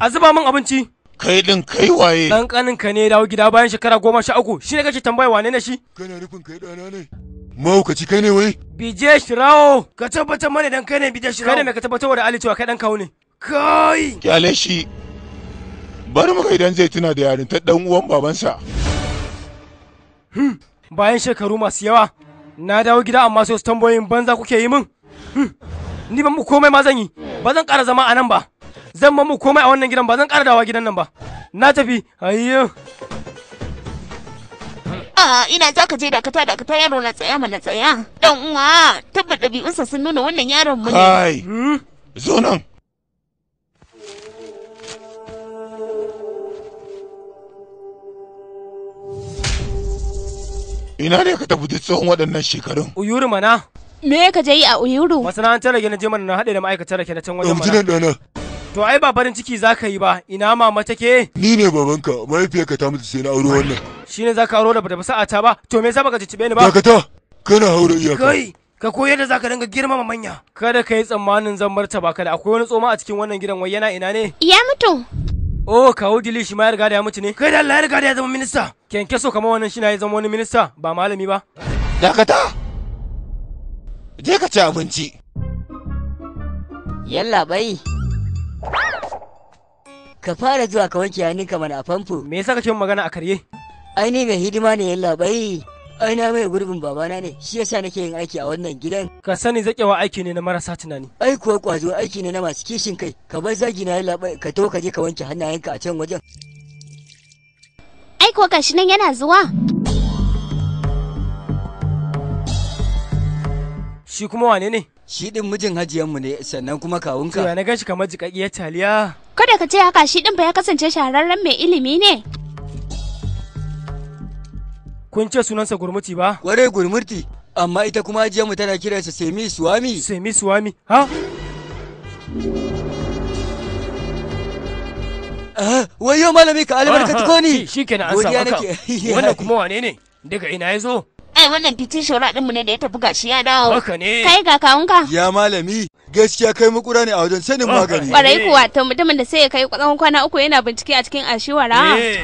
Speaker 3: A zuba min abinci! kai din kai waye dan
Speaker 2: kanin ka ne dawo gida bayan shekara goma sha uku shi ne kake tambaya wane ne shi kana nufin kai
Speaker 3: dana ne Mahaukaci kai ne wai?
Speaker 2: Bije Shirawo, ka tabbatar mana dan kai ne Bije Shirawo. Kai ne mai ka tabbatar da Ali cewa kai dan kawo ne. Kai! Kyale
Speaker 3: shi. Bari mu idan zai tuna da yarintar dan uwan babansa.
Speaker 2: Hm. Bayan shekaru masu yawa, na dawo gida amma sai tambayoyin banza kuke yi min. Hm. Ni ban mu komai ma zan yi, ba zan ƙara zama a nan ba. Zan ban mu komai a wannan gidan ba zan ƙara dawa gidan nan ba. Na tafi, ayyo. Ah, ina za
Speaker 6: ka je dakata dakata yaro na tsaya mana tsaya dan uwa tabbata ɗabi'unsa sun nuna wannan yaron
Speaker 1: mu ne kai hmm? zo nan
Speaker 3: Ina ne ka tafi duk tsawon waɗannan shekarun? Uyuru mana.
Speaker 2: Me ka je yi a Uyuru? Masana'antar rage na je mana na haɗe da ma'aikatar rage na can wajen mana. Yanzu ne To ai ba farin ciki za ka yi ba, ina mama
Speaker 3: take? Ni ne babanka, mahaifiyarka ta mutu sai na aure wannan.
Speaker 2: Shi ne za ka auro da bata sa'a ta ba, to me za ka cicibe ni ba? Dakata,
Speaker 3: kana haura iyaka. Kai,
Speaker 2: ka koyar da za ka dinga girmama manya. Kada ka yi tsammanin zan martaba ka da akwai wani tsoma a cikin wannan gidan wai yana ina ne? Iya mutu. Oh, kawo dili shi ma ya riga da ya mutu ne. Kai da Allah ya riga da ya zama minista. Kenkeso kamar wannan shi na ya zama wani minista, ba malami ba. Dakata. Je ka ci abinci. Yalla bai. Ka fara zuwa ka wanke hannunka mana a famfo. Me yasa kake magana a karye? Ai ni mai hidima ne yalla bai. Ai na mai gurbin babana ne, shi yasa nake yin aiki a wannan gidan. Ka sani zakewa aiki ne na marasa tunani. Ai kuwa kwazo aiki ne na masu kishin kai. Ka bar zagi na yalla bai, ka to ka je ka wanke hannayenka a can wajen.
Speaker 4: Ai kuwa gashi nan yana zuwa.
Speaker 2: Shi kuma wane ne? Shi din mijin hajiyanmu ne sannan kuma kawunka. Tuya na gashi kamar jiƙaƙƙiyar taliya.
Speaker 4: Kada ka ce haka shi din ba ya kasance shahararren mai ilimi ne.
Speaker 2: Kun ce sunansa gurmuti ba? Ware gurmuti, amma ita kuma hajiyanmu tana kiransa Semi Suwami. Semi Suwami,
Speaker 9: ha? Ah, yau malami ka
Speaker 2: albarkatu ah, ah, ko ni? Shi kenan an samu ka. Wannan kuma wane ne? Daga ina ya
Speaker 4: zo?
Speaker 6: ai eh, wannan titin shaura din mu ne da ya tafi gashi ya dawo haka ne kai ga kawunka
Speaker 3: ya malami gaskiya kai makura ne a wajen sanin ah, magani eh. kwarai
Speaker 4: kuwa to mutumin da sai ya kai tsawon kwana uku yana bincike a cikin ashiwara eh.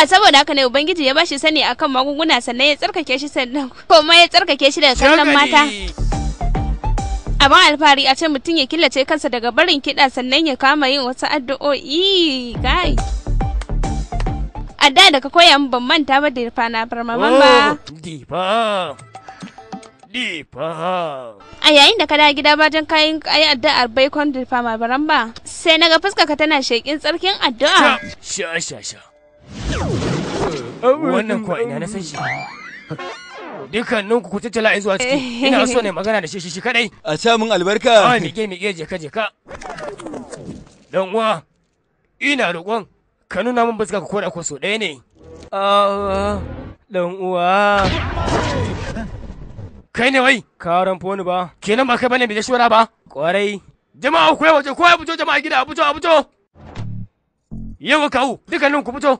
Speaker 4: a saboda haka ne ubangiji ya bashi sani akan magunguna sannan ya tsarkake shi sannan kuma ya tsarkake shi daga kallon mata abin alfahari a ce mutum ya killace kansa daga barin kiɗa sannan ya kama yin wasu addu'o'i kai. a da ka koya min ban manta ba da fa na farma ba. Oh,
Speaker 8: Dipa! Dipa!
Speaker 4: a yayin da ka dawo gida bajan kayan ayi addu'ar baikon difa ma ba. sai ga fuska ka tana shekin tsarkin addu'a
Speaker 2: sha sha sha wannan kuwa ina na san shi dukkanin ku tala zuwa ciki ina so ne magana da shi shi kadai a samun mun albarka a mike mike je ka je ka dan uwa ina roƙon ka nuna min fuska ko da ko so ɗaya ne dan uwa kai ne wai ka ranfo ni ba kenan ba kai bane bai shawara ba kwarai jama'a ku waje ko ya fito jama'a gida a fito a fito yawa kawo dukkanin ku fito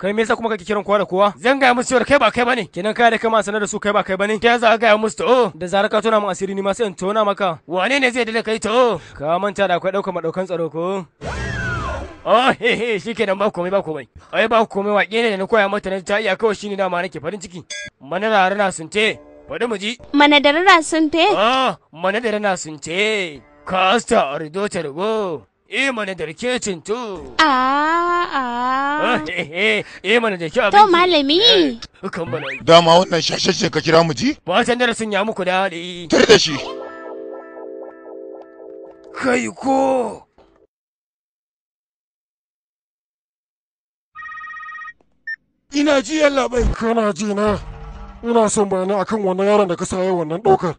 Speaker 2: kai me yasa kuma kake kiran kowa da kowa zan gaya musu cewar kai ba kai bane kenan kai da kai ma sanar da su kai ba kai bane Kai za ka gaya musu to da zarar ka tona mu asiri ni ma sai in tona maka wane ne zai dala kai to ka manta da akwai ɗaukar madaukan tsaro ko Oh, he he, shikenan ba komai ba komai. Ai ba komai waƙe ne da na koya mata na ta iya kawai shine dama nake farin ciki. rana sun sunte, faɗi mu ji.
Speaker 4: Manadara na sunte?
Speaker 2: Ah, rana sun sunte. Kasta ardo ta go? E eh, mana da rike cinto.
Speaker 4: A ah, a. Ah.
Speaker 2: Eh eh, mana da kyau. To malami.
Speaker 4: Eh, kan bala.
Speaker 3: Dama wannan shashashe ka kira mu ji?
Speaker 2: Ba san darasin ya muku daɗi.
Speaker 1: Tar da shi. Kai
Speaker 3: ko. ina ji yalla bai kana ji na ina son bayanai akan wannan yaron da ka saye wannan ɗaukar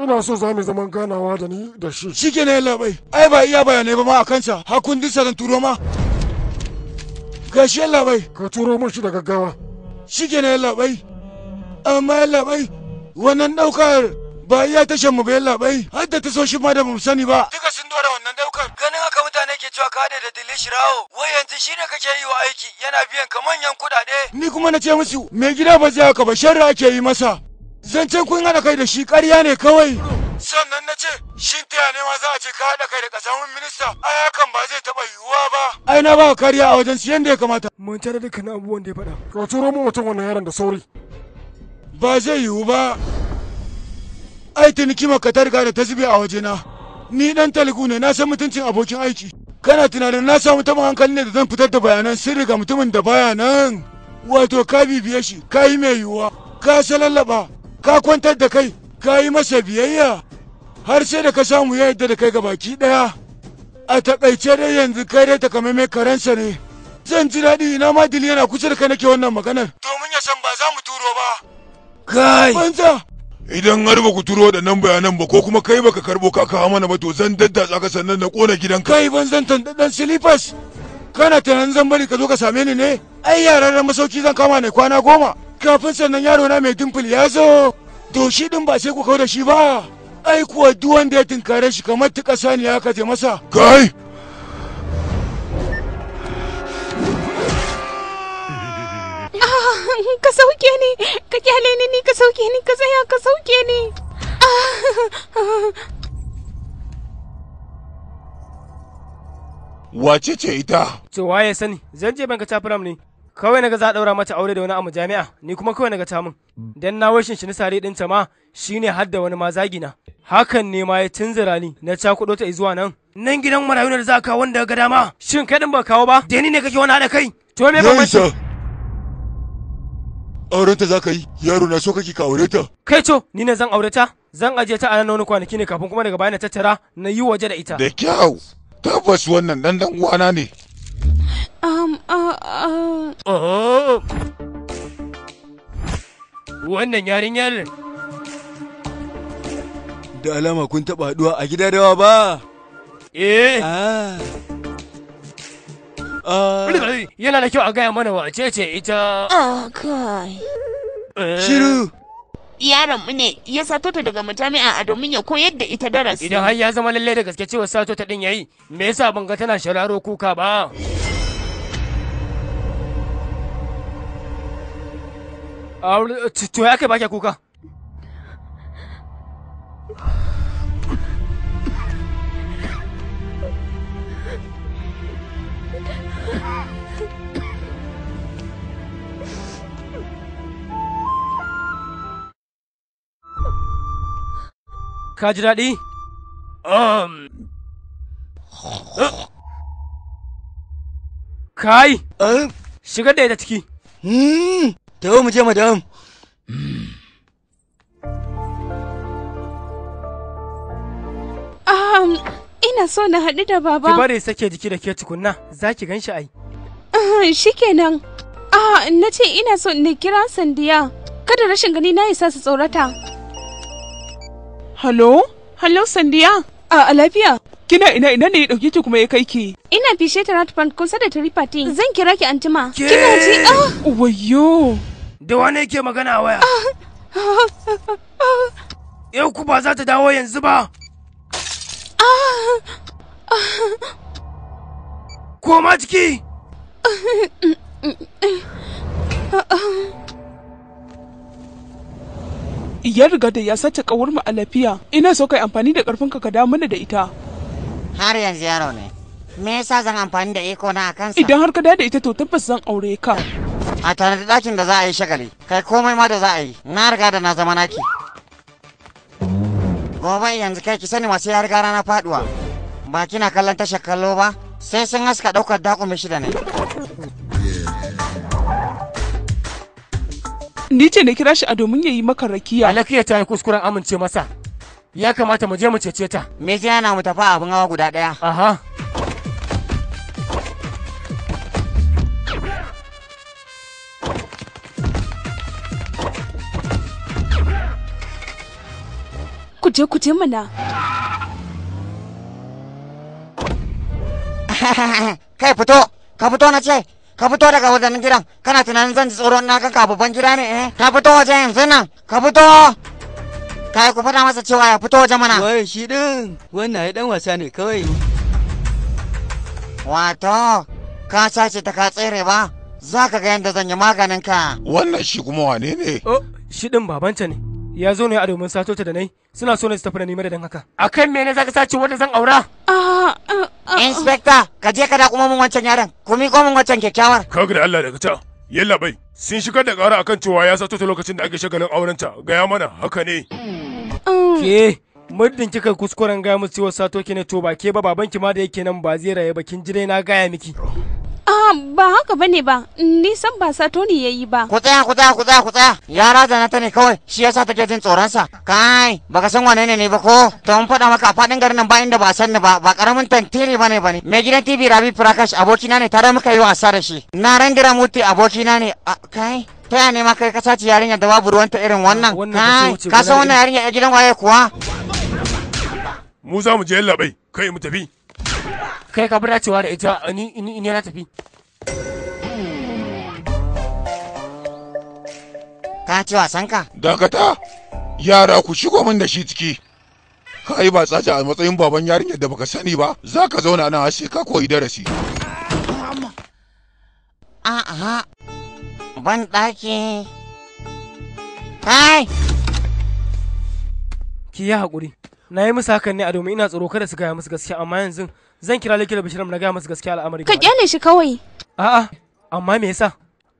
Speaker 3: ina so za mu zaman ganawa da ni da shi shi ke ne yalla bai ai ba iya bayanai ba ma a kansa hakun dinsa zan turo ma ga shi yalla bai ka turo min shi da gaggawa shi ke ne yalla bai amma yalla bai wannan ɗaukar ba iya tashan mu ba yalla bai har da tasoshin ma da bamu sani ba duka sun dora wannan
Speaker 9: ɗaukar ganin haka nake cewa ka da Dilish shirawo wai yanzu shine kake yi wa aiki yana biyan ka
Speaker 3: manyan kuɗaɗe ni kuma na ce musu mai gida ba zai haka ba sharra ake yi masa zancen kun haɗa kai da shi ƙarya ne kawai sannan na ce shin taya ne ma za a ce ka haɗa kai da
Speaker 1: ƙasamin minista a hakan
Speaker 3: ba zai taɓa yiwuwa ba ai na ba kariya a wajen siyan da ya kamata mun tare da kana abubuwan da ya faɗa ka turo mu mutum wannan yaron da sauri ba zai yiwu ba ai tuni maka ka targa da tasbi a wajena ni dan taliku ne na san mutuncin abokin aiki kana tunanin na samu taɓin hankali ne da zan fitar da bayanan sirri ga mutumin da baya nan wato ka bibiye shi ka yi mai yiwuwa ka salallaba ka kwantar da kai ka yi masa biyayya har sai da ka samu ya yadda da kai ga baki ɗaya a taƙaice dai yanzu kai dai ta mai karensa ne zan ji daɗi ina ma yana kusa da kai nake wannan maganar domin ya san ba za mu turo ba kai banza idan har ba ku turo da nan bayanan ba ko kuma kai baka karbo ka kawo mana ba to zan daddatsa ka sannan na kona gidan kai ban zan tantadan silifas kana tunanin zan bari ka zo ka same ni ne ai yaran ran masauki zan kama ne kwana goma kafin sannan yaro na mai dimfili ya zo to shi din ba sai ku kawo da shi ba ai kuwa duk wanda ya tinkare shi kamar tuka ne ya kaje masa kai
Speaker 4: ka sauke ni ka kyale ni ni ka sauke ni ka tsaya ka sauke ni
Speaker 3: wace ce ita
Speaker 2: to waye sani zan je banka ta firam ne kawai naga za a daura mata aure da wani a jami'a ni kuma kawai naga ta min dan na washin shi na sare din ta ma shine har da wani ma zagina hakan ne ma ya tunzura ni na kudo ta zuwa nan nan gidan marayunar za ka wanda ga dama shin kai din ba kawo ba da ni ne kake wani haɗa kai to me ba
Speaker 3: aurenta za ka yi yaro na so kake ka aure ta
Speaker 2: kai to ni ne zan aure ta zan aje ta a nan wani kwanaki ne kafin kuma daga baya na tattara na yi waje da ita da kyau
Speaker 3: tabbas wannan dan dan uwana ne
Speaker 2: um uh, uh... wannan yarinyar
Speaker 3: da alama kun taba haduwa a gida dawa ba
Speaker 2: eh ah. Uh, yana da kyau a gaya mana
Speaker 6: wace ce ita.
Speaker 1: Oh, eh. kai.
Speaker 6: Shiru. Yaron mu ne ya sato ta daga majami'a a domin ya koyar da ita darasi. Idan har ya zama lalle da gaske cewa sato ta
Speaker 2: din yayi, me yasa ban ga tana shararo kuka ba? To ya kai baki kuka. Ka ji daɗi? Um. Kai! Eh? Shigar da ita ciki. Hmm, Tawo mu je madam.
Speaker 4: Um, ina so na haɗu da baba. Ki bari
Speaker 2: sake jiki da ke tukunna, za ki gan shi ai.
Speaker 4: Shikenan. Ah, na ce ina so na kira sandiya. Kada rashin gani na isa su tsorata.
Speaker 6: Halo? Halo Sandiya? A, lafiya. Kina ina ina ne ya dauke ki kuma ya kai ki?
Speaker 4: Ina fishe ta Ratpant kusa da Tripati. Zan kira ki antima. Kina ji?
Speaker 2: Ah! Wayyo! Da wane yake magana a waya? Yau ku ba za ta dawo yanzu ba.
Speaker 1: Koma ciki! ya
Speaker 6: riga da ya sace kawar mu a lafiya ina so kai amfani da karfin ka da mana da ita har
Speaker 5: yanzu yaro ne me yasa zan amfani da iko na sa? idan
Speaker 6: har ka da ita to tabbas zan aure ka
Speaker 5: a tare da dakin da za a yi shagali kai komai ma da za a yi na riga da na zama naki gobe yanzu kai ki sani masu ya riga rana faduwa ba
Speaker 6: kina kallon tashar kallo ba sai sun haska daukar dakon shida ne Ni ce na kira shi a domin ya yi maka rakiya. Alakiya ta yi kuskuren amince masa. Ya kamata mu je mu cece ta. Me ke yana mu tafi abin hawa guda ɗaya?
Speaker 8: Aha.
Speaker 4: Ku je mana.
Speaker 5: Kai fito, ka fito na ce. ka fito daga wajen gidan kana tunanin zan ji tsoron na kan babban gida ne eh ka fito waje yanzu nan ka fito kai ku faɗa masa cewa ya fito waje mana wai shi din wannan ya dan wasa ne kawai wato ka sace ta ka tsere ba za ka ga yadda zan yi maganin ka
Speaker 3: wannan shi kuma wane ne
Speaker 2: oh, shi din babanta ne ya zo ne a domin sato ta da nai suna so ne su tafi da nima da dan haka akan me ne zaka sace wanda zan aura ah, ah, ah, inspector ka je ka da kuma mun wancan yaron ku mi mun wancan kyakkyawar
Speaker 3: ga da Allah daga ta yalla bai sun shigar da ƙara akan cewa ya sato ta lokacin da ake shagalin aurenta gaya mana haka
Speaker 2: ne mm. ke muddin kika kuskuren ga mu cewa sato ki ne to ba ke ba babanki ma da yake nan ba zai raye ba kin jire na gaya miki
Speaker 4: Ah, ba haka bane ba, nisan ba sato ne yayi ba.
Speaker 2: Ku tsaya, ku tsaya, ku tsaya, ku tsaya. Yara da na ta ne kawai, shi yasa take jin tsoronsa.
Speaker 5: Kai, ka san wane ne ne ba ko? To mun faɗa maka faɗin garin nan ba inda ba san ni ba, ba karamin tantiri bane bane. Mai gidan TV Rabi Prakash abokina ne tare muka yi wasa da shi. Na rangira muti abokina ne. Kai, ta ne ma kai ka sace yarinya da babu ruwanta irin wannan? Kai, ka san wannan yarinya a gidan waye kuwa?
Speaker 3: Mu za mu je labai, kai mu tafi.
Speaker 2: kai ka bura cewa da ita ni ni na tafi
Speaker 3: ka ci wasan dakata yara ku shigo min da shi ciki kai ba tsaci a matsayin baban yarinyar da baka sani ba za ka zauna nan har sai ka koyi darasi
Speaker 5: a'a
Speaker 2: ban ɗaki kai ki yi haƙuri na yi musu ne a domin ina tsoro kada su gaya musu gaskiya amma yanzu zan kira laki da Bishiram na gaya masu gaskiya al'amari. Ka
Speaker 4: kyale shi kawai.
Speaker 2: A'a, amma me yasa?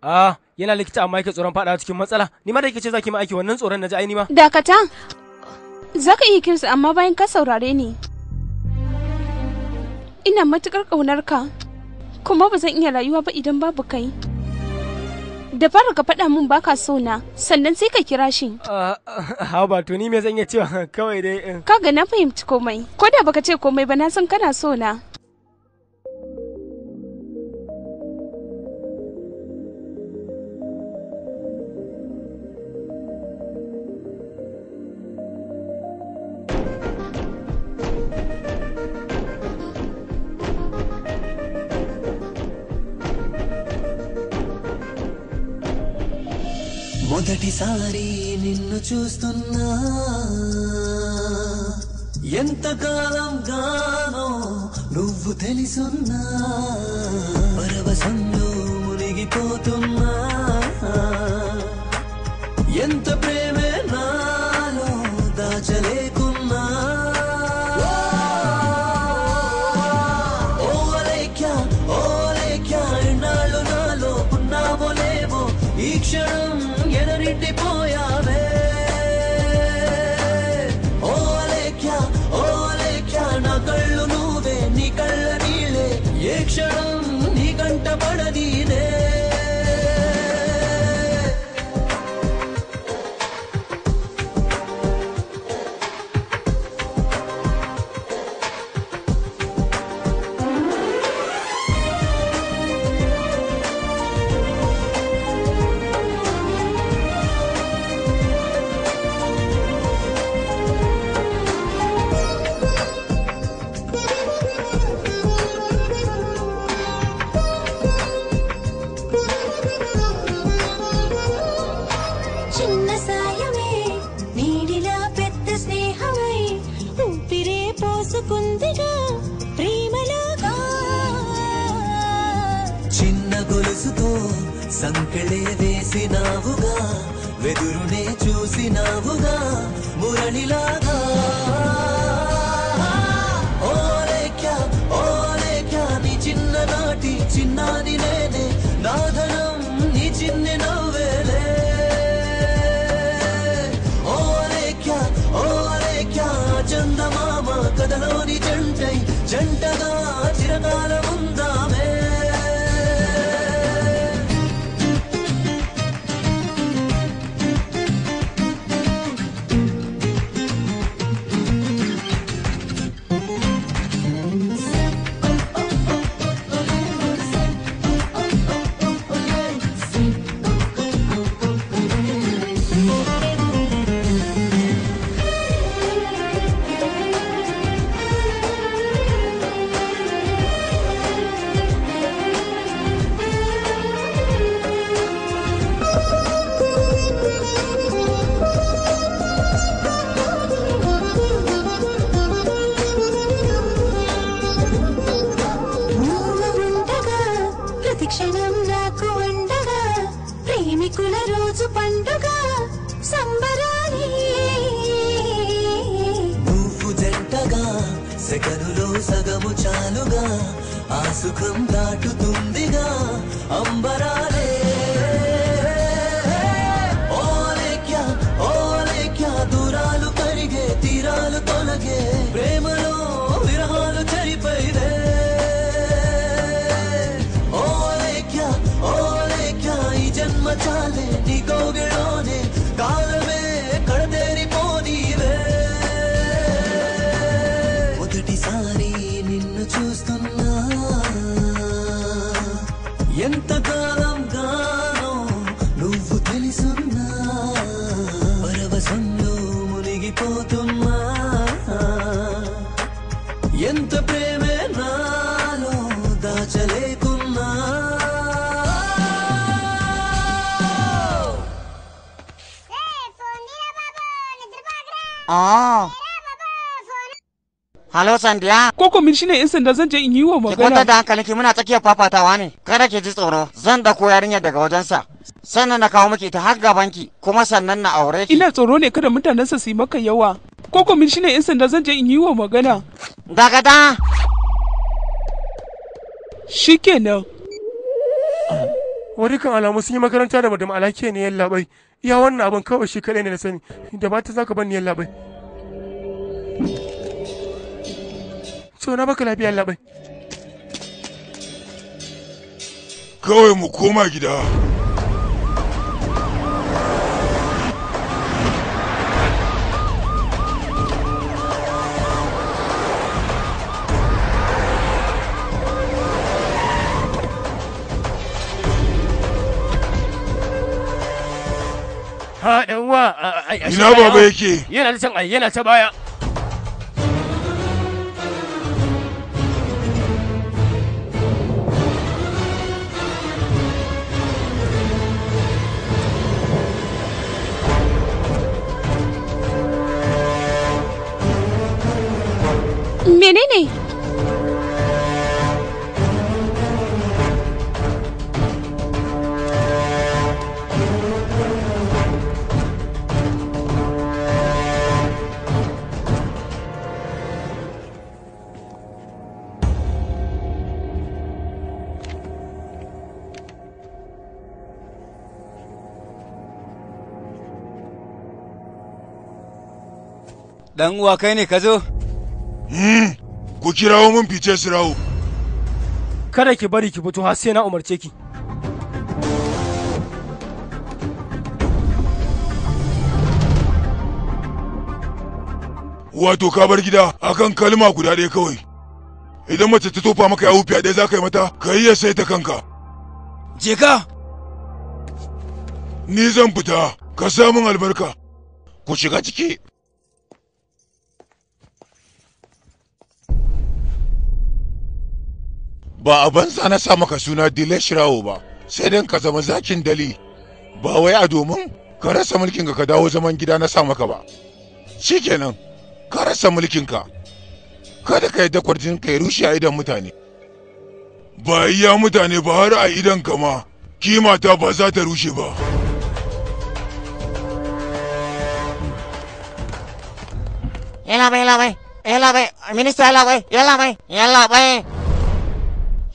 Speaker 2: A'a, yana likita amma yake tsoron faɗawa cikin matsala. Ni ma da kike ce zaki ma aiki wannan tsoron na ji aini ma. Dakata.
Speaker 4: Za ka iya kinsa amma bayan ka saurare ni. Ina matukar kaunar ka, kuma ba zan iya rayuwa ba idan babu kai. da fara ka faɗa min baka so na sannan sai ka kira shi. Haba
Speaker 2: ah, ah, ah, to ni me zan iya cewa kawai dai. Eh.
Speaker 4: Kaga na fahimci komai ko da baka ce komai ba na san kana so na
Speaker 9: చూస్తున్నా గానో నువ్వు తెలుసున్నా పరవశంలో మునిగిపోతున్నా ఎంత ప్రే ಚುನಾವುಗಳು
Speaker 6: yau sandiya ko shine yan sanda zan je in yi wa magana ki kwantar da hankalinki muna tsakiyar fafatawa ne kada ki ji tsoro zan dako yarinya daga wajensa sannan na kawo miki ta har gabanki kuma sannan na aure ki ina tsoro ne kada mutanensa su yi maka yawa ko shine yan sanda zan je in yi wa magana daga da shikenan wani kan alamu
Speaker 2: sun yi makaranta da madam alake ne yallaɓai iya wannan abin kawai shi kaɗai ne na sani da ba ta zaka ban ni
Speaker 3: Thank you. so na baka lafiya labai kawai mu koma gida
Speaker 8: Ha, ‘yan wa, ina baba yake,
Speaker 2: yana ta can yana ta baya.
Speaker 4: menene
Speaker 3: Dan uwa kai ne ka zo? Hmm, ku kirawo mun fice
Speaker 2: rawo. Kada ki bari ki fito har sai na umarce ki.
Speaker 3: Wato ka bar gida akan kalma guda ɗaya kawai. Idan mace ta tofa maka yawu fiye ɗaya za ka yi mata, ka iya sai ta kanka. Je ka! Ni zan fita, ka samun albarka. Ku shiga ciki. ba a banza na sa maka suna dile shirawo ba sai dan ka zama zakin dali ba wai a domin ka rasa mulkin ka dawo zaman gida na sa maka ba shikenan ka rasa mulkin ka kada ka yadda kwarjin ka ya rushe a idan mutane ba iya mutane ba har a idan ka ma kima ta ba za ta rushe ba
Speaker 5: yalla bai yalla bai yalla bai minista yalla bai yalla bai yalla bai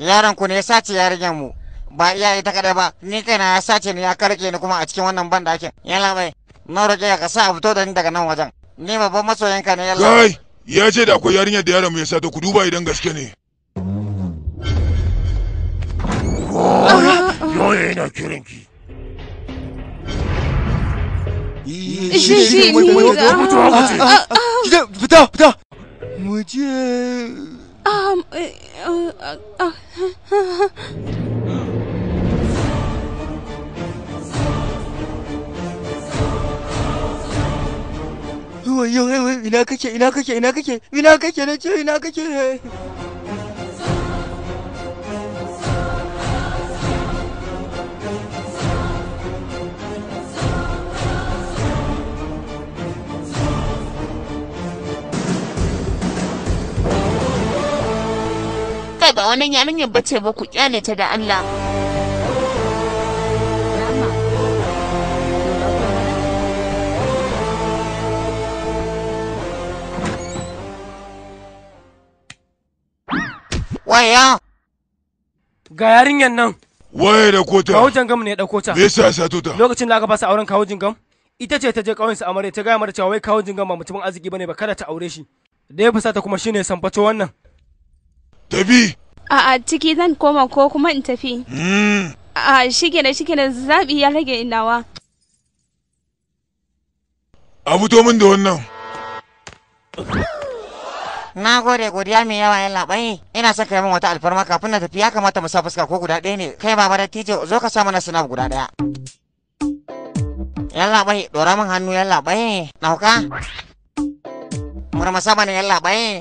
Speaker 5: yaron ku ne ya sace yarinyar mu ba iyaye ta kadai ba ni kaina ya sace ni ya karke ni kuma a cikin wannan ban dakin yalla bai na roƙe ka sa a fito da ni daga nan wajen ni babban masoyinka ne yalla kai
Speaker 3: ya ce da akwai yarinyar da yaron mu ya sace ku duba idan gaske ne
Speaker 1: Yoyo yana kiran ki. Shi shi ni. Fita fita. Mu je. Um, uh, uh, uh, ah.
Speaker 2: ina kake, ina kake, ina kake, ina kake, na ce ina kake.
Speaker 6: kai ba wannan yarinyar bace ba ku kyale ta da Allah
Speaker 2: Waya! Ga yarinyar nan. Waye da kota? Kawujin gam ne ya kota. Me yasa sato ta? Lokacin da aka fasa auren kawo jingam ita ce ta je ƙauyen su amare ta gaya mata cewa wai kawo jingam ba mutumin arziki bane ba kada ta aure shi. Da ya fusata kuma shine samfato wannan.
Speaker 3: tafi
Speaker 4: a'a ciki zan koma ko kuma in tafi
Speaker 3: hmm.
Speaker 4: a shige da shige da zaɓi ya rage inawa
Speaker 3: a fito min da wannan
Speaker 5: na gode godiya mai yawa yan labai ina son kai min wata alfarma kafin na tafi ya kamata mu sa fuska ko guda ɗaya ne kai baba da tijo zo ka sa mana snap guda ɗaya yan labai dora min hannu yan labai nauka murmasa mana yan labai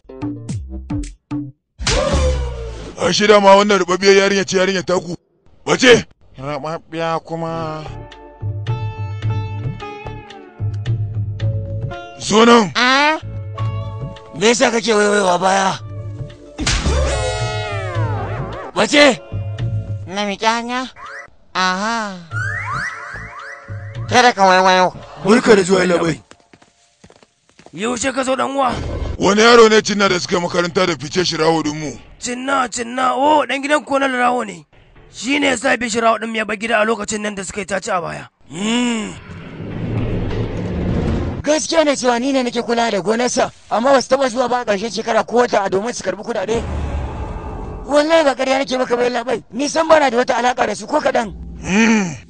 Speaker 3: a shi dama wannan rubabbiyar yarinya ce yarinya taku bace rubabbiya kuma zo nan me yasa kake waiwaiwa baya bace
Speaker 5: na mi kyanya aha
Speaker 3: kada ka waiwayo barka da zuwa labai yaushe ka zo dan uwa wani yaro ne cinna da suka makaranta da fice shi rawo mu
Speaker 2: cinna cinna o dan gidan ko na rawo ne shine sa bishi rawo din ya bar gida a lokacin nan da suka yi taci a baya
Speaker 3: hmm. gaskiya ne cewa ni
Speaker 8: ne nake kula da gonarsa amma ba su taba zuwa ba karshe shekara ko wata a domin su karbi kudade
Speaker 5: wallahi ba ƙarya nake maka bai labai ni san bana da wata alaka da su ko kaɗan
Speaker 1: hmm.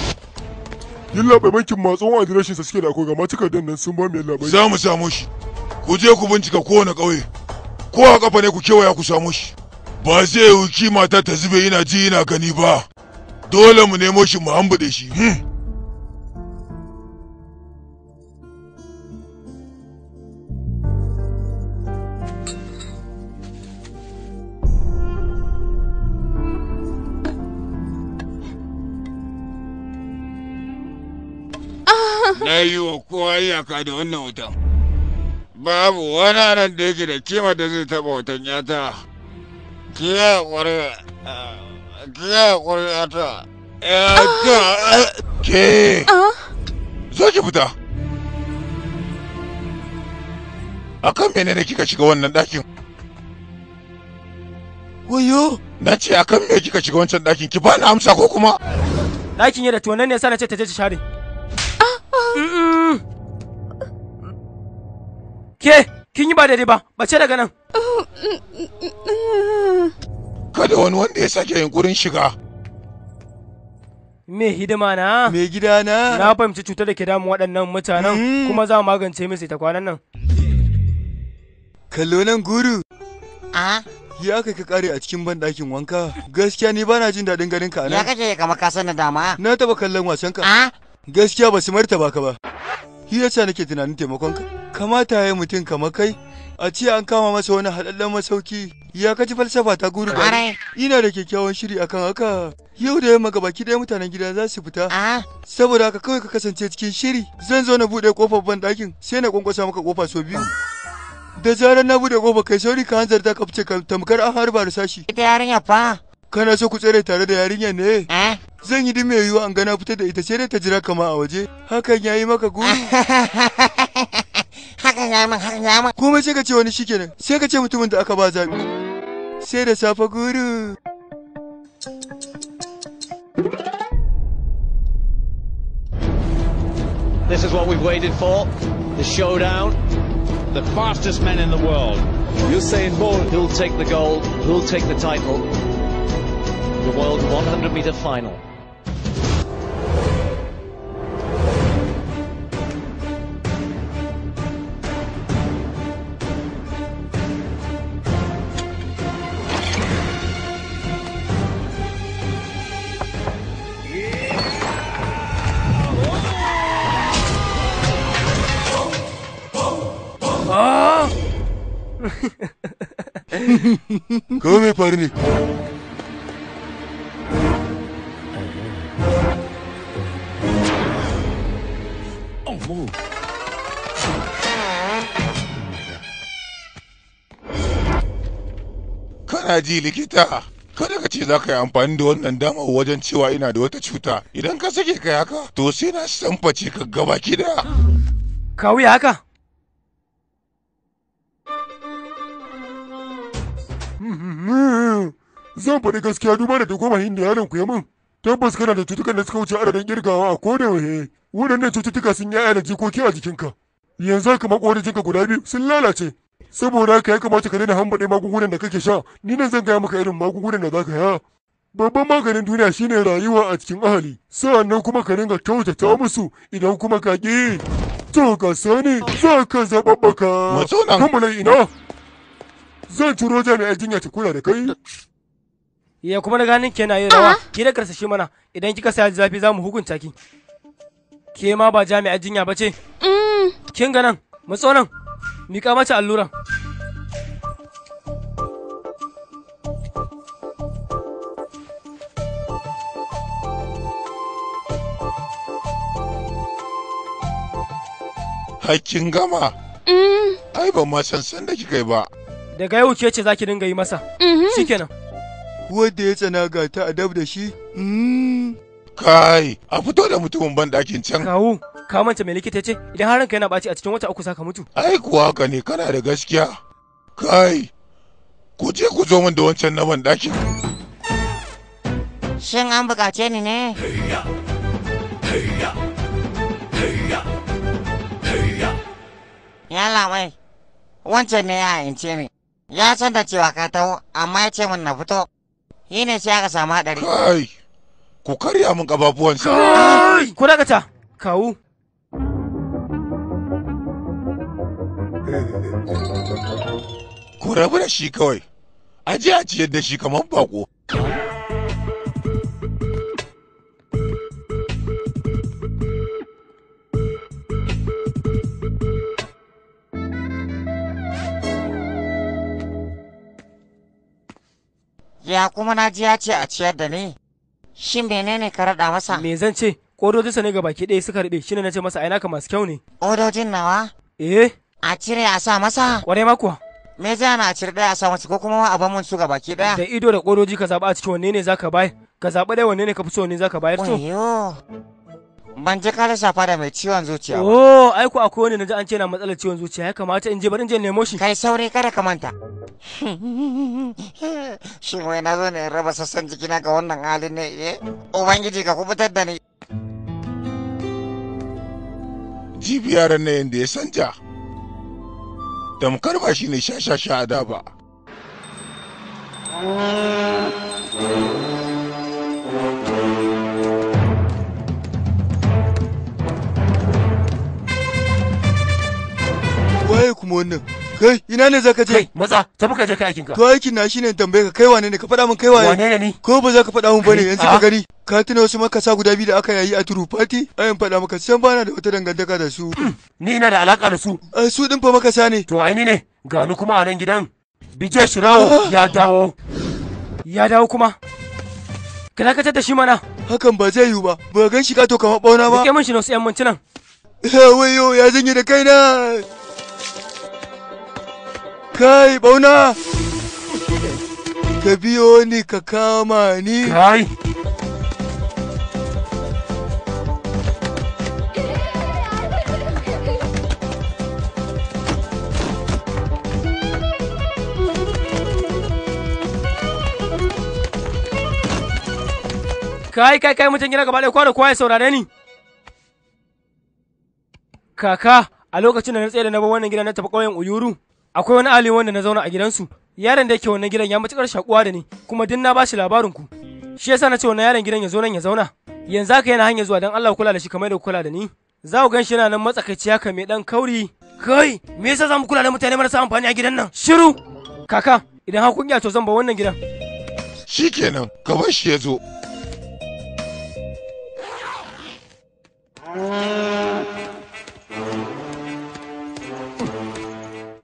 Speaker 3: Yin bankin matsu tsohon adireshin sa suke da akwai gama cikar nan sun ba mu yallaɓe. Za mu samu shi. Ku je ku bincika kowane ƙauye. Ko a kafa ne ku kewaya ku samu shi. Ba zai yi wuki ta ta zube yana ji yana gani ba. Dole mu nemo shi mu hambaɗe shi. Hmm.
Speaker 8: na yi wa kowa iyaka da wannan wutan babu wani nan da yake da kima da zai taɓa wutan ta. kiya ƙwarar kiya ƙwarar Ya ta.
Speaker 1: ke
Speaker 3: zo ki fita A kan mene da kika shiga wannan ɗakin wayo na ce a kan mene kika shiga wancan ɗakin ki bani amsa ko kuma ɗakin yadda da nan ne sana ce ta je ta share Ke,
Speaker 2: kin yi ba daidai ba, bace daga nan. Kada wani
Speaker 3: wanda ya sake yunkurin shiga.
Speaker 2: Me hidima na? Me gida na? Na fahimci cutar da ke damun waɗannan mutanen hmm. kuma za mu magance musu ta kwanan nan.
Speaker 3: Kallo nan guru. A? Ya kai ka kare a cikin banɗakin wanka. Gaskiya ni bana jin daɗin ganin ka nan. Ya kace kamar ka sanar dama. Na taɓa kallon wasan ka. A? gaskiya ba su martaba ka ba shi yasa nake tunanin taimakon ka kamata ya yi mutum kamar kai a ce an kama masa wani haɗaɗɗen masauki ya kaci falsafa ta guri ba ina da kyakkyawan shiri akan haka yau da yamma gabaki ɗaya mutanen gida za su fita saboda haka kawai ka kasance cikin shiri zan zo na buɗe ƙofar ban ɗakin sai na ƙwanƙwasa maka ƙofa sau biyu da zarar na buɗe ƙofar kai sauri ka hanzarta ka fice ka tamkar an harba da sashi yarinya fa kana so ku tsere tare da yarinya ne zan yi an gana da ita sai dai ta jira kama a waje hakan maka hakan ya hakan ya sai ka ce wani shikenan sai ka ce mutumin da aka ba zabi sai da safa
Speaker 9: This is what we've waited for, the showdown, the fastest men in the world. saying Bolt, who'll take the gold, who'll take the title, the World 100 meter final.
Speaker 1: Come mai faru ne.
Speaker 3: Kana ji likita. kada ka ce za ka yi amfani da wannan damar wajen cewa ina da wata cuta idan ka sake kai haka to sai na samface ka gaba ki da. Kawai haka? Zan faɗi gaskiya duba da tagomahin da yaron ku ya min. Tabbas kana da cutukan da suka wuce adadin girgawa a koda yaushe. Waɗannan cututtuka sun yaya da jikoki a jikinka. Yanzu haka ka guda biyu sun lalace. Saboda haka ya kamata ka daina hambaɗe magungunan da kake sha. Ni nan zan gaya maka irin magungunan da za ka ya. Babban maganin duniya shine rayuwa a cikin ahali, sa'annan kuma ka dinga kyautata musu idan kuma ka ƙi. To ka sani za ka zaɓaɓɓaka. Matsunan. ina. zan turo jami'an jinya ta kula da kai
Speaker 2: ya kuma da ganin na yi rawa ki da karsashi mana idan kika sa zafi za mu hukunta ki ke ma ba jami'an jinya ba ce mm. kin ga nan matso nan mika mata alluran
Speaker 3: Hakkin gama?
Speaker 1: Mm. Ai, ba
Speaker 3: san sanda kika yi ba.
Speaker 2: daga yau ke ce zaki dinga yi masa mhm. kenan wadda
Speaker 3: ya tsana ga ta adab da shi
Speaker 2: hmm.
Speaker 3: kai a fito da mutumin ban dakin can kawo
Speaker 2: ka manta mai likita ce idan har ranka yana baci a cikin wata uku saka mutu
Speaker 3: ai kuwa haka ne kana da gaskiya kai ku je ku zo min da wancan na ban dakin
Speaker 5: shin an bukace ni ne hayya hayya
Speaker 1: hayya hayya
Speaker 5: yala mai wancan ne ya ince ni ya san da cewa ka taho amma ya ce min na fito shi ne sai aka samu haɗari kai
Speaker 3: ku karya min ƙafafuwansa ku dakata kawu ku rabu da shi kawai aje a ciyar da shi kamar bako
Speaker 5: Ya kuma na
Speaker 2: ji ya ce a ciyar da ni. Shin menene ka raɗa masa? Me zan ce? Kodojinsa ne ga baki ɗaya suka raɗe shi ne na ce masa aina ka masu kyau ne. Kodojin nawa? Eh. A cire a sa masa? Ƙwarai ma kuwa. Me zai ana a cire ɗaya a sa masa ko kuma a ban mun su ga baki ɗaya? Da ido da kodoji ka zaɓa a cikin wanne ne za ka bayar? Ka zaɓa ɗaya wanne ne ka fi so ne za ka bayar to Ban je ka rasa da mai ciwon zuciya ba. Oh, ai ku akwai wani naji an ce na matsalar ciwon zuciya ya kamata in je bari in je nemo shi. Kai saurayi kada ka manta.
Speaker 5: Shin wai na zo ne raba sassan jikina ga wannan halin ne eh? Ubangiji ka kubutar da ni.
Speaker 3: Jibiyar ne yadda ya sanja. Tamkar ba shi ne sha-sha-sha a da ba. kai kuma wannan kai ina ne zaka je kai matsa tafi ka je kai aikin ka to aikin na shine tambaye ka kai wane ne ka faɗa min kai wane ne ni ko ba za ka faɗa min bane yanzu ka ah. gani ka tuna wasu makasa guda biyu da aka yayi a turu fati ayin faɗa maka san bana da wata dangantaka da su hmm, ni ina da alaka da su a su din fa makasa ne to ai ni ne ni kuma a nan gidan bijay shirawo ah. ya dawo ya dawo kuma
Speaker 2: ka dakatar da shi mana hakan ba zai yiwu ba ba gan shi kato kamar bauna ba ke min shi
Speaker 3: na su yan mintunan wayo ya zanyi da kaina Kai, bauna! Ka biyo ni ka kama ni. Kai!
Speaker 2: kai kai kai mutum gina gaba ɗaya da kowa ya saurare ni kaka a lokacin da na tsaye da na bar wannan gida na tafi ƙauyen uyuru akwai wani ali wanda na zauna a gidansu yaron da yake wannan gidan ya matukar shakuwa da ni kuma duk na ba shi labarin ku shi yasa na ce wannan yaron gidan ya zo nan ya zauna yanzu haka yana hanya zuwa dan Allah kula da shi kamar da kula da ni za ku gan shi yana nan matsakaici haka mai dan kauri kai me yasa za mu kula da mutane marasa amfani a gidan nan shiru kaka idan har kun to zan ba wannan gidan shikenan
Speaker 3: ka bar shi ya zo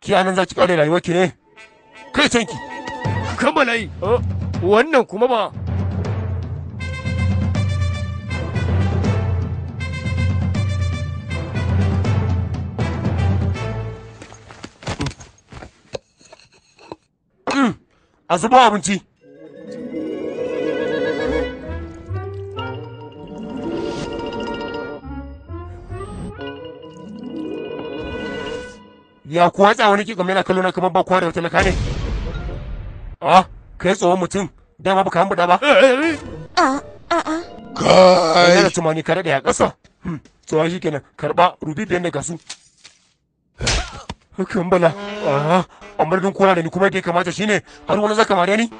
Speaker 3: ki
Speaker 2: anan za ki kare rayuwar ki ne kai canki kamalai oh. wannan kuma ba
Speaker 3: mm. Mm. a zuba abinci ya kuwa tsawo wani kika yana kallo na kamar ba da wata laka ne ah kai tsohon mutum dama baka hambuda ba eh, eh, eh.
Speaker 1: a a a
Speaker 3: kai yana tumani kare da ya kasa hmm, tsawo shi kenan karba rubi biyan daga su kan bala amma dun kula da ni kuma da kamata shine har wani zaka mare ni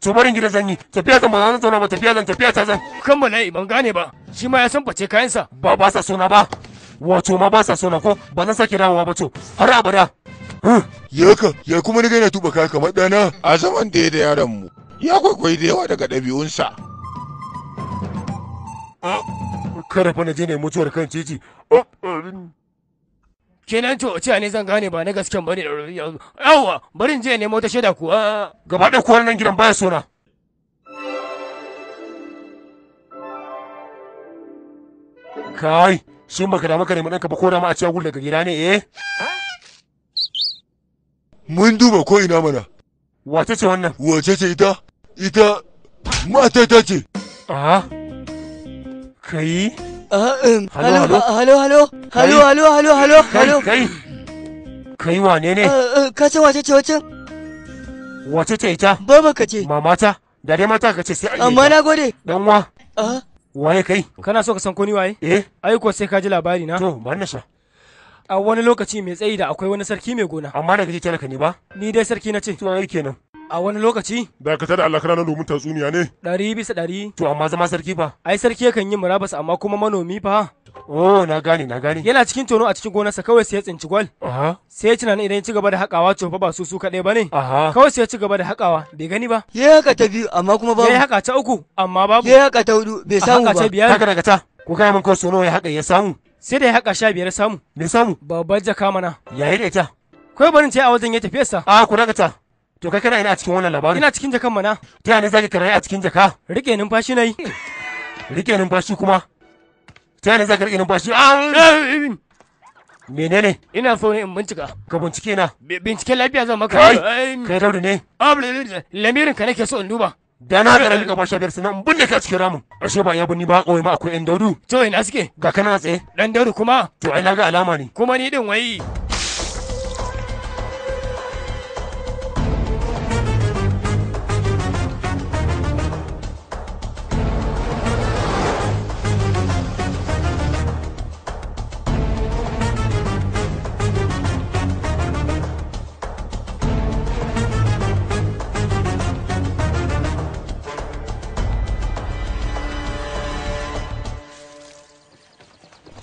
Speaker 3: to barin gida zan yi
Speaker 2: tafiya zan ba zan zauna ba tafiya zan tafiya ta zan kan bala ban gane ba shi ma ya san face kayansa ba ba sa
Speaker 3: sona ba wato ma ba sa so na ko ba zan sake dawowa ba to har abada hmm. ya ya kuma ni gaina tuba ka kamar dana a zaman da ya da yaron mu ya kwaikwayi da yawa daga ɗabi'unsa ah, kada fa na je ne mutuwar kan titi
Speaker 2: ah, kenan to cewa ne zan gane ba na gasken bane yawa barin je nemo ta shaida kuwa
Speaker 3: gaba da kuwa nan gidan baya sona kai Shin baka da maka nemi ɗanka ba ko da ma a cewa daga gida ne eh? Mun duba ko ina mana. Wace ce wannan? Wace ce ita? Ita mata ta ce. Ah? Kai? Halo halo halo halo halo halo halo halo. Kai kai wane ne? Ah,
Speaker 7: eh, ka ce wace ce wace?
Speaker 2: Wace ce ita? ba ka ce. Mamata. Da dai mata ka ce sai an yi. Amma na gode. Danwa. Ah? waye kai kana so ka san ko ni waye eh ai ko sai ka ji labari na to ba na sa a wani lokaci mai tsayi da akwai wani sarki mai gona amma daga ji ka ne ba ni dai sarki na ce to ai kenan A wani lokaci? Dakatar da Allah kana domin tatsuniya ne. Ɗari bisa ɗari. To amma zama sarki fa. Ai sarki yakan yi murabasa amma kuma manomi fa. Oh na gane na gane. Yana cikin tono a cikin gonarsa kawai sai ya tsinci gwal. Aha. Sai ya tunanin idan ya ci gaba da haƙawa cofa ba su su kaɗai ba ne. Aha. Kawai sai ya ci gaba da haƙawa bai gani ba. Ya haƙa ta biyu amma kuma babu. Ya haƙa ta uku amma babu. Ya haƙa ta hudu bai samu ba. Haƙa ta biyar. Haka daga ta. Ko kai min ko sono ya haƙa ya samu. Sai da ya haƙa sha biyar samu. Me samu? Babbar jaka mana. Yayi da ita. Kai barin ce a wajen ya tafiyarsa. A ku daga ta. To kai kana ina a cikin wannan labarin? Ina cikin jakan mana. Ta yana zaki karaye a cikin jaka? Rike numfashi nayi. Rike numfashi kuma. Ta yana zaki rike numfashi? Eh, eh, eh. Menene? Ina so ne in bincika. Ka bincike na. Binciken lafiya zan maka. Kai, kai Daudu ne. Ah, Lamirin ka nake so in duba. da na ga rabi kafa shabiyar sunan bunne ka cikin ramin ashe ba ya bunni ba kawai ma akwai ɗan daudu to ina suke ga kana tsaye dan daudu kuma to ai na ga alama ne kuma ni din wai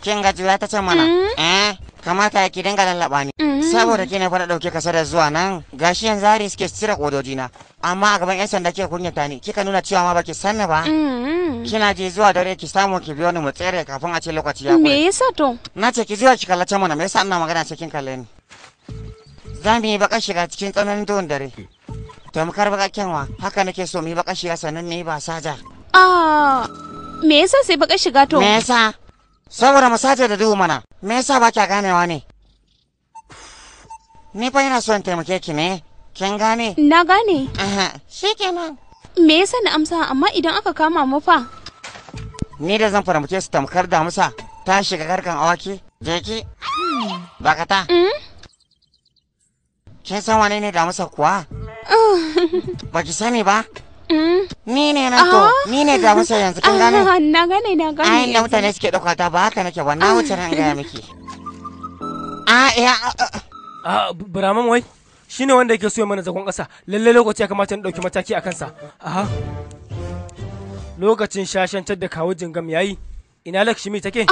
Speaker 5: kin juya ta ce mana mm. eh kamata ki dinga lallaba ni mm. saboda ki ne fara dauke kasa da zuwa nan gashi yanzu hari suke cire na amma a gaban yan sanda kika ta ni kika nuna cewa ma baki sanna ba
Speaker 1: mm.
Speaker 5: kina je zuwa dare ki samu ki biyo ni mu tsere kafin a ce lokaci ya me yasa to na ce ki zuwa ki kallace mana me yasa ina magana cikin kalle ni za mu yi baka shiga cikin tsananin duhun dare To mu baka kenwa haka nake so mu yi baka shiga sanan ne ba saja
Speaker 4: ah me yasa sai baka shiga to me yasa
Speaker 5: saboda mu sace da duhu mana me yasa ba kya ganewa ne ni fa ina son taimake ki ne kin gane na gane
Speaker 4: kenan me yasa na amsa amma idan aka kama mu fa
Speaker 5: ni da zan muke su tamkar da musa ta shiga garkan awaki je ki bakata mm. kin san wane ne da musa kuwa ki sani ba Ni
Speaker 4: hmm? ne na to, ni ah. ne ta wuce yanzu kin gane? Ah, na gane na gane. Ai na mutane
Speaker 5: suke dauka ta ba haka nake ba, na wuce ran gaya miki.
Speaker 4: A ah, ya
Speaker 2: a Buraman wai shine wanda yake so ya mana zagon kasa. Lalle lokaci ya kamata in dauki mataki a kansa. Aha. Lokacin shashantar da kawo jingam yayi. Ina Lakshmi take?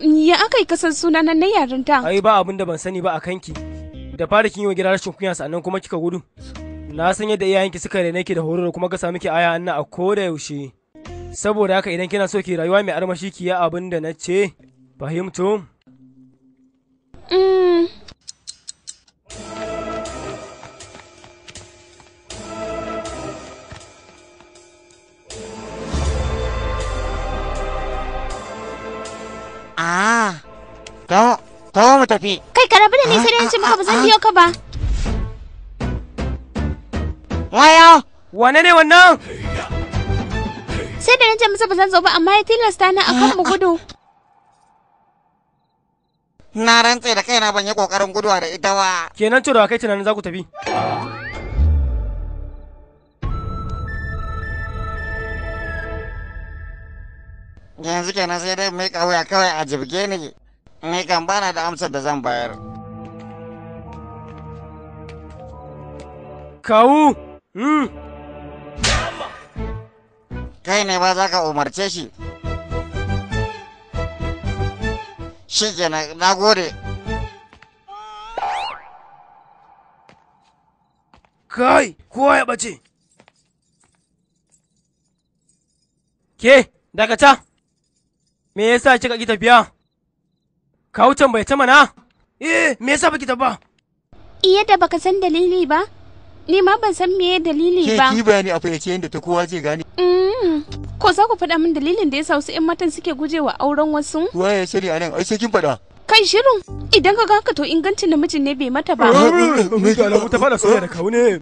Speaker 4: Ya aka yi kasan suna nan na yarinta.
Speaker 2: Ai ba abin da ban sani ba a kanki. Da fara kin yi wa gida rashin kunya sannan kuma kika gudu. na san yadda iyayenki suka rene ki da horo da kuma gasa miki aya anna a koda yaushe saboda haka idan kina so ki rayuwa mai armashi ki yi abin da na ce fahimto? Mm.
Speaker 5: Ah. Kawo, mu tafi. Kai
Speaker 1: ka rabu da ni ah, sai yanzu ah, maka ba zan ah, biyo ka ba.
Speaker 4: Waya, wane ne wannan? Sai da na ce masa ba zan zo ba amma ya tilasta ni akan mu gudu. Na rantse da kaina ban yi kokarin guduwa da ita ba.
Speaker 2: Kenan cewa kai tunanin za ku tafi. Yanzu kenan sai dai mai kawai kawai
Speaker 5: a jibge ni. Ni kan bana da amsar da zan bayar. Kawu! Kai ne ba za ka umarce shi.
Speaker 2: Shi ke na gode. Kai, kowa ya ɓace. Ke, daga ta, me yasa kika ki tafiya? Kawutan bai ta mana?
Speaker 4: Eh, me ya yasa ki ta ba? Iya da baka san dalili ba, Ni ma ban san meye dalili ba. Ke ki bayani
Speaker 3: a fayyace yadda ta kowa zai gane.
Speaker 4: Ko za ku faɗa min dalilin da ya sa wasu 'yan matan suke gujewa auren wasu?
Speaker 3: Wa ya sani a nan, ai sai kin faɗa.
Speaker 4: Kai shirin idan ka ganka to ingancin namijin ne bai mata ba.
Speaker 2: ta fara soyayya da ne.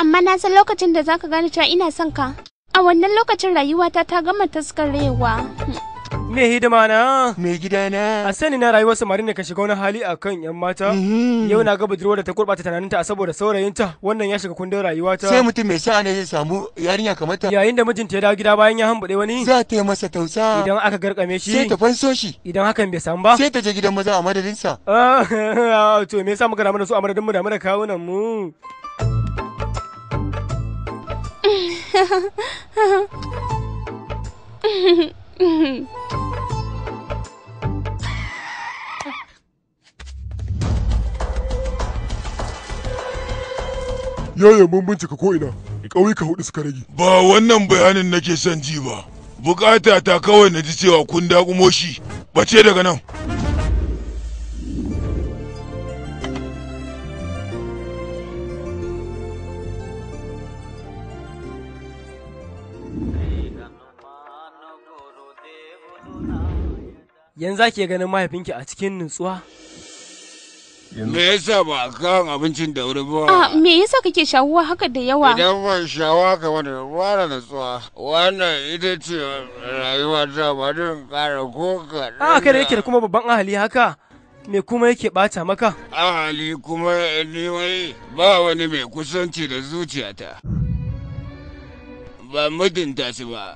Speaker 4: Amma na san lokacin da zaka gane cewa ina son ka. A wannan lokacin rayuwata ta gama taskarewa.
Speaker 2: Me hidima na? Me gida na? A sani na rayuwar samari ne ka shiga wani hali a kan yan mata. Yau na ga budurwa da ta gurɓata tunaninta a saboda saurayinta wannan ya shiga kundin rayuwa ta. Sai mutum
Speaker 3: mai sa'a ne zai samu
Speaker 2: yarinya kamar ta. Yayin da mijinta ya dawo gida bayan ya hambuɗe wani. Za ta yi masa tausa. Idan aka garkame shi. Sai ta fanso shi. Idan hakan bai samu ba. Sai ta je gidan maza a madadinsa. Ah, to me yasa muka damu da su a madadin mu da mu da kawunan mu.
Speaker 1: Mm-hmm. Yaya
Speaker 3: mun bincika ko'ina, ƙauyuka hudu suka rage. Ba wannan bayanin nake son ji ba, bukata ta kawai na ji cewa kun daƙumo shi, bace daga nan.
Speaker 2: yanzu ake ganin mahaifinki a cikin nutsuwa? Me yasa ba a kawon abincin da wuri ba?
Speaker 8: Ah,
Speaker 4: me yasa kake shawuwa haka da yawa? Idan ban shawuwa ka wani wani
Speaker 8: nutsuwa, wannan ita ce rayuwa ta ba don kara ko kaɗan.
Speaker 2: A ah, kai da yake da kuma babban ahali haka? Me kuma yake bata maka?
Speaker 8: Ahali kuma ni wai ba wani mai kusanci da zuciyata. Ba mutunta su ba,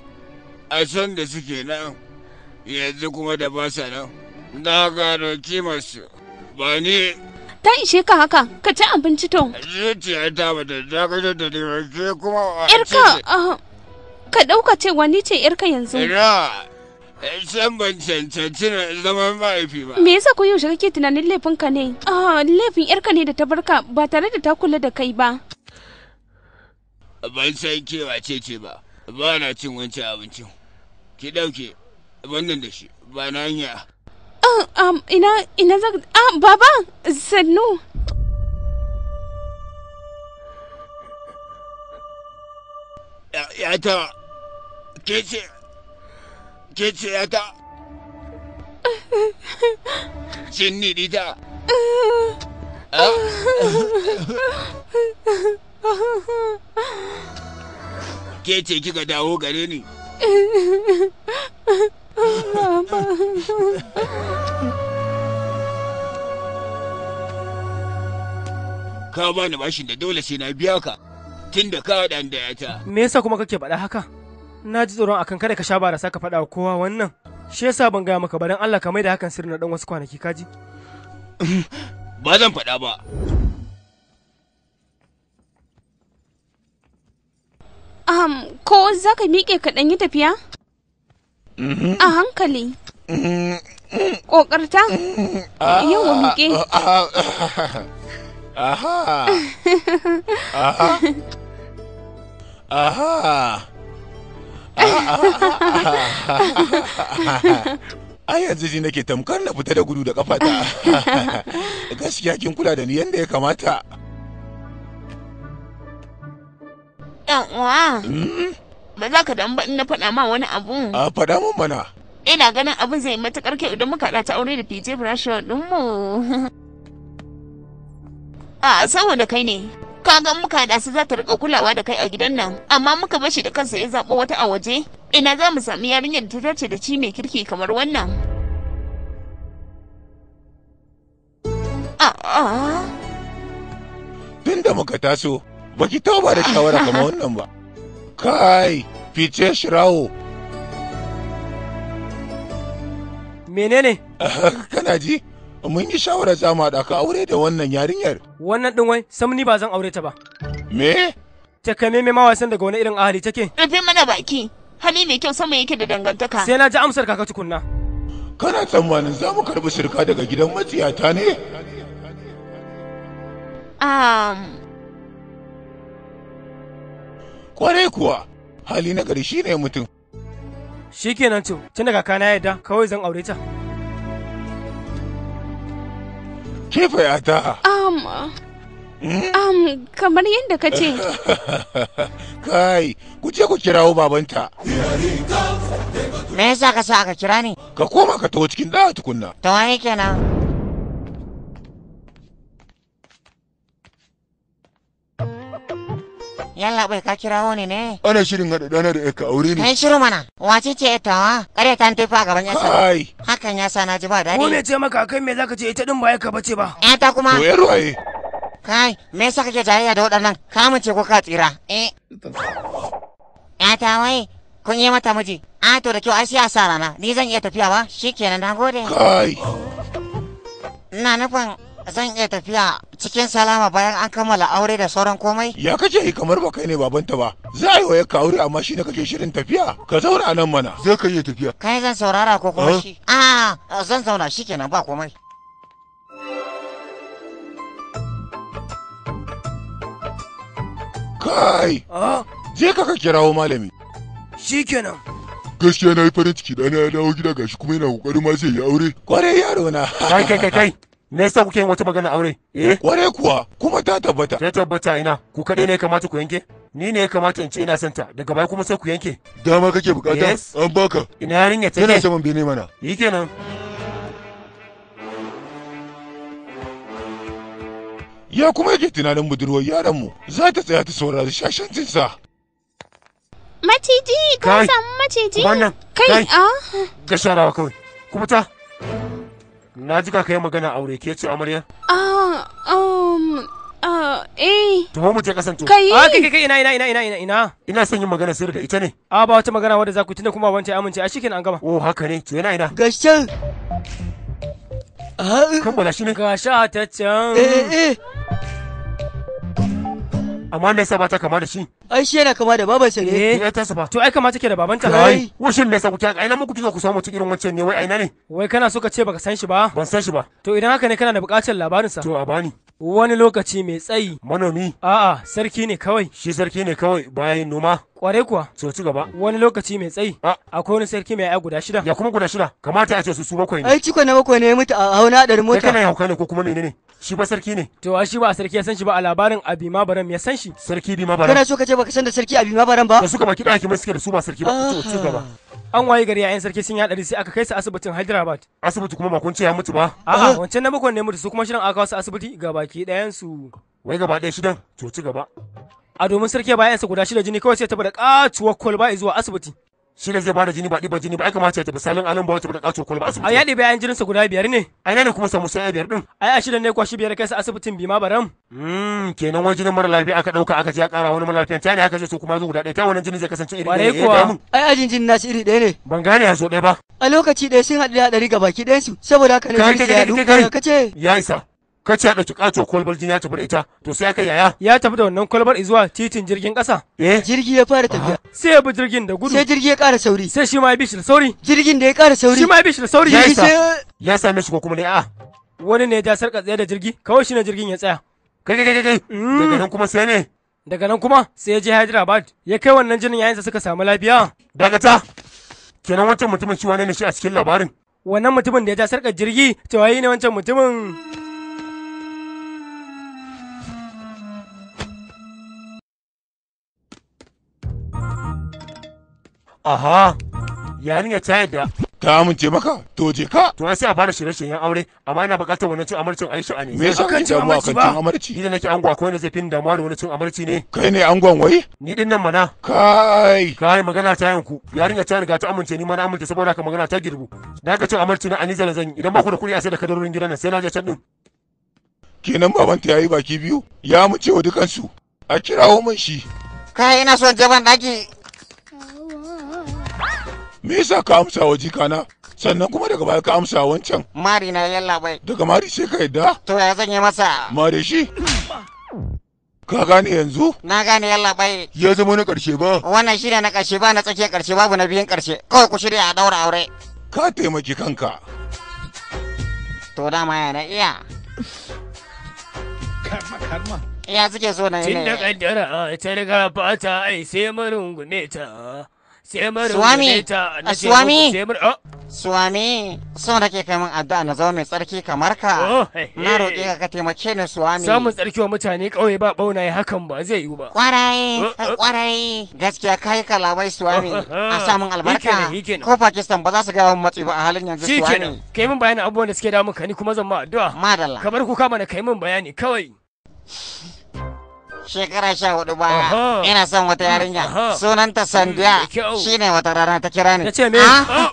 Speaker 8: a san da suke nan. yanzu kuma da ba sa nan na gano kimarsu ba ni
Speaker 4: ta ishe ka haka ka ci abinci to
Speaker 8: zuciya ta ba da dakatar da ke kuma irka
Speaker 4: ka ɗauka ce wani ce irka yanzu
Speaker 8: ra san ban cancanci na zaman mahaifi ba me
Speaker 4: yasa ko yaushe kake tunanin ah, laifin ka ne laifin irka ne da ta barka ba tare da ta kula da kai ba
Speaker 8: ban san kewa ce ce ba ba na cin wancan abincin ki dauke wannan da shi ba na hanya
Speaker 4: oh, um, ina ina za ah baba sannu
Speaker 8: ya ta ke ce ke ce ya ta ni dita ah. ke ce kika dawo gare ni Ka bani bashin da dole sai na biya ka tun da ka haɗa da yata.
Speaker 2: Me yasa kuma kake faɗa haka? Na ji tsoron akan kada ka sha barasa ka faɗa kowa wannan. Shi yasa ban gaya maka ba Allah ka mai da hakan sirri na ɗan wasu kwanaki kaji.
Speaker 8: Ba zan faɗa ba.
Speaker 4: Um, ko za ka miƙe ka ɗan yi tafiya? a hankali ƙoƙarta wa muke
Speaker 1: a
Speaker 3: yanzu ji nake tamkar na fita da gudu da kafata gaskiya kin kula da ni yadda ya kamata
Speaker 6: ba za ka damu ba in na faɗa ma wani abu a faɗa mun mana ina ganin abin zai matukar kyau idan muka haɗa ta aure da fije ɗin ɗinmu a saboda kai ne ka ga muka haɗa su za ta riƙa kulawa da kai a gidan nan amma muka bashi da kansa ya zaɓo wata a waje ina za mu sami yarinyar da ta dace da ci mai kirki kamar wannan
Speaker 3: tun da muka taso baki tauba da shawara kamar wannan ba Kai, fice shirawo. rawo. Menene? Kana ji? Mun yi shawarar za mu ka aure da wannan yarinyar.
Speaker 2: Wannan ɗin wai, samuni ba zan aure ta ba. Me? Ta kame me mawasan daga wani irin ahali take?
Speaker 6: Rufe mana baki. Hali mai kyau sama yake da dangantaka. Sai
Speaker 2: na ji amsar kaka tukunna.
Speaker 3: Kana tsammanin za mu karɓi sirka daga gidan matsiyata ne?
Speaker 5: Um,
Speaker 3: Kwarai kuwa, hali na gari shi ne mutum.
Speaker 2: Shi kenan to, tun daga kana yadda kawai zan aure ta.
Speaker 3: Ke fayata?
Speaker 4: Am, hmm? Amma. kamar yadda ka ce. Kai, ku je
Speaker 3: ku kirawo babanta.
Speaker 4: Me yasa ka sa aka kira ni?
Speaker 3: Ka koma ka taho cikin ɗaya tukunna. Tawaye kenan.
Speaker 5: Yalla bai ka kirawo ni ne?
Speaker 3: Ana shirin haɗa ɗana da ka aure ne. Kai
Speaker 5: shiru mana. Wace ce ƴartawa? Ƙarya ta tafi a gaban yasa Ai. Hakan ya sa na ji ba daɗi. Ko me ce
Speaker 2: maka kai me zaka ce ita din ba ƴarka bace ba?
Speaker 5: ta kuma. To ƴar waye? Kai, me yasa kake jayayya da waɗannan? Ka ce ko ka tsira? Eh. Ƴata wai, kun yi mata miji. A to da kyau ai sai a sa Ni zan iya tafiya ba? Shikenan, nagode. Kai. Ina nufin zan iya tafiya cikin salama bayan an kammala aure da sauran komai?
Speaker 3: Ya kace yi kamar ba kai ne babanta ba. Za a yi wa yaka aure amma shi ne kake shirin tafiya. Ka zauna nan mana. Zai ka iya tafiya.
Speaker 5: Kai zan saurara ko kuma ah. shi. Ah, zan zauna shikenan ba komai.
Speaker 3: Kai! Ah. Je ka ka kirawo malami. Shikenan. Gaskiya na yi farin ciki da ya dawo gida gashi kuma yana kokarin ma zai yi aure. Kwarai yaro na. Kai kai kai kai. me yasa kuke yin wata magana aure eh, eh? kware kuwa kuma ta tabbata ta tabbata ina ku kaɗai ne kamata ku yanke ni ne ya kamata in ce ina son ta daga baya kuma sai ku yanke dama kake bukata an baka ina yarinya take yana saman bene mana yi kenan ya kuma yake tunanin budurwar yaran mu za ta tsaya ta saurari shashancin sa
Speaker 4: maciji ka samu maciji wannan kai a ah.
Speaker 3: ga sharawa kawai kuma ta Na ji ka kai magana aure ke ce amarya?
Speaker 4: Ah, um, ah, eh.
Speaker 2: Tumo mu je kasanto. Kai. Ah, kai kai ina ina ina ina ina ina. Ina son yin magana sirri da ita ne. Ah, ba wata magana wadda za ku tunda kuma wancan amince a ah, shikin an gama. Oh, haka ne. To ina ina. Gashan. Ah, kan bala shi ne. Gasha ta can. Eh
Speaker 1: eh. eh.
Speaker 2: amma me yasa ba ta kama da shi ai shi yana kama da sa ne eh. eh ta saba to ai kama take da babanta ai wushin me yasa kuke ai na muku kike ku samu cikin wancan ne wai aina ne wai kana so ka ce baka san shi ba ban san shi ba to idan haka ne kana da bukatar labarin sa to a bani wani lokaci mai tsayi. Manomi? A'a, sarki ne kawai. Shi sarki ne kawai bayan noma. Kware kuwa. So ci gaba. Wani lokaci mai tsayi. Akwai wani sarki mai ai guda shida. Ya kuma guda shida. Kamata a ce su su bakwai ne. Ai
Speaker 9: ciko na bakwai ne ya mutu a hauna da mota. Kai
Speaker 2: kana hauka ne ko kuma menene? Shi ba sarki ne. To a shi ba sarki ya san shi ba a labarin ma baran ya san shi. Sarki ma baran Kana so ka ce baka san da sarki ma baran ba? su suka baki
Speaker 3: daki mai suke da su ba sarki ba. To ci gaba.
Speaker 2: an waye gari yayin sarki sun yaɗari sai aka kai su asibitin Hyderabad. Asibiti kuma kun ce ya
Speaker 3: mutu ba? A'a
Speaker 2: wancan na bakon ne mutu su kuma shirin aka kawo su asibiti ga baki ɗayan su. Wai gaba ɗaya shidan to ci gaba. A domin sarki bayan sa guda shida jini kawai sai ta bada ƙatuwar kwalba zuwa asibiti. shi ne zai bada jini ba ɗiba jini ba ai kamata ya tafi salin anan ba wata bada ƙato kwalba asibiti. A ya ɗiba yan jininsa guda biyar ne. A ina ne kuma samu sai biyar ɗin. Ai a shida ne shi biyar kai sa asibitin bima baram.
Speaker 3: Mmm kenan wani jinin mara lafiya aka ɗauka aka je a ƙara wani mara lafiya ta ne aka je su kuma zo guda ɗaya ta wannan jinin zai kasance iri ɗaya. kuwa
Speaker 2: ai ajin jinin nasu iri ɗaya ne.
Speaker 3: Ban gane ya zo ɗaya ba.
Speaker 2: A lokaci ɗaya sun haɗu da ɗari gabaki
Speaker 9: ɗayansu saboda haka ne. Ka
Speaker 3: ce ya isa. ka ce ya tuƙa to kwalbar jini ya tafi da
Speaker 2: ita to sai aka yaya ya tafi da wannan kwalbar zuwa titin jirgin ƙasa eh jirgi ya fara tafiya sai ya bi jirgin da gudu sai jirgi ya ƙara sauri sai shi ma ya bi shi da sauri jirgin da ya ƙara sauri shi ma ya bi shi da sauri ya
Speaker 3: ya same shi ko kuma ne a
Speaker 2: wani ne ya ja sarƙa tsaye da jirgi kawai shi ne jirgin ya tsaya kai kai kai kai mm. daga nan kuma sai ne daga nan kuma sai ya je Hyderabad ya kai wannan jinin yayin sa suka samu lafiya daga ta kenan wancan mutumin shi wane ne shi a cikin labarin wannan mutumin da ya ja sarƙa jirgi to ne wancan mutumin
Speaker 3: Aha, yarinya ta yadda. Ta amince maka? To je ka. To sai a fara shirye-shiryen aure, amma ina buƙatar wannan cin amarcin Aisha ne. Me yasa kake damuwa kan cin amarci? Ni da nake ango akwai wanda zai fin damuwa da wani cin amarci ne. Kai ne angon wai? Ni din nan mana.
Speaker 1: Kai.
Speaker 3: Kai magana ta yanku. Yarinya ta ga ta amince ni mana amince saboda ka magana ta girbu. Na ga cin amarci na Aniza zan yi. Idan ba ku da kuɗi a sai da kadarorin gidan nan sai na je can din. Kenan baban ta yayi baki biyu. Ya amince wa dukansu. A kirawo min shi. Kai ina son jaban daki. me yasa ka amsa wa jikana sannan kuma daga baya ka amsa wancan
Speaker 5: mari na yalla bai
Speaker 3: daga mari sai ka yadda
Speaker 5: to ya zan yi masa mari shi
Speaker 1: ka gane yanzu
Speaker 5: na gane yalla bai
Speaker 3: ya zama na karshe ba
Speaker 5: wannan shine na karshe ba na tsakiyar karshe babu na biyan karshe kawai ku shirya a daura aure ka taimaki kanka to dama ya na iya karma karma ya suke so na yi ne tun da
Speaker 2: kaddara ta riga fata ai sai marungume ta Swami, Swami,
Speaker 5: oh. Swami, so nake kai min addu'a na zama mai tsarki kamar ka. Oh, na roƙe ka ka taimake ni Swami. Samun tsarki wa mutane ƙauye ba
Speaker 2: ɓaunaye hakan ba zai yiwu ba.
Speaker 5: Kwarai, oh, kwarai, gaskiya kai kalamai
Speaker 2: Swami a samun albarka. Ko Pakistan ba za su gaya min matsi ba a halin yanzu Swami. Shikenan, kai min bayanin abubuwan da suke damun ka ni kuma zan ma addu'a. Madalla. Kamar kuka mana kai min bayani kawai.
Speaker 5: shekara sha hudu ba ina son wata yarinya sunanta sanduya mm,
Speaker 2: shine wata rana ta kira
Speaker 1: ni ce me ah? Ah,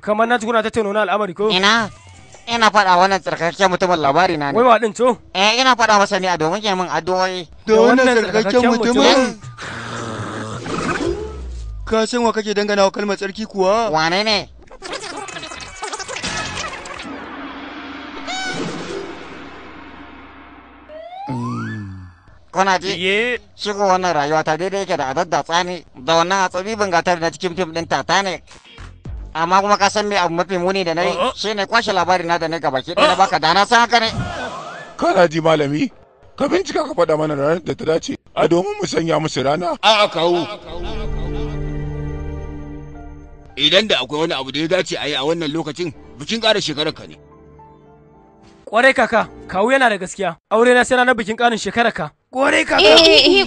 Speaker 2: kamar na tukuna ta ce nuna al'amari
Speaker 5: ko ina ina faɗa wannan tsarkakken mutumin labari na ne wai waɗin co eh ina faɗa masa ne a domin ke min addu'o'i da wannan tsarkakken mutumin
Speaker 2: ka
Speaker 3: san wa kake dangana wa kalmar tsarki kuwa wane ne
Speaker 5: Mm. Kwanaji, ji shigo wannan rayuwa ta daidai yake da adadda tsani da wannan hatsari ban gatar na cikin fim din titanic amma kuma ka san me abu mafi muni da nayi oh, oh. ne kwashe labari na da na gabaki ɗaya na baka da san haka ne
Speaker 3: kana ji malami ka bincika ka faɗa mana ranar da ta dace a domin mu sanya musu rana a kawo
Speaker 8: idan da akwai wani abu da ya dace a yi a wannan lokacin bikin ƙara shekarar ka ne
Speaker 2: kwarai kaka kawu yana da gaskiya aure na sai na bikin ƙarin shekarar ka
Speaker 4: Guarecaca. Eh, eh,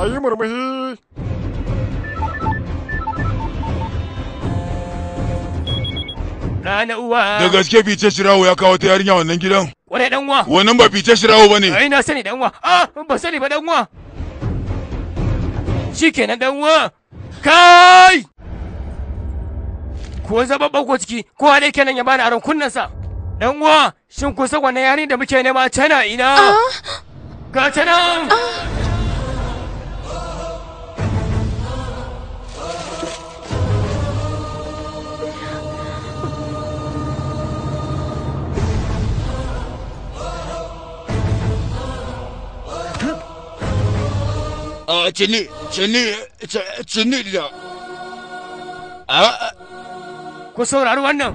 Speaker 3: a yi murmushi Rana uwa. Da gaske fice shirawo ya kawo ta yarinya wannan gidan. Wane dan uwa? Wannan ba fice shirawo bane. Ai
Speaker 2: na sani dan uwa. Ah, ba sani ba dan uwa. Shikenan dan uwa. Kai! Ko zaba bako ciki, ko dai kenan ya bani aron kunnan sa. Dan uwa, shin kusa wannan yarin da muke nema tana ina? Ah.
Speaker 1: Ga ta nan. Ah.
Speaker 8: 啊，锦鲤，锦鲤，锦锦鲤的啊！ku ah, ah, ah. saurari wannan.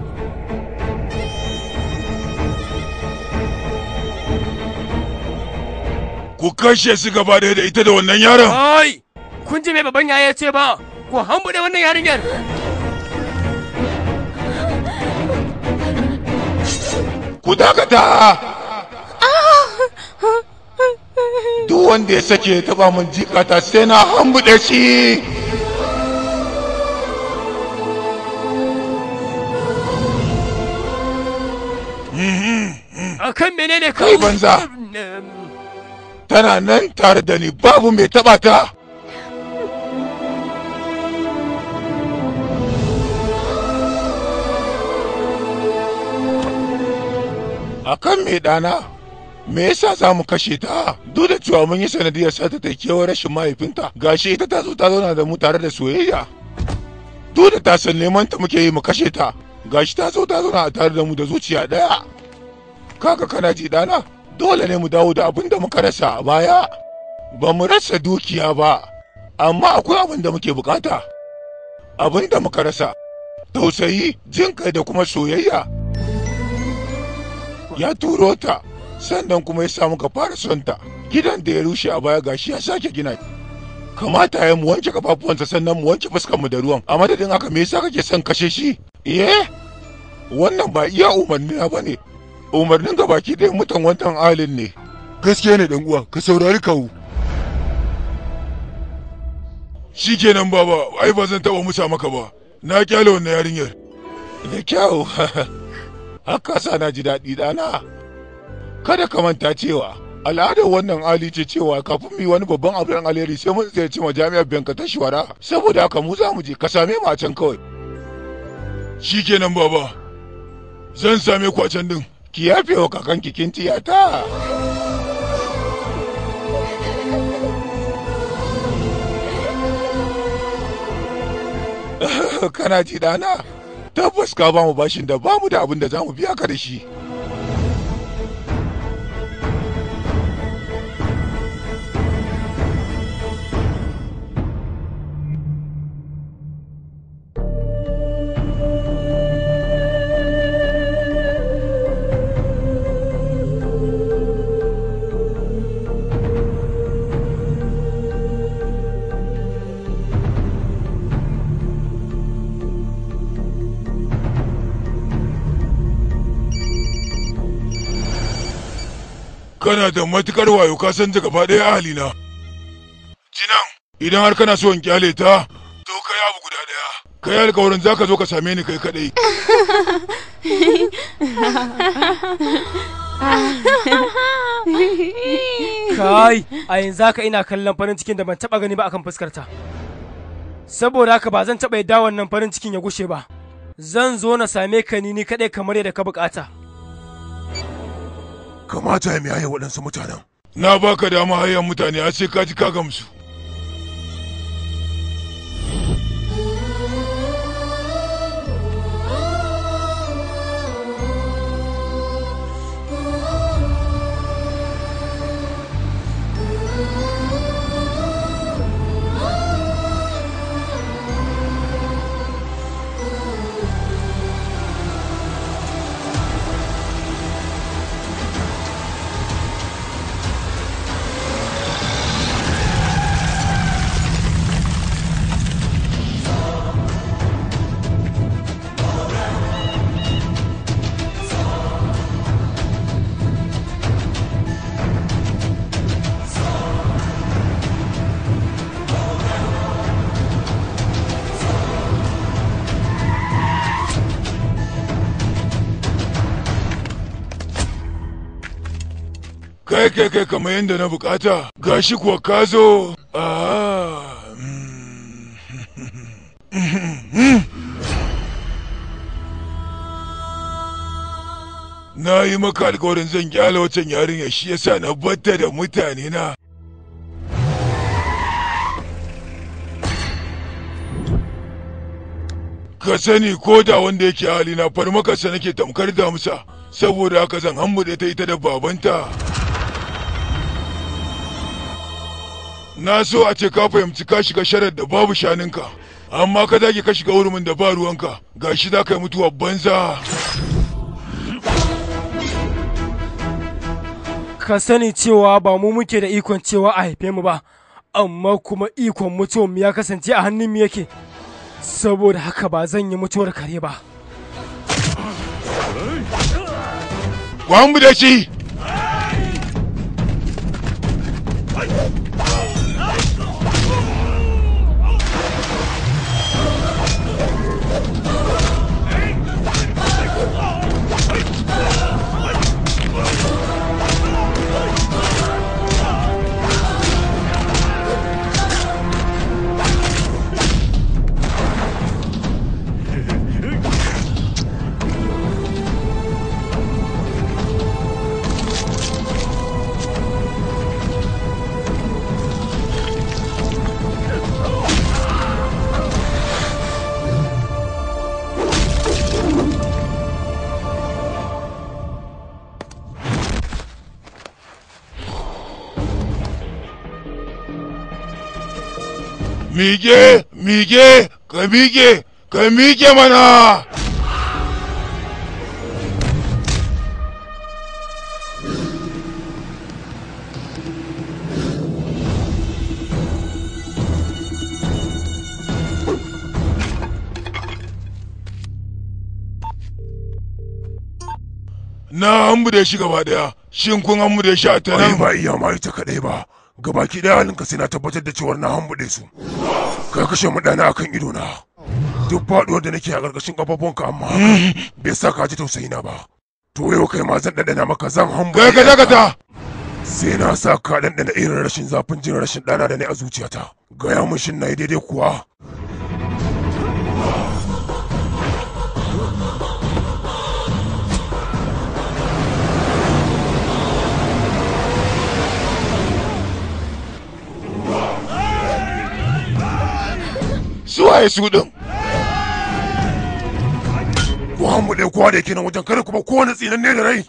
Speaker 3: Ku kashe su gaba da ita da wannan yaron.
Speaker 2: Ai, kun ji mai babban yaya ce ba, ku hambuɗe wannan yarinyar.
Speaker 3: Ku dakata! duk wanda ya sake ya taba min jikata sai na hambuɗe shi mene ne kai banza tana nan tare da ni babu mai taba ta kan mai dana me yasa za mu kashe ta duk da cewa mun yi sanadiyar sata ta kewar rashin mahaifinta gashi ita ta zo ta zauna da mu tare da soyayya duk da ta san neman ta muke yi mu kashe ta gashi ta zo ta zauna a tare da mu da zuciya daya kaka kana ji dana dole ne mu dawo da abin da muka rasa a baya ba mu rasa dukiya ba amma akwai abin da muke bukata abin da muka rasa tausayi jin kai da kuma soyayya ya turo ta sannan kuma ya samu ka fara son sonta gidan da ya rushe a baya gashi ya sake gina kamata ya mu wanke kafafuwansa sannan mu wanke fuskar mu da ruwan a madadin haka me yasa kake son kashe shi eh wannan ba iya umarni na bane umarnin ga baki dai mutan wannan alin ne gaskiya ne dan uwa ka saurari kawu shikenan baba ai ba zan taba musa maka ba na kyale wannan yarinyar da kyau haka sa na ji daɗi dana kada ka manta cewa al'adar wannan ali ce cewa kafin mu yi wani babban abin alheri sai mun ziyarci jami'ar benka ta shiwara saboda haka mu za mu je ka same mu a can kawai shikenan baba zan same ku a can din ki yafe wa kakanki kin tiyata kana ji dana tabbas ka ba mu bashin da ba mu da abin da za mu biya ka da shi kana da matukar wayo ka san gaba ɗaya ahalina. Jinan, idan har kana so in kyale ta, to kai abu guda ɗaya. Kai alkawarin za ka zo ka same ni kai kaɗai.
Speaker 1: Kai,
Speaker 2: a yanzu haka ina kallon farin cikin da ban taɓa gani ba akan fuskarta. Saboda haka ba zan taɓa yadda wannan farin cikin ya gushe ba. Zan zo na same ka ni ni kaɗai
Speaker 3: kamar yadda ka buƙata. kamata ya yaye waɗansu mutanen na baka dama hayan mutane a ce ka ji ka gamsu sake kai kamar yadda na bukata gashi kuwa ka zo ah, hmm. na yi maka alkawarin zan gyala wacan yarinya shi yasa na batta da mutane na ka sani ko da wanda yake hali na farmakarsa nake tamkar damsa saboda haka zan da ta ita da babanta. na so a ce ka fahimci ka shiga sharar da babu shaninka amma ka zage ka shiga hurumin da ba ruwanka gashi za ka yi mutuwa banza ka sani cewa
Speaker 2: ba mu muke da ikon cewa a haife mu ba amma kuma ikon mutuwar mu ya kasance a hannun mu yake saboda haka ba zan yi mutuwar kare ba
Speaker 3: Wambu da shi! mike mike ka mike ka mike mana na an da shi gaba daya shin kun an da shi a tanan ba iya ma ita kadai ba gabaki ɗaya halinka sai na tabbatar da cewar na hambuɗe su ka kashe mu ɗana akan ido na duk faɗuwar da nake a ƙarƙashin ƙafafunka amma bai sa ka ji tausayina ba to yau kai ma zan ɗanɗana maka zan hambuɗe ka ta sai na sa ka ɗanɗana irin rashin zafin jin rashin ɗana da ni a zuciyata gaya mun shin na yi daidai kuwa Zuwa ya su din ku hamu kowa da ke nan wajen kare kuma kowane tsinan ne da rai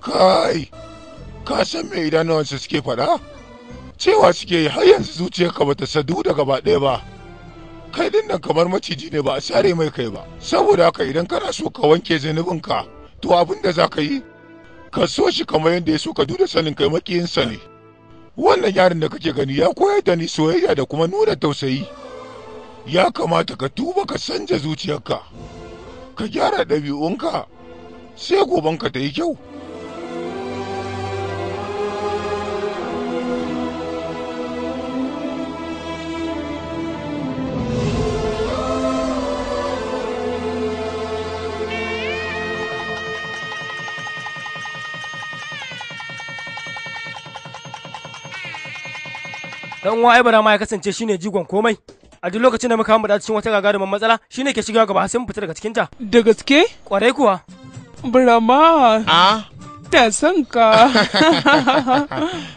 Speaker 3: kai ka san me idanuwansu suke faɗa cewa suke yi har yanzu zuciyarka bata sadu da gaba ɗaya ba kai din nan kamar maciji ne ba a sare mai kai ba saboda haka idan kana so ka wanke ka to abin da za ka yi ka so shi kamar yadda ya so ka duda sanin kai makiyinsa ne wannan yarin da kake gani ya koyar da ni soyayya da kuma nuna tausayi ya kamata ka tuba ka canja zuciyarka ka gyara ɗabi'unka sai gobanka ta yi kyau
Speaker 2: Ɗan uwa Ibrahim ya kasance shine jigon komai a duk lokacin da muka hamu da cikin wata gagarumar matsala shine ke shiga gaba sai mu fita daga cikinta da gaske kwarai kuwa burama a
Speaker 3: ta san ka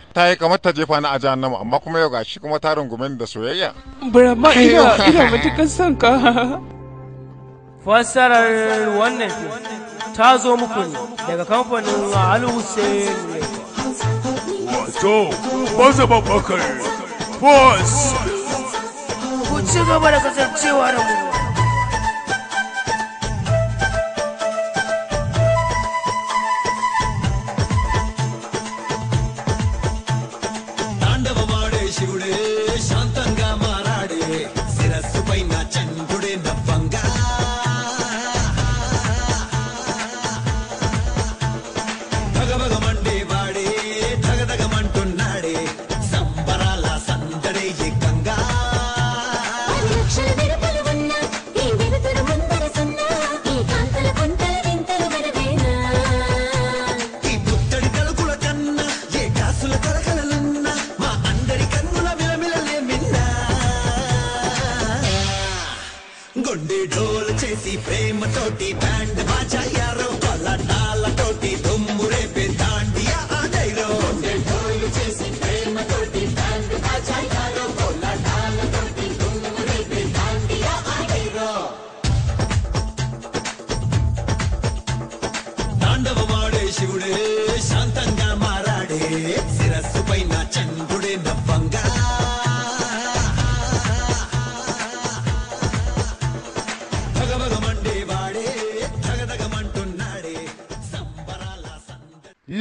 Speaker 3: ta yi kamar ta jefa na a jahannama amma kuma yau gashi kuma ta rungume da soyayya
Speaker 6: burama ina ina matukan san ka
Speaker 2: fassarar wannan ta zo muku ne daga kamfanin al wato ba zaba bakar
Speaker 8: Force! ci gaba da kasancewa da mu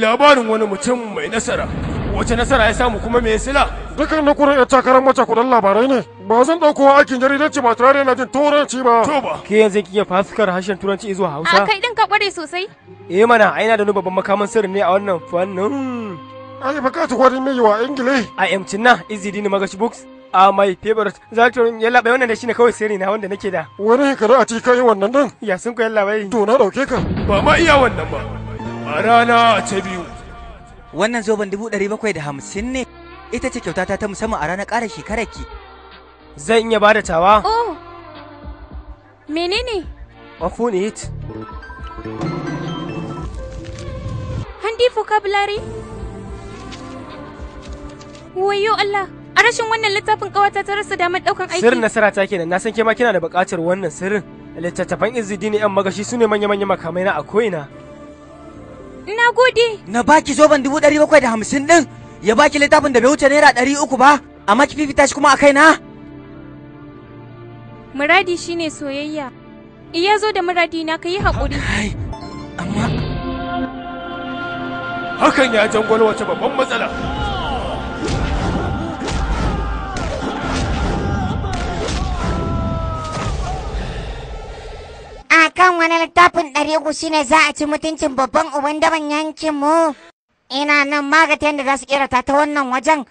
Speaker 2: labarin wani mutum mai nasara wace nasara ya samu kuma mai sila
Speaker 3: dukkan na kurin takarar mace kudan labarai ne ba zan ɗauko aikin jaridanci ba turare na jin turanci ba
Speaker 4: to ba
Speaker 2: ke yanzu ki iya fasikar harshen turanci zuwa hausa a kai
Speaker 4: din ka kware sosai
Speaker 2: eh mana ai na da wani babban makaman sirri ne a wannan fannin ai baka ta me mai wa ingile i am chinna izidini magashi books a my favorite za ta ya labai wannan da shine kawai sirri na wanda nake da
Speaker 3: wani hikari a cikin wannan din ya sun ko yalla bai to na dauke ka
Speaker 2: ba ma iya wannan ba a
Speaker 3: rana
Speaker 2: ta biyu wannan zoben dubu ɗari bakwai da hamsin ne ita ce kyautata ta musamman a ranar ƙara shekarar ki zan iya bada tawa
Speaker 8: oh
Speaker 4: menene
Speaker 2: ofun it
Speaker 4: handi vocabulary wayo allah a rashin wannan littafin kawata ta rasa damar ɗaukan aiki sirrin
Speaker 2: nasara ta kenan na san ke ma kina da buƙatar wannan sirrin littattafan izidini yan magashi su ne manya-manya makamai na a ko'ina
Speaker 4: Na gode.
Speaker 5: Na baki zoban dubu ɗari bakwai da hamsin ɗin ya baki littafin da bai wuce naira ɗari uku ba amma ki fifita shi kuma a kai na.
Speaker 4: Muradi shine soyayya. Iya zo da muradi na ka yi haƙuri. Amma.
Speaker 2: Hakan ya jan wata babban matsala.
Speaker 5: kan wani littafin ɗari uku shine za a ci mutuncin babban uban daban yankin mu. Ina nan magata yadda za su kirata ta wannan wajen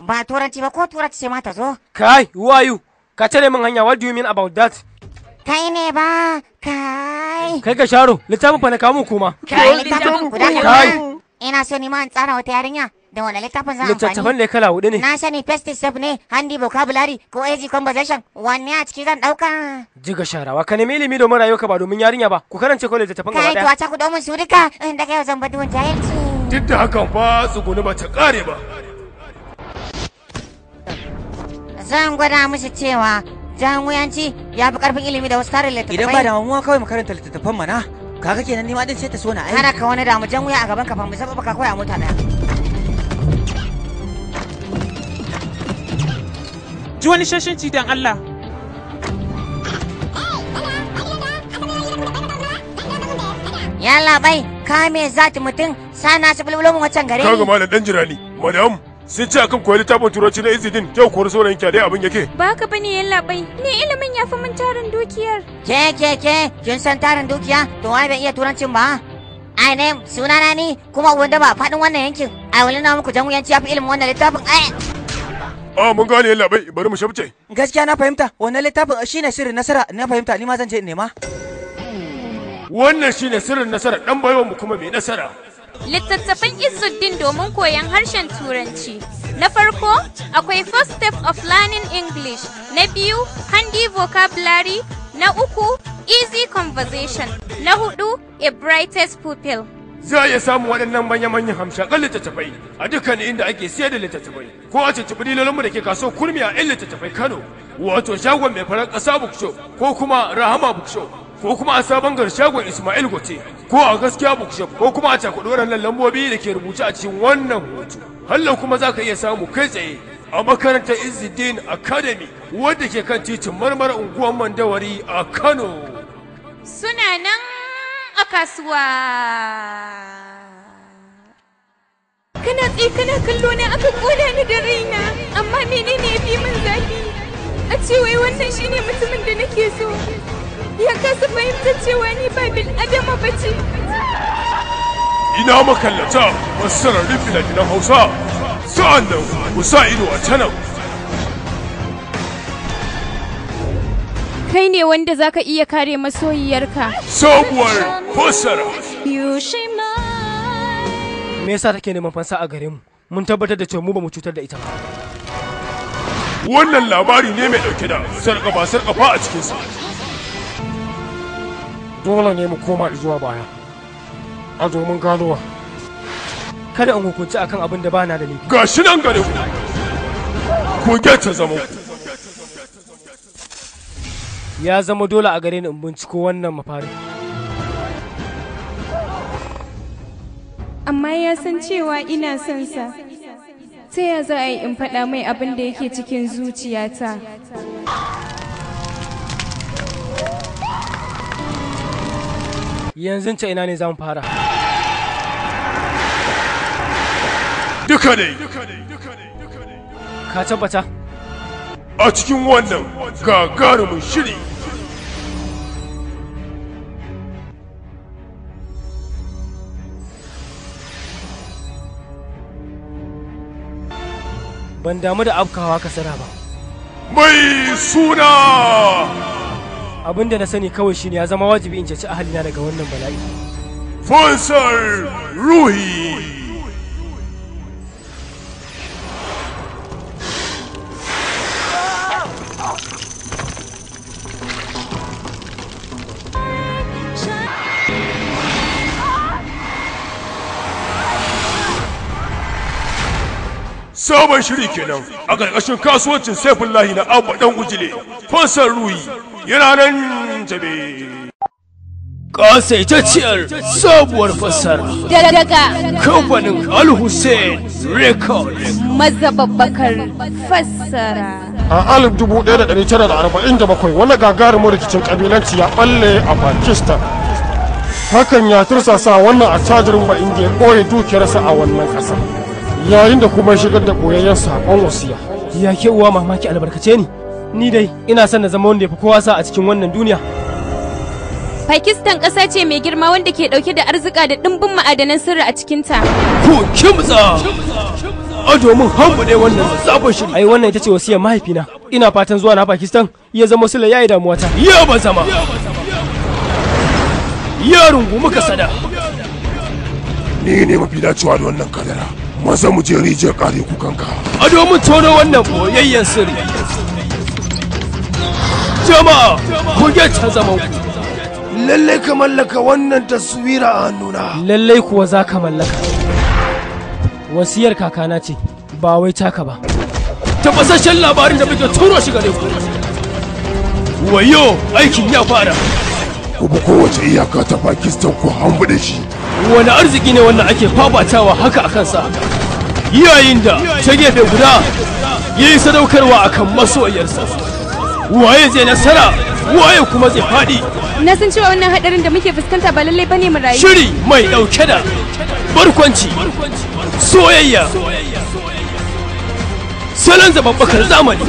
Speaker 5: ba turanci ba ko turanci ma ta zo.
Speaker 2: Kai, who are you? Ka cire min hanya, what do you mean about that?
Speaker 5: Kai ne ba,
Speaker 2: kai. Kai ka sharo, littafin fa na kawo kuma. Kai
Speaker 1: littafin da Kai.
Speaker 5: Ina so ni ma in tsara wata yarinya. da wani littafin zan amfani littattafan ne
Speaker 2: kala hudu ne na
Speaker 5: sani pesticide ne handy vocabulary ko easy conversation wanne a ciki zan dauka
Speaker 2: jiga sharawa ka nemi ilimi domin rayuwarka ba domin yarinya ba ku karance ko littattafan gaba ɗaya. kai to
Speaker 5: ta ku domin surika, in eh, daga yau zan bada wani jahilci
Speaker 2: duk da hakan fa tsuguni ba ta kare ba
Speaker 5: zan gwada musu cewa jan'uyanci ya fi karfin ilimi da wasu tarin littattafai idan ba da mamuwa kawai mu karanta littattafan mana kaga kenan nima ma din sai ta so na aiki kada ka wani damu wuya a gaban ka fa mu saba ka koya mota daya
Speaker 6: ji wani shashinci dan Allah
Speaker 5: yalla bai ka me zati mutum sana su bulbulo mu wancan gare kaga malam
Speaker 3: dan jirani madam sun ce akan koyi littafin turanci na izidin kyau kuwar saurayin kyadai abin yake
Speaker 4: ba ka bane yalla bai ni ilimin ya fi mun tarin dukiyar
Speaker 3: ke
Speaker 5: ke ke kin san tarin dukiya to wai bai iya turancin ba ai ne sunana ni kuma wanda ba fadin wannan yankin ai wani na muku jan wuyanci ya fi ilimin wannan littafin ai
Speaker 3: Ah mun gane yalla bai bari mu shafce.
Speaker 5: Gaskiya na fahimta wannan littafin shine sirrin nasara na fahimta ni ma zan je
Speaker 2: nema.
Speaker 3: Wannan shine sirrin nasara dan baiwa mu kuma mai nasara.
Speaker 4: Littattafan Izzuddin domin koyon harshen Turanci. Na farko akwai First Step of Learning English, na biyu Handy Vocabulary, na uku Easy Conversation, na hudu A Brightest Pupil.
Speaker 2: za a iya samun waɗannan manya-manyan hamshakan littattafai a dukkan inda ake siyar da littattafai ko a kuɗi dilolinmu da ke kaso kurmi a yan littattafai kano wato shagon mai farar ƙasa buksho ko kuma rahama buksho ko kuma a sabon gar shagon ismail gote ko a gaskiya buksho ko kuma a cakuɗi waɗannan lambobi da ke rubuce a cikin wannan hoto hallo kuma za ka iya samu kai tsaye a makarantar izidin academy wadda ke kan titin marmara unguwar mandawari a kano
Speaker 4: suna nan a kasuwa kana tsaye kana kallo na aka koda ni da raina amma menene ya fi min zafi a ce wannan shine mutumin da nake so ya kasa fahimta cewa ni ba bil adama ba ce
Speaker 3: ina makallata masu sararin filajinan hausa sa'an nan ku sa ido a canan
Speaker 4: kai ne wanda za ka iya kare masoyiyarka. Sabuwar
Speaker 8: fassara.
Speaker 2: Me yasa take neman fansa a gare mu? Mun tabbatar da cewa mu ba mu cutar da ita ba.
Speaker 3: Wannan labari ne mai ɗauke da sarƙafa sarƙafa a cikinsa. Dole ne mu koma zuwa baya. A domin ganowa.
Speaker 2: Kada in hukunci akan abin da ba na da laifi. shi nan gare ku.
Speaker 1: Ku ta zama ku.
Speaker 2: ya zama dole a gare ni in binciko wannan mafarin.
Speaker 4: Amma ya san cewa ina son sa, ta ya za a yi in faɗa mai abin da yake cikin zuciyata.
Speaker 2: Yanzu ce ina ne za mu fara. Duka ne! Ka tabbata?
Speaker 3: a cikin wannan gagarumin shiri
Speaker 2: ban damu da afkawa kasara ba mai suna abinda na sani kawai shi ne, ya zama wajibi in ceci ahalina daga wannan bala'i fonsar ruhi
Speaker 3: sabon shiri kenan a ƙarƙashin kasuwancin lahi na abu ɗan ujile fansar ruyi yana nan jabe ƙasaitacciyar sabuwar fasar
Speaker 1: daga
Speaker 3: kamfanin al-hussein records
Speaker 4: mazababakar fassara
Speaker 3: a dubu ɗaya da da da ɗari tara arba'in bakwai, wani gagarumin rikicin ƙabilanci ya ɓalle a pakistan hakan ya tursasa wannan a cajirin ba indiya ɓoye dukiyarsa a wannan ƙasar. yayin da kuma shigar da koyayyen sakon wasiya ya ke
Speaker 2: uwa mamaki albarkace ni ni dai ina son na zama wanda ya fi kowa sa a cikin wannan duniya
Speaker 4: Pakistan ƙasa ce mai girma wanda ke ɗauke da arzika da ɗimbin ma'adanan sirri a cikinta.
Speaker 2: Ku kimza A domin hanku ne wannan sabon shiri. Ai wannan ita ce wasiyar mahaifina. Ina fatan zuwa na Pakistan ya zama ya yayi damuwata. Ya ba zama. Ya rungu muka sada.
Speaker 3: Ni ne mafi dacewa da wannan kadara. maza mu je rijiyar kare kanka
Speaker 2: a domin tono wannan boyayyen sirri jama'a ku ta zaman ku
Speaker 3: lallai ka mallaka wannan taswira a hannuna
Speaker 2: lallai kuwa za ka mallaka wasiyar kakana ce ba wai taka ba tabbasashen labarin da muke turo shi gare ku wayo aikin ya fara
Speaker 3: ku bi kowace iyaka ta pakistan ku da shi wani
Speaker 2: arziki ne wannan ake fabatawa haka a kansa yayin da ta gefe guda ya yi sadaukarwa a kan masoyarsa waye zai nasara waye kuma zai faɗi
Speaker 4: na san cewa wannan haɗarin da muke fuskanta ba lallai ne mu rayu shiri
Speaker 2: mai ɗauke da barkwanci soyayya salon zababbakar zamani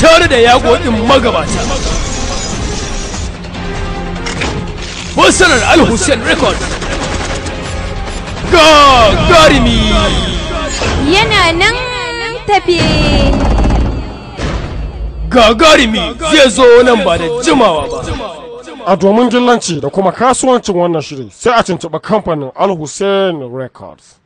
Speaker 2: tare da yago ɗin magabata Musanar Al-Hussein Record. Ga garimi.
Speaker 4: Yana nan ga
Speaker 2: Gagarimi zai zo nan ba da jimawa
Speaker 1: ba.
Speaker 3: A domin dillanci da kuma kasuwancin wannan shiri sai a tuntuɓi kamfanin Al-Hussein Records.